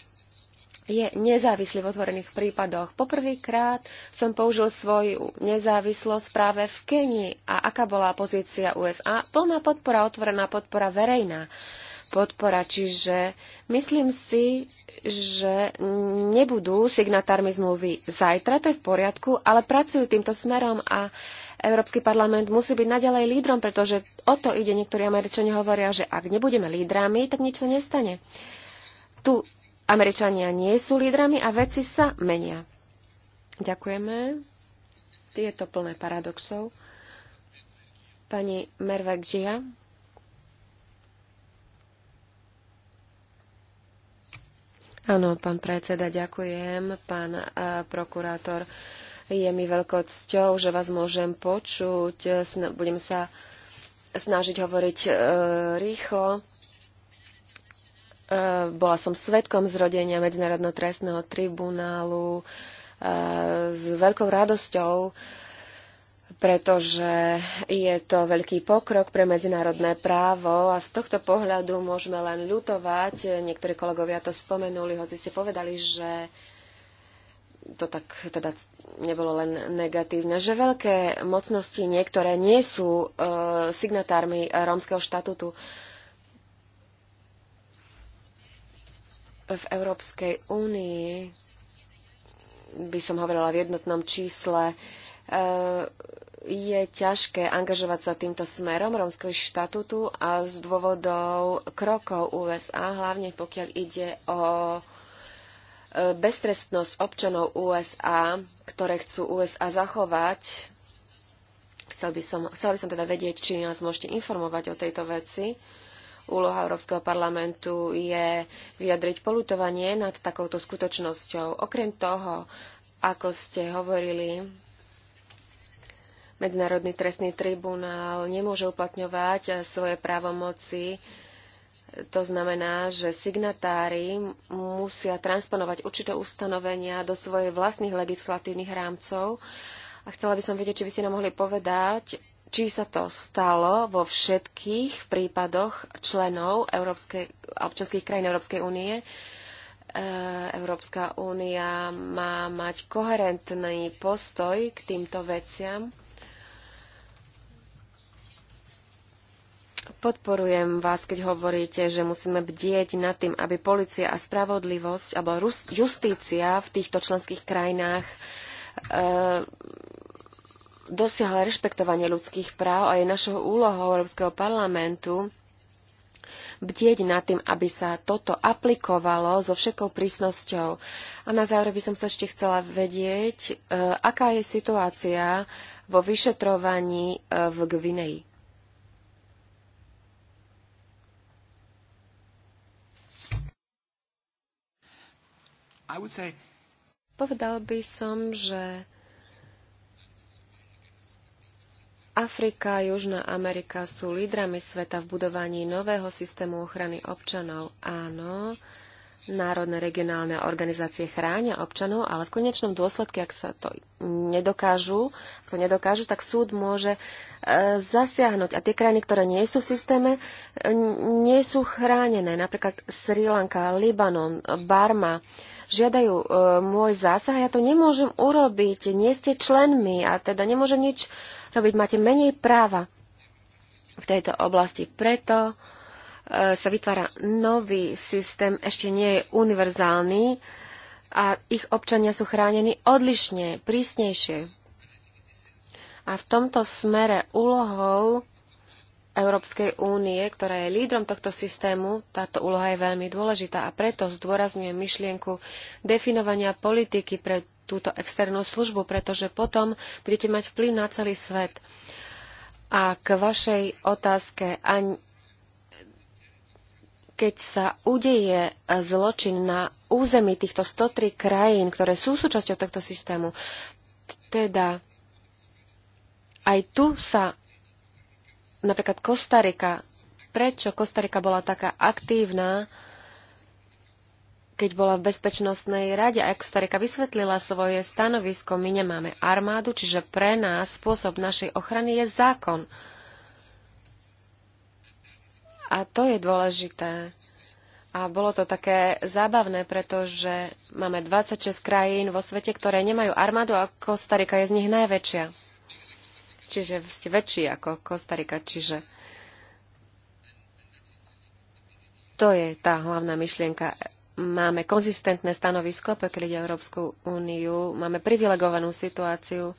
je nezávislý v otvorených prípadoch. Poprvýkrát som použil svoju nezávislosť práve v Kenii. A aká bola pozícia USA? Plná podpora, otvorená podpora, verejná podpora. Čiže myslím si, že nebudú signatármi zmluvy zajtra, to je v poriadku, ale pracujú týmto smerom a Európsky parlament musí byť naďalej lídrom, pretože o to ide. Niektorí Američania hovoria, že ak nebudeme lídrami, tak nič sa nestane. Tu Američania nie sú lídrami a veci sa menia. Ďakujeme. Je to plné paradoxov. Pani Mervek Žia. Áno, pán predseda, ďakujem. Pán uh, prokurátor, je mi veľkou cťou, že vás môžem počuť. Sna- budem sa snažiť hovoriť uh, rýchlo. E, bola som svetkom zrodenia Medzinárodného trestného tribunálu e, s veľkou radosťou, pretože je to veľký pokrok pre medzinárodné právo a z tohto pohľadu môžeme len ľutovať. Niektorí kolegovia to spomenuli, hoci ste povedali, že to tak teda nebolo len negatívne, že veľké mocnosti, niektoré nie sú e, signatármi rómskeho štatútu. E, v Európskej únii by som hovorila v jednotnom čísle, e, je ťažké angažovať sa týmto smerom rómskeho štatútu a z dôvodov krokov USA, hlavne pokiaľ ide o e, beztrestnosť občanov USA, ktoré chcú USA zachovať. Chcel by som, chcel by som teda vedieť, či nás môžete informovať o tejto veci. Úloha Európskeho parlamentu je vyjadriť polutovanie nad takouto skutočnosťou. Okrem toho, ako ste hovorili, Medzinárodný trestný tribunál nemôže uplatňovať svoje právomoci. To znamená, že signatári musia transponovať určité ustanovenia do svojich vlastných legislatívnych rámcov. A chcela by som vedieť, či by ste nám mohli povedať, či sa to stalo vo všetkých prípadoch členov Európskej, občanských krajín Európskej únie. E, Európska únia má mať koherentný postoj k týmto veciam. Podporujem vás, keď hovoríte, že musíme bdieť nad tým, aby policia a spravodlivosť alebo justícia v týchto členských krajinách e, dosiahla rešpektovanie ľudských práv a je našou úlohou Európskeho parlamentu bdieť nad tým, aby sa toto aplikovalo so všetkou prísnosťou. A na záver by som sa ešte chcela vedieť, e, aká je situácia vo vyšetrovaní e, v Gvineji. Povedal by som, že Afrika a Južná Amerika sú lídrami sveta v budovaní nového systému ochrany občanov. Áno, národné regionálne organizácie chránia občanov, ale v konečnom dôsledku, ak sa to nedokážu, to nedokážu, tak súd môže e, zasiahnuť. A tie krajiny, ktoré nie sú v systéme, e, nie sú chránené. Napríklad Sri Lanka, Libanon, Barma žiadajú e, môj zásah, ja to nemôžem urobiť, nie ste členmi a teda nemôžem nič robiť, máte menej práva v tejto oblasti. Preto e, sa vytvára nový systém, ešte nie je univerzálny a ich občania sú chránení odlišne, prísnejšie. A v tomto smere úlohou Európskej únie, ktorá je lídrom tohto systému, táto úloha je veľmi dôležitá a preto zdôrazňuje myšlienku definovania politiky pre túto externú službu, pretože potom budete mať vplyv na celý svet. A k vašej otázke, ani keď sa udeje zločin na území týchto 103 krajín, ktoré sú súčasťou tohto systému, teda aj tu sa napríklad Kostarika, prečo Kostarika bola taká aktívna, keď bola v Bezpečnostnej rade. A ako Starika vysvetlila svoje stanovisko, my nemáme armádu, čiže pre nás spôsob našej ochrany je zákon. A to je dôležité. A bolo to také zábavné, pretože máme 26 krajín vo svete, ktoré nemajú armádu a Kostarika je z nich najväčšia. Čiže ste väčší ako Kostarika, čiže to je tá hlavná myšlienka máme konzistentné stanovisko, pokiaľ ide Európsku úniu, máme privilegovanú situáciu,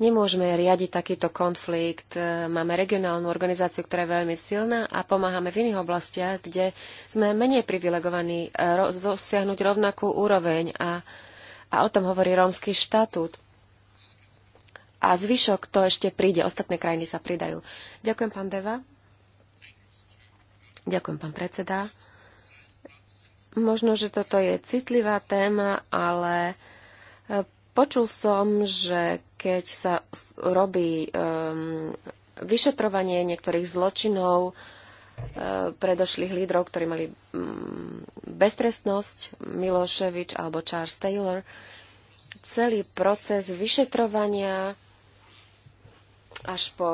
nemôžeme riadiť takýto konflikt. Máme regionálnu organizáciu, ktorá je veľmi silná a pomáhame v iných oblastiach, kde sme menej privilegovaní dosiahnuť eh, rovnakú úroveň a, a o tom hovorí rómsky štatút. A zvyšok to ešte príde, ostatné krajiny sa pridajú. Ďakujem, pán Deva. Ďakujem, pán predseda. Možno, že toto je citlivá téma, ale e, počul som, že keď sa robí um, vyšetrovanie niektorých zločinov um, predošlých lídrov, ktorí mali um, beztrestnosť, Miloševič alebo Charles Taylor, celý proces vyšetrovania až po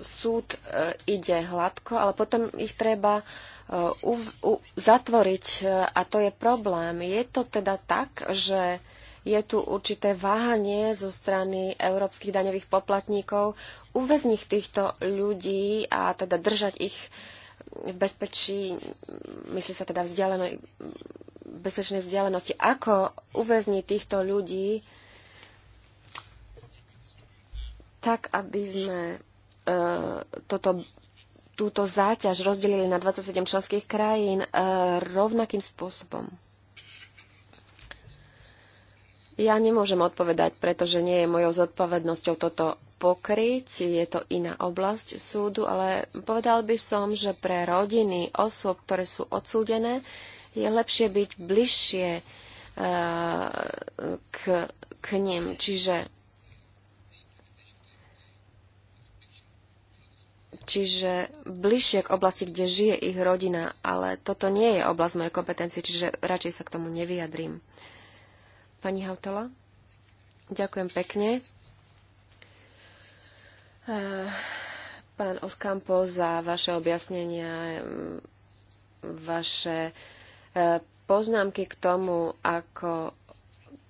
súd uh, ide hladko, ale potom ich treba uh, Uh, u, zatvoriť uh, a to je problém. Je to teda tak, že je tu určité váhanie zo strany európskych daňových poplatníkov uväzniť týchto ľudí a teda držať ich v bezpečí, myslí sa teda vzdialeno, bezpečnej vzdialenosti. Ako uväzniť týchto ľudí tak, aby sme uh, toto túto záťaž rozdelili na 27 členských krajín e, rovnakým spôsobom? Ja nemôžem odpovedať, pretože nie je mojou zodpovednosťou toto pokryť. Je to iná oblasť súdu, ale povedal by som, že pre rodiny osôb, ktoré sú odsúdené, je lepšie byť bližšie e, k, k nim. Čiže čiže bližšie k oblasti, kde žije ich rodina, ale toto nie je oblasť mojej kompetencie, čiže radšej sa k tomu nevyjadrím. Pani Hautala, ďakujem pekne. Eh, pán Oskampo, za vaše objasnenia, vaše eh, poznámky k tomu, ako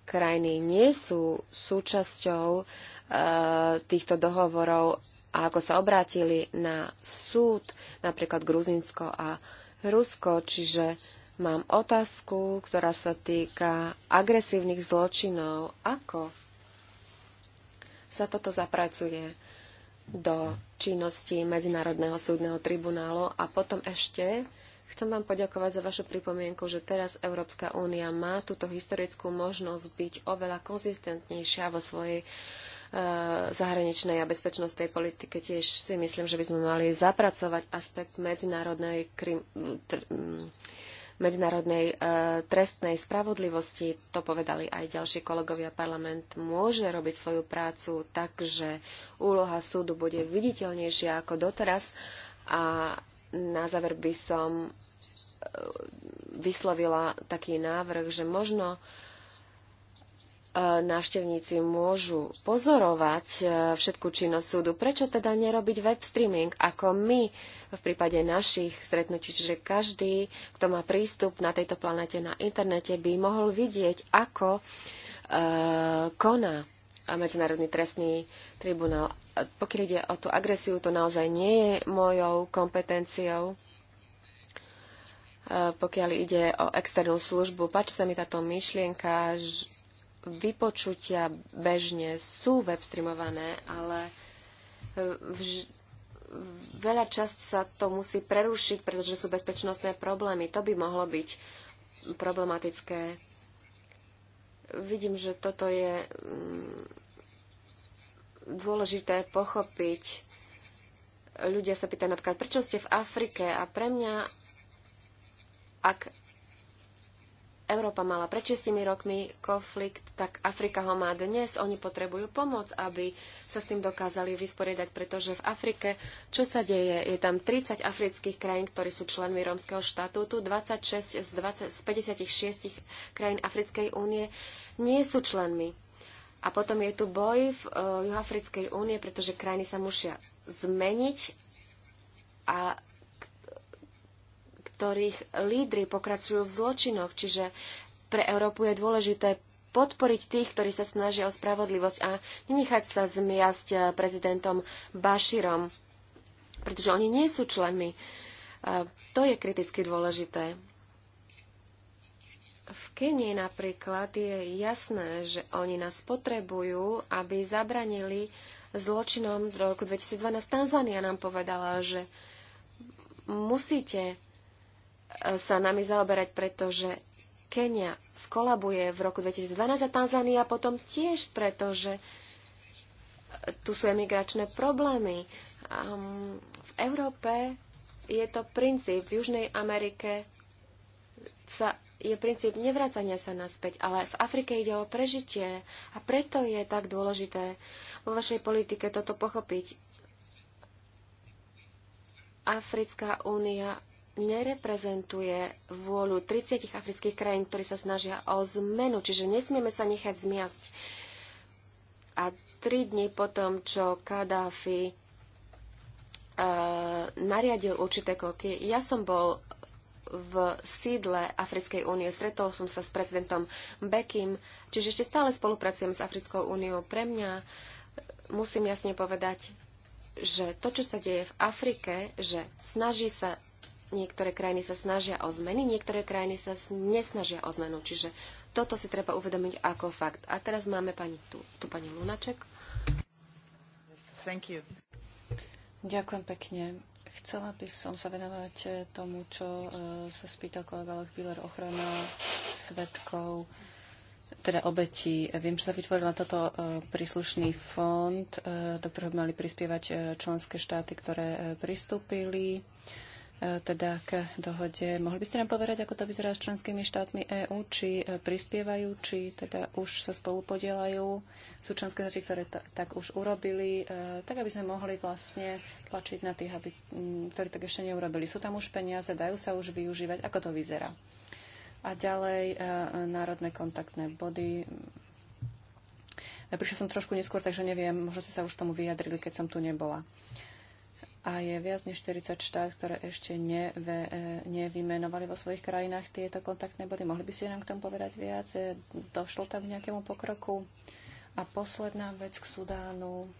krajiny nie sú súčasťou eh, týchto dohovorov a ako sa obrátili na súd, napríklad Gruzinsko a Rusko, čiže mám otázku, ktorá sa týka agresívnych zločinov. Ako sa toto zapracuje do činnosti Medzinárodného súdneho tribunálu? A potom ešte Chcem vám poďakovať za vašu pripomienku, že teraz Európska únia má túto historickú možnosť byť oveľa konzistentnejšia vo svojej Eh, zahraničnej a bezpečnostnej politike. Tiež si myslím, že by sme mali zapracovať aspekt medzinárodnej, krim, tr, mm, medzinárodnej e, trestnej spravodlivosti. To povedali aj ďalší kolegovia. Parlament môže robiť svoju prácu tak, že úloha súdu bude viditeľnejšia ako doteraz. A na záver by som eh, vyslovila taký návrh, že možno E, návštevníci môžu pozorovať e, všetku činnosť súdu. Prečo teda nerobiť web streaming ako my v prípade našich stretnutí? Čiže každý, kto má prístup na tejto planete na internete, by mohol vidieť, ako e, koná Medzinárodný trestný tribunál. Pokiaľ ide o tú agresiu, to naozaj nie je mojou kompetenciou pokiaľ ide o externú službu. Páči sa mi táto myšlienka, vypočutia bežne sú webstreamované, ale e, vž- veľa čas sa to musí prerušiť, pretože sú bezpečnostné problémy. To by mohlo byť problematické. Vidím, že toto je mm, dôležité pochopiť. Ľudia sa pýtajú napríklad, prečo ste v Afrike? A pre mňa, ak Európa mala pred 6 rokmi konflikt, tak Afrika ho má dnes. Oni potrebujú pomoc, aby sa s tým dokázali vysporiadať, pretože v Afrike, čo sa deje? Je tam 30 afrických krajín, ktorí sú členmi rómskeho štatútu, 26 z, 20, z 56 krajín Africkej únie nie sú členmi. A potom je tu boj v uh, e, Juhafrickej únie, pretože krajiny sa musia zmeniť a ktorých lídry pokračujú v zločinoch, čiže pre Európu je dôležité podporiť tých, ktorí sa snažia o spravodlivosť a nenechať sa zmiasť eh, prezidentom Bashirom, pretože oni nie sú členmi. Eh, to je kriticky dôležité. V Kenii napríklad je jasné, že oni nás potrebujú, aby zabranili zločinom z roku 2012. Tanzania nám povedala, že musíte sa nami zaoberať, pretože Kenia skolabuje v roku 2012 a Tanzania potom tiež, pretože tu sú emigračné problémy. Um, v Európe je to princíp, v Južnej Amerike sa, je princíp nevracania sa naspäť, ale v Afrike ide o prežitie a preto je tak dôležité vo vašej politike toto pochopiť. Africká únia nereprezentuje vôľu 30 afrických krajín, ktorí sa snažia o zmenu, čiže nesmieme sa nechať zmiasť. A tri dni potom, čo Kadáfi uh, nariadil určité kroky, ja som bol v sídle Africkej únie. Stretol som sa s prezidentom Bekim, čiže ešte stále spolupracujem s Africkou úniou. Pre mňa e, musím jasne povedať, že to, čo sa deje v Afrike, že snaží sa Niektoré krajiny sa snažia o zmeny, niektoré krajiny sa nesnažia o zmenu. Čiže toto si treba uvedomiť ako fakt. A teraz máme pani, tu, tu pani Lunaček. Thank you. Ďakujem pekne. Chcela by som sa venovať eh, tomu, čo eh, sa spýtal kolega Lech Biller, ochrana svetkov teda obeti. Viem, že sa vytvorila toto eh, príslušný fond, do ktorého mali prispievať členské štáty, ktoré pristúpili. E, teda k dohode. Mohli by ste nám povedať, ako to vyzerá s členskými štátmi EÚ, či e, prispievajú, či teda už sa spolu podielajú, sú členské štáty, ktoré tak už urobili, e, tak aby sme mohli vlastne tlačiť na tých, aby, ktorí tak ešte neurobili. Sú tam už peniaze, dajú sa už využívať, ako to vyzerá. A ďalej národné kontaktné body. prišiel som trošku neskôr, takže neviem, možno ste sa už tomu vyjadrili, keď som tu nebola. Uh, a je viac než 40 štát, ktoré ešte neve, e, nevymenovali vo svojich krajinách tieto kontaktné body. Mohli by ste nám k tomu povedať viac? E, došlo tam k nejakému pokroku? A posledná vec k Sudánu.